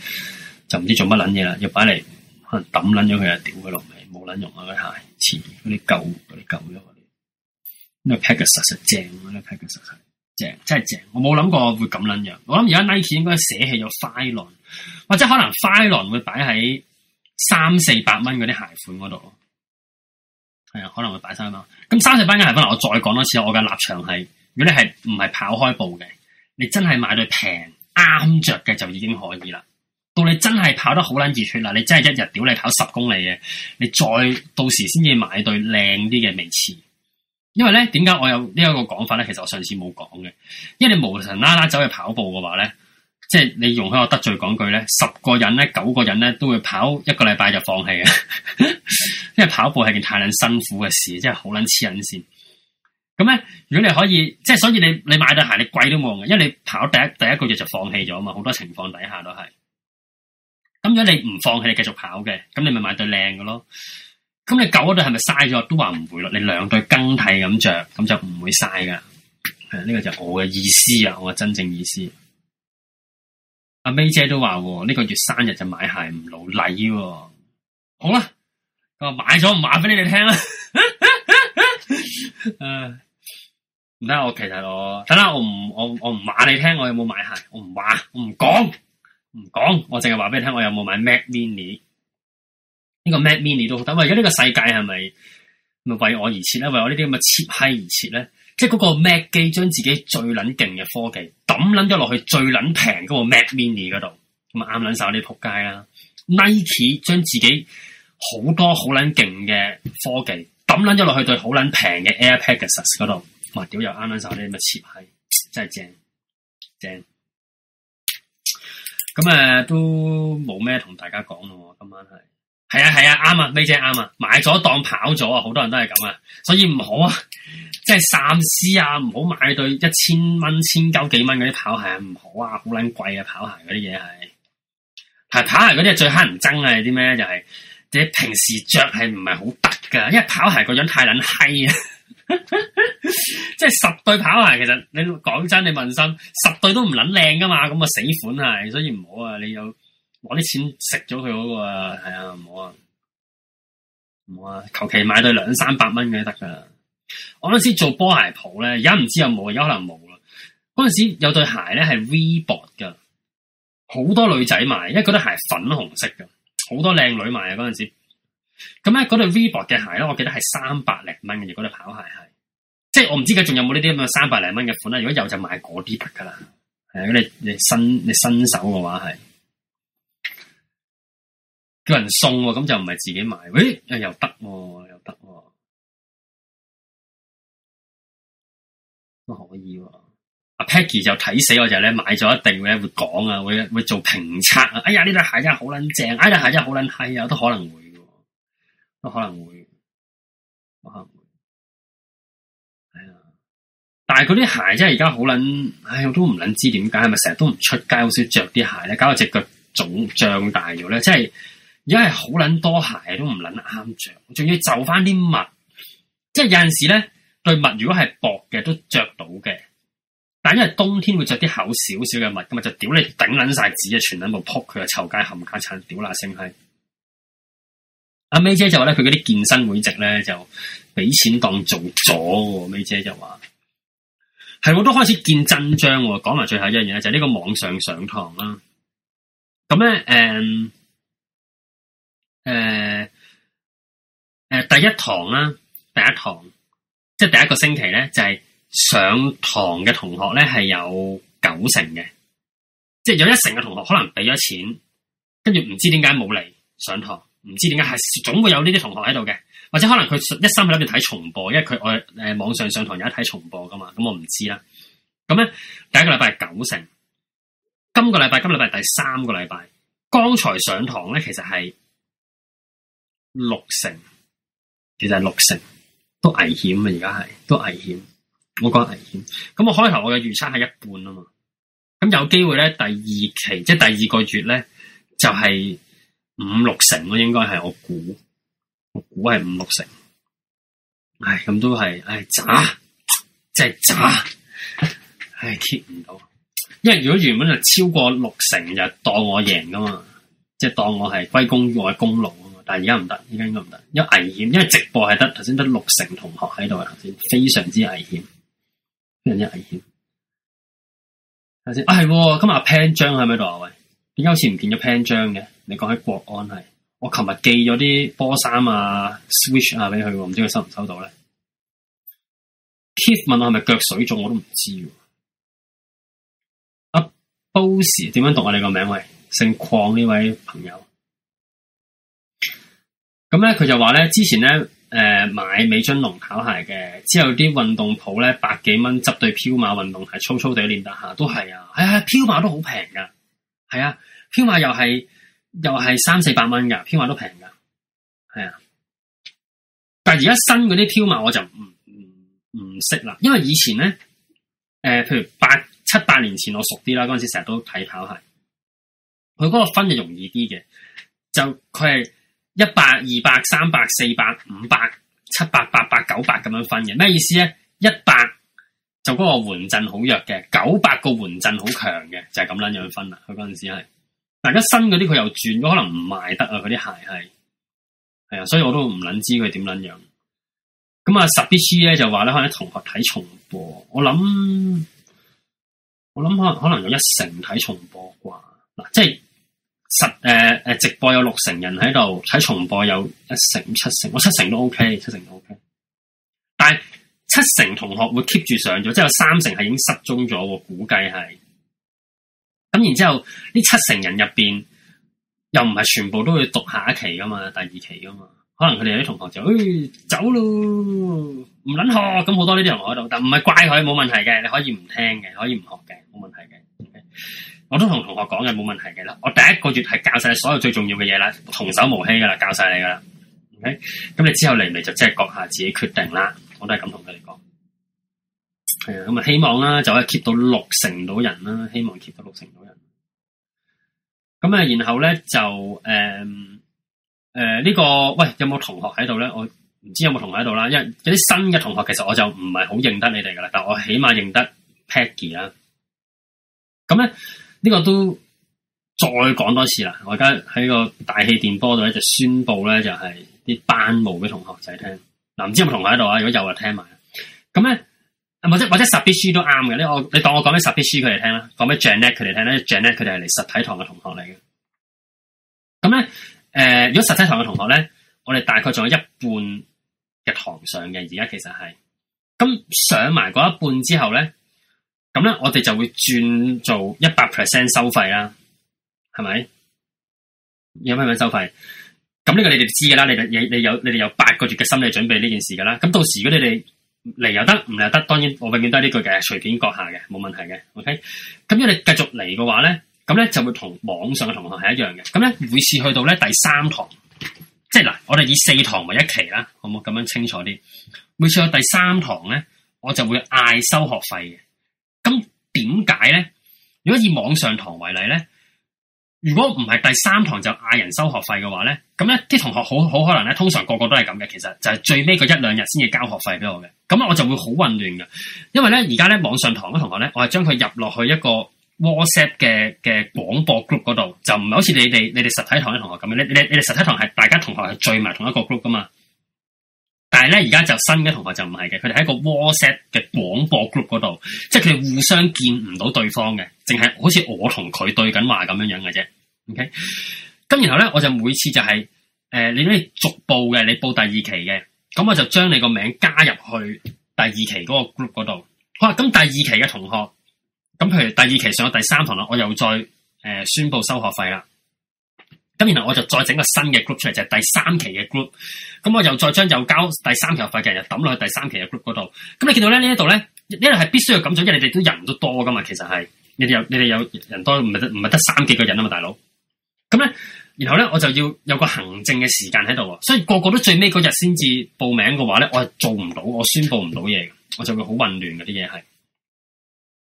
就唔知做乜捻嘢啦，要擺嚟可能抌捻咗佢啊，屌佢老味，冇捻用啊，嗰鞋似嗰啲舊嗰啲舊咗，啲，因為 Pegasus 係正啊，Pegasus 係正，真係正，我冇諗過會咁捻樣，我諗而家 Nike 應該捨棄咗 file。或者可能 Phylon 會擺喺三四百蚊嗰啲鞋款嗰度，係啊，可能會擺三萬。咁三四百蚊嘅鞋款，我再講多次，我嘅立場係：如果你係唔係跑開步嘅，你真係買對平啱着嘅就已經可以啦。到你真係跑得好撚熱血啦，你真係一日屌你跑十公里嘅，你再到時先至買對靚啲嘅微刺。因為咧，點解我有呢個法呢一個講法咧？其實我上次冇講嘅，因為你無神啦啦走去跑步嘅話咧。即係你容許我得罪講句咧，十個人咧，九個人咧都會跑一個禮拜就放棄嘅，因為跑步係件太撚辛苦嘅事，即係好撚黐撚線。咁咧，如果你可以，即係所以你你買對鞋，你貴都冇用嘅，因為你跑第一第一個月就放棄咗啊嘛，好多情況底下都係。咁如果你唔放棄，繼續跑嘅，咁你咪買對靚嘅咯。咁你舊嗰對係咪嘥咗？都話唔會咯。你兩對更替咁着，咁就唔會嘥噶。誒，呢、這個就我嘅意思啊，我嘅真正意思。阿 May 姐都話呢個月生日就買鞋唔老禮，好啦，我買咗唔話俾你哋聽啦。唔 (laughs) 得，我其實我，等下我唔我我唔話你聽，我有冇買鞋？我唔話，我唔講，唔講，我淨係話俾你聽，我有冇買 Mac Mini？呢個 Mac Mini 都好，但係而家呢個世界係咪為我而設咧？為我呢啲咁嘅 cheap 閪而設咧？即係嗰個 Mac 機將自己最捻勁嘅科技抌捻咗落去最捻平嗰個 Mac Mini 嗰度，咁啊啱捻手啲仆街啦、啊、！Nike 將自己好多好捻勁嘅科技抌捻咗落去對好捻平嘅 Pegasus 嗰度，哇！屌又啱捻手啲咩切批，真係正正。咁啊、呃、都冇咩同大家講咯，今晚係。係啊係啊，啱啊，咩啫啱啊，買咗當跑咗啊，好多人都係咁啊，所以唔好啊，即係三思啊，唔好買對一千蚊、千九幾蚊嗰啲跑鞋啊，唔好啊，好撚貴啊，跑鞋嗰啲嘢係，係跑鞋嗰啲係最乞人憎啊，啲咩就係，即係平時着係唔係好得噶，因為跑鞋個樣太撚閪啊，即 (laughs) 係十對跑鞋，其實你講真，你問心十對都唔撚靚噶嘛，咁咪死款啊，所以唔好啊，你有。我啲錢食咗佢嗰個係啊，唔好啊，唔好啊，求其、啊、買對兩三百蚊嘅得噶。我嗰陣時做波鞋鋪咧，而家唔知有冇，而家可能冇啦。嗰陣時有對鞋咧係 Vboard 噶，好多女仔買，因為嗰對鞋粉紅色噶，好多靚女買啊。嗰陣時，咁咧嗰對 Vboard 嘅鞋咧，我記得係三百零蚊嘅，嗰對跑鞋係，即係我唔知佢仲有冇呢啲咁嘅三百零蚊嘅款啦。如果有就買嗰啲得噶啦，係啊，你你新你新手嘅話係。叫人送咁、喎、就唔係自己買，喂，又得、喎，又得、喎，都、啊、可以、喎。阿、啊、Peggy 就睇死我，就咧、係、買咗一定咧會講啊，會會做評測啊。哎呀，呢對鞋真係好撚正，哎呀，呀鞋真係好撚閪啊，都可能會、喎，都可能會、啊，都可能係啊。但係佢啲鞋真係而家好撚，哎呀，我都唔撚知點解，係咪成日都唔出街，好少着啲鞋咧，搞到隻腳腫脹大咗咧，即係。而家係好捻多鞋都唔捻啱着，仲要就翻啲襪。即係有陣時咧，對襪如果係薄嘅都着到嘅，但係因為冬天會着啲厚少少嘅襪噶嘛，就屌你頂捻晒紙啊，全捻部撲佢啊，臭街冚家鏟，屌乸聲嘿。阿 May、啊、姐就話咧，佢嗰啲健身會籍咧就俾錢當做咗。May 姐就話係，我都開始見真章。講埋最後一樣嘢就係、是、呢個網上上堂啦。咁咧，誒、嗯。誒、呃、誒、呃，第一堂啦，第一堂，即係第一個星期咧，就係、是、上堂嘅同學咧係有九成嘅，即係有一成嘅同學可能俾咗錢，跟住唔知點解冇嚟上堂，唔知點解係，總會有呢啲同學喺度嘅，或者可能佢一心喺度睇重播，因為佢我誒、呃、網上上堂有得睇重播噶嘛，咁我唔知道啦。咁咧，第一個禮拜係九成，今個禮拜今個禮拜第三個禮拜，剛才上堂咧其實係。六成其實係六成都危險啊！而家係都危險，我講危險。咁我開頭我嘅預測係一半啊嘛，咁有機會咧第二期即係第二個月咧就係、是、五六成咯，應該係我估，我估係五六成。唉，咁都係唉渣，真係渣，唉 keep 唔到。因為如果原本就超過六成，就是、當我贏噶嘛，即係當我係歸功於我嘅功勞。但而家唔得，而家應該唔得，有危險。因為直播係得頭先得六成同學喺度啊，頭先非常之危險，非常之危險。頭先啊，係，今日阿 Pan 張喺咪度啊？喂，點解好似唔見咗 Pan 張嘅？你講起國安係，我琴日寄咗啲波衫啊、Switch 啊俾佢，唔知佢收唔收到咧？Keith 問我係咪腳水腫，我都唔知喎。阿 Boss 點樣讀我哋個名？喂，姓鄺呢位朋友。咁咧，佢就話咧，之前咧，誒、呃，買美津濃跑鞋嘅，之後啲運動鋪咧，百幾蚊執對飄馬運動鞋，粗粗地練得下，都係啊，係、哎、啊，飄馬都好平噶，係啊，飄馬又係又係三四百蚊噶，飄馬都平噶，係啊，但係而家新嗰啲飄馬我就唔唔唔識啦，因為以前咧，誒、呃，譬如八七八年前我熟啲啦，嗰陣時成日都睇跑鞋，佢嗰個分就容易啲嘅，就佢係。一百、二百、三百、四百、五百、七百、八百、九百咁樣分嘅，咩意思咧？一百就嗰個緩震好弱嘅，九百個緩震好強嘅，就係咁捻樣分啦。佢嗰陣時係，大家新嗰啲佢又轉咗，可能唔賣得啊。嗰啲鞋係係啊，所以我都唔捻知佢點捻樣。咁啊，十 B C 咧就話咧，可能同學睇重播，我諗我諗可能可能有一成睇重播啩。嗱，即係。實誒誒，直播有六成人喺度，睇重播有一成七成，我、哦、七成都 O、OK, K，七成都 O K。但係七成同學會 keep 住上咗，即係有三成係已經失蹤咗，估計係。咁然之後呢七成人入邊，又唔係全部都會讀下一期噶嘛，第二期噶嘛，可能佢哋有啲同學就，誒、哎，走咯，唔捻學，咁好多呢啲人喺度，但唔係怪佢，冇問題嘅，你可以唔聽嘅，可以唔學嘅，冇問題嘅。OK？我都同同學講嘅冇問題嘅啦，我第一個月係教晒所有最重要嘅嘢啦，同手無欺噶啦，教晒你噶啦。OK，咁你之後嚟咪就即係閣下自己決定啦。我都係咁同佢哋講。係啊，咁啊希望啦，就可以 keep 到六成到人啦，希望 keep、啊、到六成到人。咁啊，然後咧就誒誒呢個喂有冇同學喺度咧？我唔知有冇同學喺度啦，因為有啲新嘅同學其實我就唔係好認得你哋噶啦，但我起碼認得 Peggy 啦。咁咧。呢、這個都再講多次啦，我而家喺個大氣電波度咧就宣布咧就係啲班務俾同學仔聽，嗱唔知有冇同學喺度啊？如果有就聽埋，咁咧或者或者十 B C 都啱嘅，呢個你當我講俾十 B C 佢哋聽啦，講俾 Janet 佢哋聽咧，Janet 佢哋係嚟實體堂嘅同學嚟嘅，咁咧誒，如果實體堂嘅同學咧，我哋大概仲有一半嘅堂上嘅，而家其實係咁上埋嗰一半之後咧。咁咧，我哋就會轉做一百 percent 收費啦，係咪？有咩樣收費？咁呢個你哋知噶啦，你你有你哋有八個月嘅心理準備呢件事噶啦。咁到時如果你哋嚟又得，唔嚟又得，當然我永遠都係呢句嘅，隨便閣下嘅，冇問題嘅。OK，咁如果你繼續嚟嘅話咧，咁咧就會同網上嘅同學係一樣嘅。咁咧每次去到咧第三堂，即係嗱，我哋以四堂為一期啦，好冇？咁樣清楚啲。每次去第三堂咧，我就會嗌收學費嘅。咁點解咧？如果以網上堂為例咧，如果唔係第三堂就嗌人收學費嘅話咧，咁咧啲同學好好可能咧，通常個個都係咁嘅。其實就係最尾個一兩日先至交學費俾我嘅，咁我就會好混亂嘅。因為咧而家咧網上堂嘅同學咧，我係將佢入落去一個 WhatsApp 嘅嘅廣播 group 嗰度，就唔係好似你哋你哋實體堂嘅同學咁嘅。你你你哋實體堂係大家同學係聚埋同一個 group 噶嘛？但係咧，而家就新嘅同學就唔係嘅，佢哋喺個 WhatsApp 嘅廣播 group 嗰度，即係佢哋互相見唔到對方嘅，淨係好似我同佢對緊話咁樣樣嘅啫。OK，咁然後咧，我就每次就係、是呃、你都以逐步嘅，你報第二期嘅，咁我就將你個名加入去第二期嗰個 group 嗰度。好啦，咁第二期嘅同學，咁譬如第二期上咗第三堂啦，我又再、呃、宣佈收學費啦。咁然後我就再整個新嘅 group 出嚟，就係第三期嘅 group。咁我又再將又交第三期嘅人又抌落去第三期嘅 group 嗰度。咁你見到咧，呢一度咧，呢度係必須要咁做，因為你哋都人都多噶嘛。其實係你哋有你哋有人多，唔係唔係得三幾個人啊嘛，大佬。咁咧，然後咧，我就要有個行政嘅時間喺度，所以個個都最尾嗰日先至報名嘅話咧，我係做唔到，我宣佈唔到嘢，我就會好混亂嗰啲嘢係。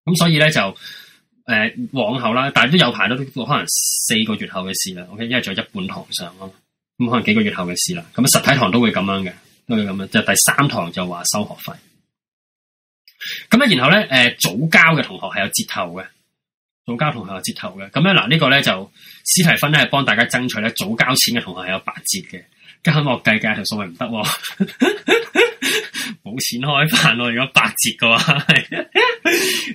咁所以咧就。誒，往後啦，但係都有排都可能四個月後嘅事啦。OK，因為仲有一半堂上咯，咁可能幾個月後嘅事啦。咁啊，實體堂都會咁樣嘅，都會咁樣的。就第三堂就話收學費。咁咧，然後咧，誒，早交嘅同學係有折頭嘅，早交同學有折頭嘅。咁咧嗱，呢個咧就史提芬咧，係幫大家爭取咧，早交錢嘅同學係有八折嘅。加我計計條數係唔得，冇錢開飯咯、啊。如果八折嘅話，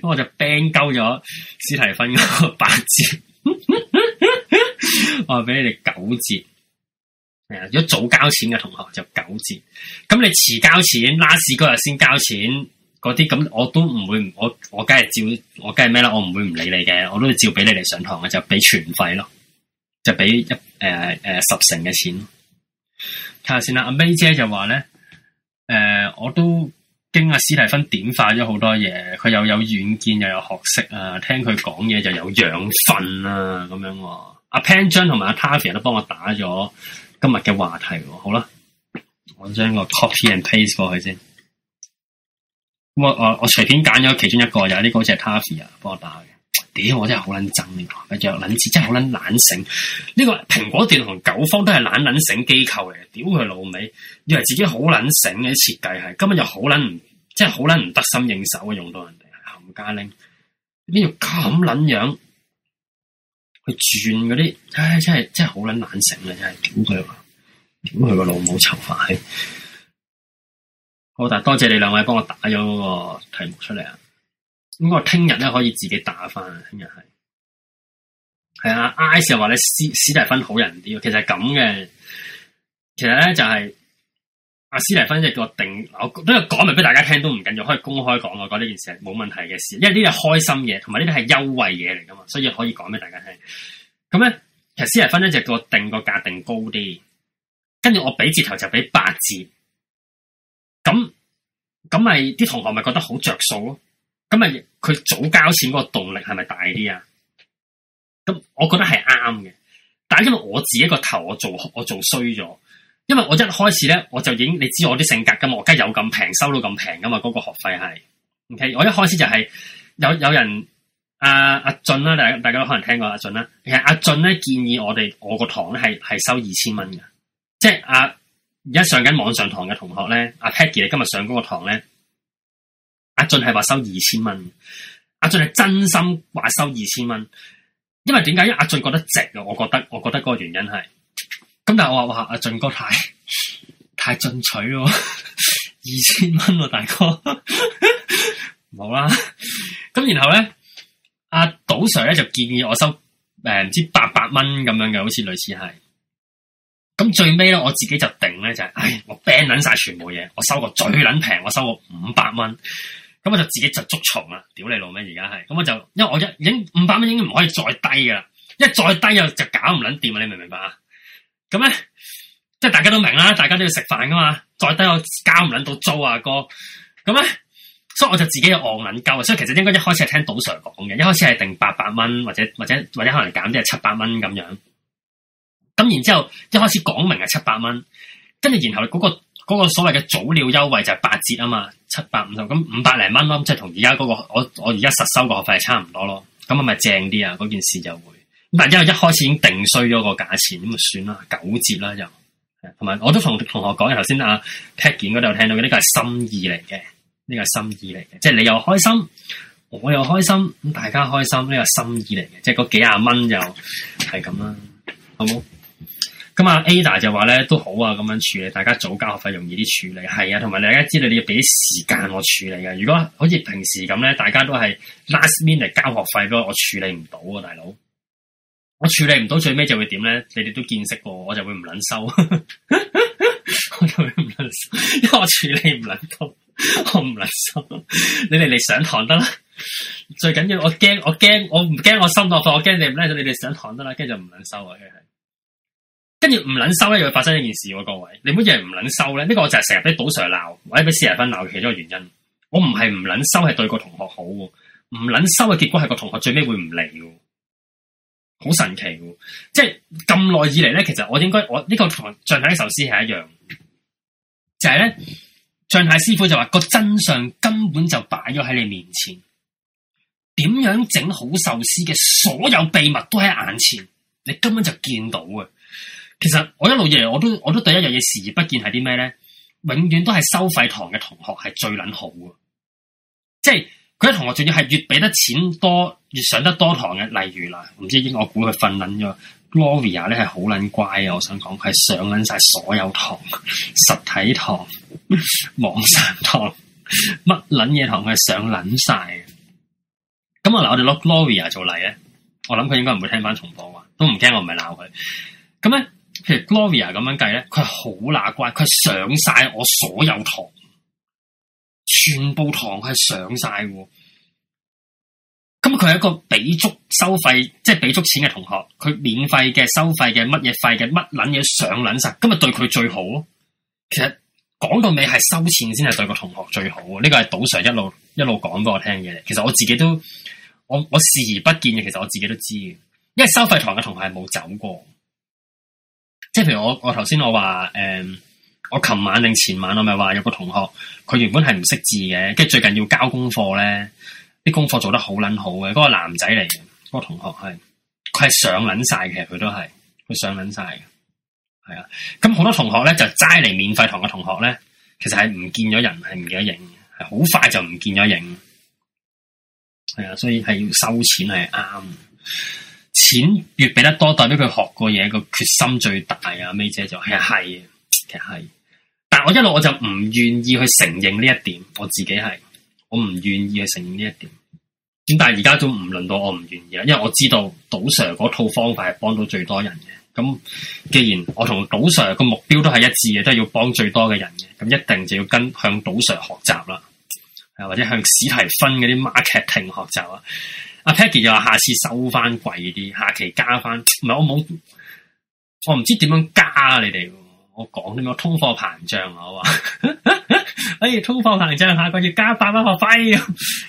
咁 (laughs) 我就 b a n 鳩咗史提芬嗰個八折， (laughs) 我話俾你哋九折。如果早交錢嘅同學就九折。咁你遲交錢、拉市嗰日先交錢嗰啲，咁我都唔會，我我梗係照，我梗係咩啦？我唔會唔理你嘅，我都照俾你嚟上堂嘅，就俾全費咯，就俾一誒誒、呃呃、十成嘅錢。睇下先啦，阿 May 姐就話咧，誒、呃，我都經阿史蒂芬點化咗好多嘢，佢又有遠見，又有學識啊，聽佢講嘢就有養分啊，咁樣、啊。Mm -hmm. 阿 Pan 張同埋阿 Taffy 都幫我打咗今日嘅話題，好啦，我將個 copy and paste 過去先。咁我我我隨便揀咗其中一個，有、就、啲、是、呢個好似係 Taffy 啊，幫我打嘅。咦、哎！我真係好捻憎呢個，咪着撚字，真係好捻懶醒。呢個蘋果電腦同九方都係懶撚醒機構嚟，屌佢老味，以為自己好撚醒嘅設計係，根本又好撚，即係好撚唔得心應手啊！用到人哋係冚家拎，呢度咁捻樣，去轉嗰啲，唉、哎，真係真係好捻懶醒啊！真係，屌佢，屌佢個老母臭化氣。好，但係多謝你兩位幫我打咗嗰個題目出嚟啊！應該聽日咧可以自己打翻，聽日係係啊，I 是話咧史史提芬好人啲，其實咁嘅。其實咧就係阿史提芬即叫我定，我都講埋俾大家聽都唔緊要，可以公開講我講呢件事係冇問題嘅事，因為呢啲係開心嘢，同埋呢啲係優惠嘢嚟噶嘛，所以可以講俾大家聽。咁咧其實史提芬咧就叫我定個價定高啲，跟住我俾折頭就俾八折，咁咁咪啲同學咪覺得好着數咯。咁啊，佢早交錢嗰個動力係咪大啲啊？咁我覺得係啱嘅，但係因為我自己個頭我，我做我做衰咗，因為我一開始咧，我就已經你知我啲性格噶嘛，我梗係有咁平，收到咁平噶嘛，嗰個學費係，OK，我一開始就係有有人阿阿俊啦，大大家都可能聽過阿俊啦，其實阿俊咧建議我哋我個堂咧係係收二千蚊嘅，即係阿而家上緊網上堂嘅同學咧，阿 Patty 今日上嗰個堂咧。阿俊係話收二千蚊，阿俊係真心話收二千蚊，因為點解？因為阿俊覺得值啊，我覺得，我覺得嗰個原因係。咁但係我話話阿俊哥太太進取咯，二千蚊啊，大哥，冇啦。咁然後咧，阿、啊、賭 Sir 咧就建議我收誒唔、呃、知八百蚊咁樣嘅，好似類似係。咁最尾咧，我自己就定咧就係、是，唉，我 ban 捻晒全部嘢，我收個最捻平，我收個五百蚊。咁我就自己就捉蟲啦！屌你老味！而家係，咁我就，因為我一已經五百蚊，已經唔可以再低噶啦，一再低又就搞唔捻掂啊！你明唔明白啊？咁咧，即係大家都明啦，大家都要食飯噶嘛，再低我交唔捻到租啊哥，咁咧，所以我就自己又戇捻夠，所以其實應該一開始係聽賭 Sir 講嘅，一開始係定八百蚊或者或者或者可能減啲係七百蚊咁樣，咁然之後一開始講明係七百蚊，跟住然後嗰個。嗰、那個所謂嘅早鳥優惠就係八折啊嘛，七百五十咁五百零蚊咯，即係同而家嗰個我我而家實收個學費係差唔多咯，咁我咪正啲啊嗰件事就會，但因為一開始已經定衰咗個價錢，咁咪算啦，九折啦就，同埋我都同同學講，頭先啊 Pet 件嗰度聽到嘅呢個係心意嚟嘅，呢個係心意嚟嘅，即係你又開心，我又開心，咁大家開心，呢個心意嚟嘅，即係嗰幾廿蚊就係咁啦，好冇？咁啊 Ada 就話咧都好啊，咁樣處理，大家早交學費容易啲處理。係啊，同埋大家知道你要俾啲時間我處理啊。如果好似平時咁咧，大家都係 last minute 交學費，不過我處理唔到啊，大佬。我處理唔到最尾就會點咧？你哋都見識過，我就會唔捻收呵呵。我就會唔捻收，因為我處理唔捻到，我唔捻收。你哋嚟上堂得啦。最緊要我驚，我驚，我唔驚我，我，我心落課，我驚你唔叻，你哋上堂得啦，跟住就唔捻收啊，跟住唔捻收咧，又會發生一件事喎，啊，各位，你乜嘢唔捻收咧？呢、這個我就係成日俾賭 Sir 鬧，或者俾四十分鬧，其中一個原因，我唔係唔捻收，係對個同學好，唔捻收嘅結果係個同學最尾會唔嚟嘅，好神奇喎！即係咁耐以嚟咧，其實我應該我呢、這個同將太壽司係一樣，就係咧，將太師傅就話個真相根本就擺咗喺你面前，點樣整好壽司嘅所有秘密都喺眼前，你根本就見到嘅。其實我一路以嚟，我都我都對一樣嘢視而不見，係啲咩咧？永遠都係收費堂嘅同學係最撚好嘅，即係佢啲同學仲要係越俾得錢多，越上得多堂嘅。例如啦，唔知英我估佢瞓撚咗，Gloria 咧係好撚乖嘅。我想講佢係上撚晒所有堂，實體堂、網上堂，乜撚嘢堂佢係上撚晒嘅。咁啊嗱，我哋攞 Gloria 做例咧，我諗佢應該唔會聽翻重播啊，都唔驚我唔係鬧佢。咁咧。其實 Gloria 咁樣計咧，佢好乸怪，佢上晒我所有堂，全部堂佢係上晒喎。咁佢係一個俾足收費，即係俾足錢嘅同學，佢免費嘅、收費嘅、乜嘢費嘅、乜捻嘢上捻實，咁咪對佢最好。其實講到尾係收錢先係對個同學最好，呢、這個係賭 Sir 一路一路講俾我聽嘅。其實我自己都我我視而不見嘅，其實我自己都知嘅，因為收費堂嘅同學係冇走過。即係譬如我，我頭先我話，誒、嗯，我琴晚定前晚，我咪話有個同學，佢原本係唔識字嘅，跟住最近要交功課咧，啲功課做得很好撚好嘅，嗰、那個男仔嚟嘅，嗰、那個同學係，佢係上撚晒嘅，佢都係，佢上撚晒嘅，係啊，咁好多同學咧就齋嚟免費堂嘅同學咧，其實係唔見咗人，係唔記得影，係好快就唔見咗影，係啊，所以係要收錢係啱。是的。錢越俾得多，代表佢學過嘢個決心最大啊！May 姐就係啊，係，其實係。但係我一路我就唔願意去承認呢一點，我自己係，我唔願意去承認呢一點。咁但係而家都唔輪到我唔願意啦，因為我知道賭 Sir 嗰套方法係幫到最多人嘅。咁既然我同賭 Sir 個目標都係一致嘅，都係要幫最多嘅人嘅，咁一定就要跟向賭 Sir 學習啦，係或者向史提芬嗰啲 marketing 學習啊。阿 Peggy 又話下次收翻貴啲，下期加翻，唔係我冇，我唔知點樣加你哋，我講啲咩通貨膨脹啊，我話，哎，通貨膨脹下我要加百蚊學費，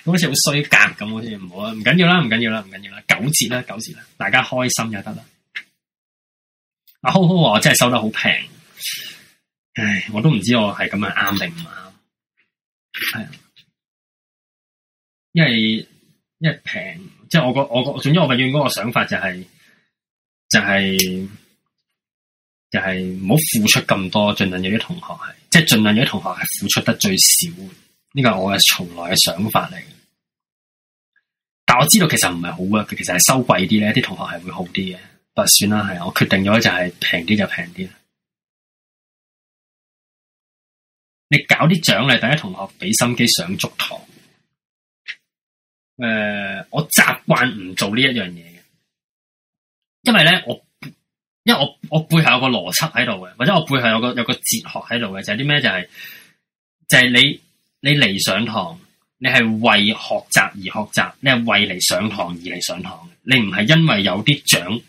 好似好衰格咁，好似唔好啊，唔緊要啦，唔緊要啦，唔緊要啦，九折啦，九折啦，大家開心就得啦，阿，Ho Ho 啊，我真係收得好平，唉，我都唔知我係咁樣啱定唔啱，係啊，因為。因為平，即係我覺我覺，總之我永遠嗰個想法就係、是，就係、是、就係唔好付出咁多，盡量有啲同學係，即係盡量有啲同學係付出得最少。呢個係我嘅從來嘅想法嚟，但我知道其實唔係好屈，其實係收貴啲咧，啲同學係會好啲嘅。不算啦，係我決定咗就係平啲就平啲。你搞啲獎勵，等啲同學俾心機上足堂。誒、uh，我習慣唔做呢一樣嘢嘅，因為咧，我因為我我背後有個邏輯喺度嘅，或者我背後有個有個哲學喺度嘅，就係啲咩就係、是，就係、是、你你嚟，上堂，你係為學習而學習，你係為嚟上堂而嚟上堂，你唔係因為有啲獎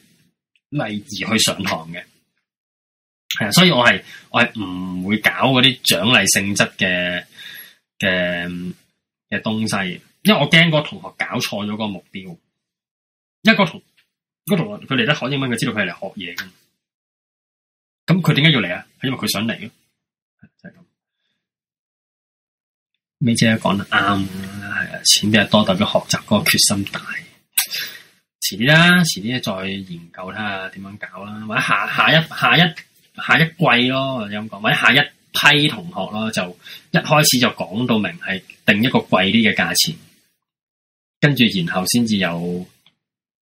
勵而去上堂嘅。係啊，所以我係我係唔會搞嗰啲獎勵性質嘅嘅嘅東西。因為我驚個同學搞錯咗個目標，一個同一、那個、同學佢嚟得海英文，佢知道佢係嚟學嘢噶嘛，咁佢點解要嚟啊？係因為佢想嚟咯，就係、是、咁。美姐講得啱，係啊，錢比較多代表學習個決心大，遲啲啦，遲啲再研究睇下點樣搞啦，或者下下一下一下一季咯，咁講，或者下一批同學咯，就一開始就講到明係定一個貴啲嘅價錢。跟住，然後先至有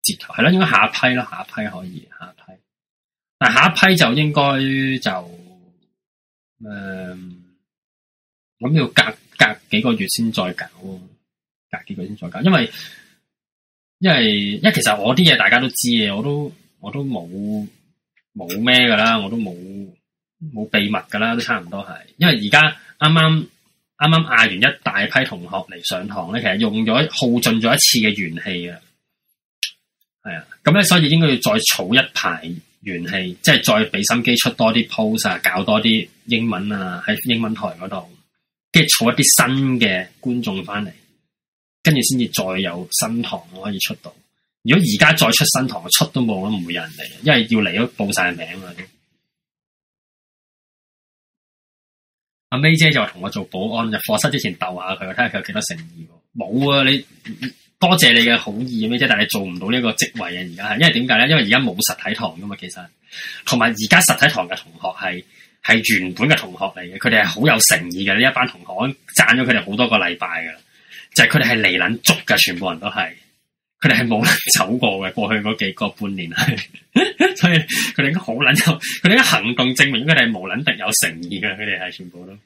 折頭，係啦，應該下一批囉。下一批可以，下一批。但下一批就應該就，誒、嗯，我諗要隔隔幾個月先再搞，隔幾個月先再搞，因為因為因為其實我啲嘢大家都知嘅，我都我都冇冇咩㗎啦，我都冇冇秘密㗎啦，都差唔多係，因為而家啱啱。啱啱嗌完一大批同學嚟上堂咧，其實用咗耗盡咗一次嘅元氣啊，係啊，咁咧所以應該要再儲一排元氣，即係再俾心機出多啲 post 啊，搞多啲英文啊，喺英文台嗰度，跟住儲一啲新嘅觀眾翻嚟，跟住先至再有新堂可以出到。如果而家再出新堂，出都冇咁，唔會有人嚟，因為要嚟都報晒名啊。阿 May 姐就同我做保安，就課室之前鬥下佢，睇下佢有幾多誠意。冇啊，你多謝你嘅好意，May 姐，但係你做唔到呢個職位啊。而家係，因為點解咧？因為而家冇實體堂噶嘛，其實，同埋而家實體堂嘅同學係係原本嘅同學嚟嘅，佢哋係好有誠意嘅呢一班同學，賺咗佢哋好多個禮拜嘅，就係佢哋係嚟捻足嘅，全部人都係。佢哋係冇捻走過嘅，過去嗰幾個半年啊， (laughs) 所以佢哋應該好捻有，佢哋嘅行動證明佢哋係冇捻敵有誠意嘅，佢哋係全部都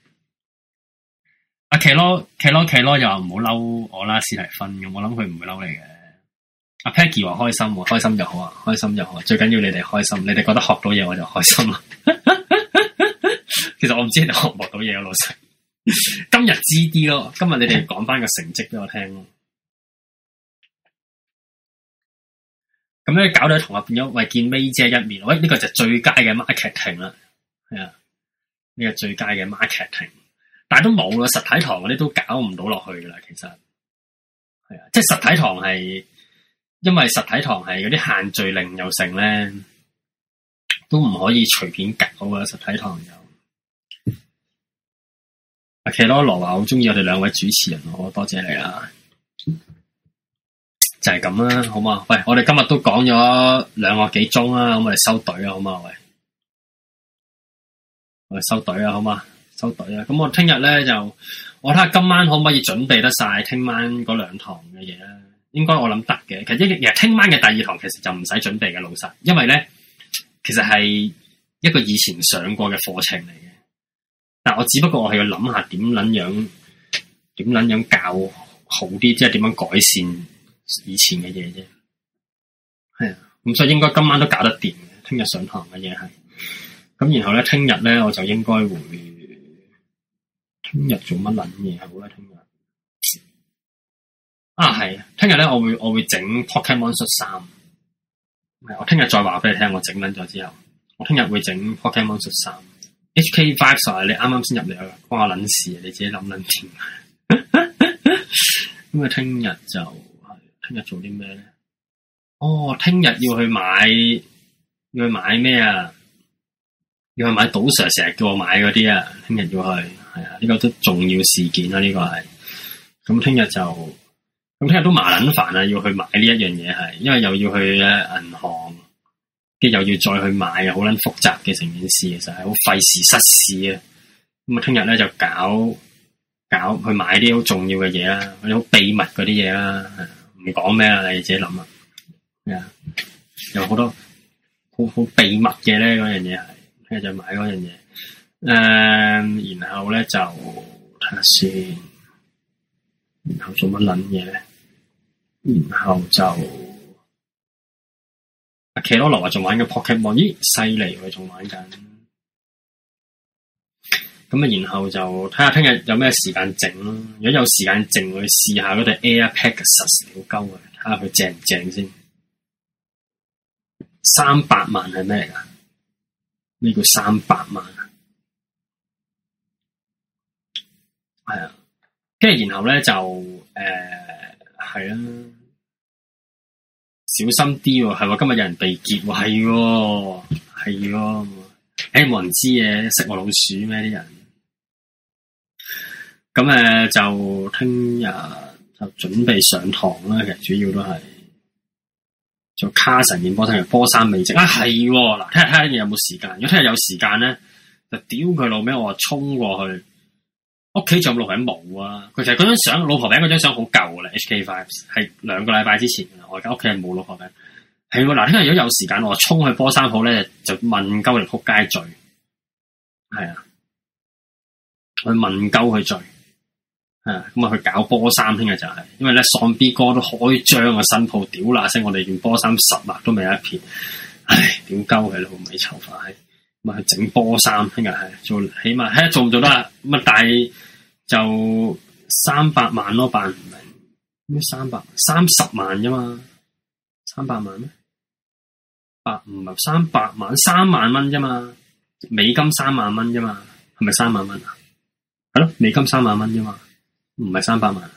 阿 Kilo，Kilo，Kilo 又話唔好嬲我啦，史提芬，我諗佢唔會嬲你嘅。阿 Peggy 話開心，開心就好啊，開心就好，最緊要你哋開心，你哋覺得學到嘢，我就開心啦。 (laughs) 其實我唔知你哋學唔學到嘢啊，老師。今日知啲咯，今日你哋講翻個成績俾我聽咯。咁咧搞到啲同學變咗為見妹姐一面，喂呢、呢個就最佳嘅 marketing 啦，係啊呢個最佳嘅 marketing，但係都冇啦，實體堂嗰啲都搞唔到落去噶啦，其實係啊，即係實體堂係因為實體堂係嗰啲限聚令又成咧，都唔可以隨便搞啊，實體堂又阿奇羅羅話好中意我哋兩位主持人，我多謝你啊！就係咁啦，好嘛？喂，我哋今日都講咗兩個幾鐘啦，咁我哋收隊啦，好嘛？喂，我哋收隊啦，好嘛？收隊啊！咁我聽日咧就，我睇下今晚可唔可以準備得晒聽晚嗰兩堂嘅嘢，咧，應該我諗得嘅。其實一日聽晚嘅第二堂，其實就唔使準備嘅，老實，因為咧，其實係一個以前上過嘅課程嚟嘅。但我只不過我係要諗下點捻樣，點捻樣教好啲，即係點樣改善。以前嘅嘢啫，係啊，咁所以應該今晚都搞得掂嘅。聽日上堂嘅嘢係，咁然後咧，聽日咧我就應該會聽日做乜捻嘢係好啦？聽日啊，係啊，聽日咧我會我會整 Pokemon 短衫，我聽日再話俾你聽，我整捻咗之後，我聽日會整 Pokemon 短衫 HK Five。你啱啱先入嚟啊，幫我捻事，你自己諗捻掂。咁啊，聽日就。聽日做啲咩咧？哦，聽日要去買，要去買咩啊？要去買賭 Sir 成日叫我買嗰啲啊！聽日要去，係啊，呢個都重要事件啦，呢個係。咁聽日就，咁聽日都麻捻煩啊！要去買呢一樣嘢係，因為又要去銀行，跟住又要再去買啊，好捻複雜嘅成件事，其實係好費事失事啊。咁啊，聽日咧就搞搞去買啲好重要嘅嘢啦，啲好秘密嗰啲嘢啦。唔講咩啦，你自己諗啊，有好多好好秘密嘅咧，嗰樣嘢係聽日就買嗰樣嘢。然後咧就睇下先，然後做乜撚嘢咧？然後就阿奇羅話仲玩嘅 Pokémon 咦？犀利，佢仲玩緊。咁啊，然後就睇下聽日有咩時間整囉。如果有時間整，我去試下嗰對 Air Pegasus 實時攪鳩啊，睇下佢正唔正先。三百萬係咩嚟啊？呢個三百萬啊，係、哎、啊。跟住然後咧就誒係、呃、啊，小心啲喎，係喎、啊。今日有人被劫喎，係喎、啊，係喎、啊。誒冇、啊、人知嘅，識我老鼠咩啲人？咁誒，就聽日就準備上堂啦。其實主要都係做卡神演波梯嘅波山美姐。啊係嗱，聽日睇下你有冇時間。如果聽日有時間咧，就屌佢老味，我話衝過去屋企仲有冇落緊毛啊。佢就嗰張相，老婆餅嗰張相好舊啦。HK Five 係兩個禮拜之前，我而家屋企係冇老婆餅。係嗱，聽日如果有時間，我衝去波山鋪咧，就問鳩嚟扑街罪。係啊，去問鳩去罪。啊、嗯，咁啊去搞波衫，聽日就係、是，因為咧喪 B 哥都開張個新鋪屌啦聲，我哋件波衫十啊都未有一片，唉，點鳩佢咯，唔係炒法，咪整波衫聽日啊，做起碼，嘿做唔做得啊，但係就三百萬咯，辦唔明咩？三百三十萬啫嘛，三百萬咩？百五係三百萬，三萬蚊啫嘛，美金三萬蚊啫嘛，係咪三萬蚊啊？係咯，美金三萬蚊啫嘛。唔係三百萬。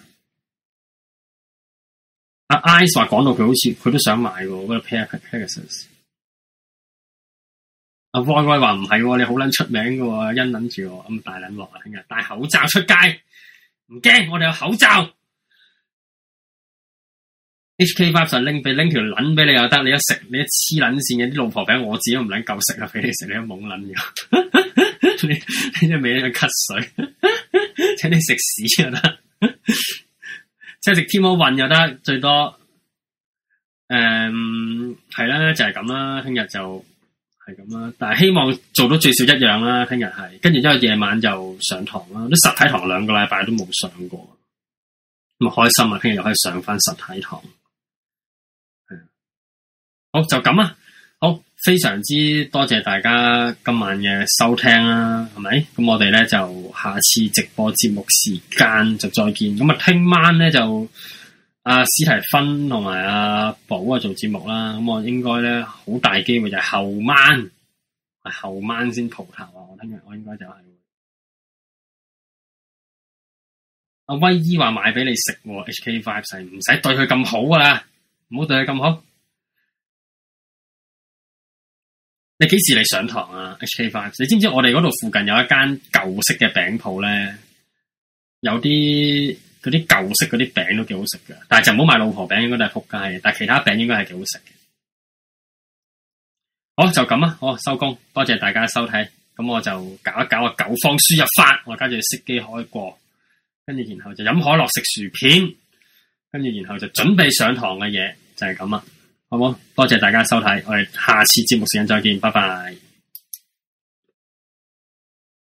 阿 Ice 話講到佢好似佢都想買嘅，嗰度 pair pair pairs 阿 Y Y 話唔係，你好捻出名喎。因撚住咁大捻話聽日戴口罩出街，唔驚，我哋有口罩。HK Five 就拎俾拎條捻俾你又得你，你一食你一黐捻線嘅啲老婆餅，我自己都唔捻夠食啦，俾你食你都懵捻嘅。 (laughs) (laughs) 你你隻尾喺度咳水， (laughs) 請你食屎又得，即係食天魔運又得，最多誒係啦，就係咁啦。聽日就係咁啦，但係希望做到最少一樣啦。聽日係，跟住之後夜晚就上堂啦，啲實體堂兩個禮拜都冇上過，咁啊開心啊！聽日又可以上翻實體堂，係，好就咁啊！非常之多謝大家今晚嘅收聽啦，係咪？咁我哋咧就下次直播節目時間就再見。咁啊，聽晚咧就阿史提芬同埋阿寶啊寶做節目啦。咁我應該咧好大機會就係後晚，後晚先蒲頭，就是就是，啊！我聽日我應該就係阿威姨話買俾你食，HK Five 唔使對佢咁好啊，唔好對佢咁好。你幾時嚟上堂啊？HK Five，你知唔知我哋嗰度附近有一間舊式嘅餅鋪咧？有啲嗰啲舊式嗰啲餅都幾好食嘅，但係就唔好買老婆餅，應該都係仆街嘅。但係其他餅應該係幾好食嘅。好就咁啊！好收工，多謝大家收睇。咁我就搞一搞個九方輸入法，我加住熄機開過，跟住然後就飲可樂食薯片，跟住然後就準備上堂嘅嘢，就係咁啊！好唔好？多謝大家收睇，我哋下次節目時間再見，拜拜。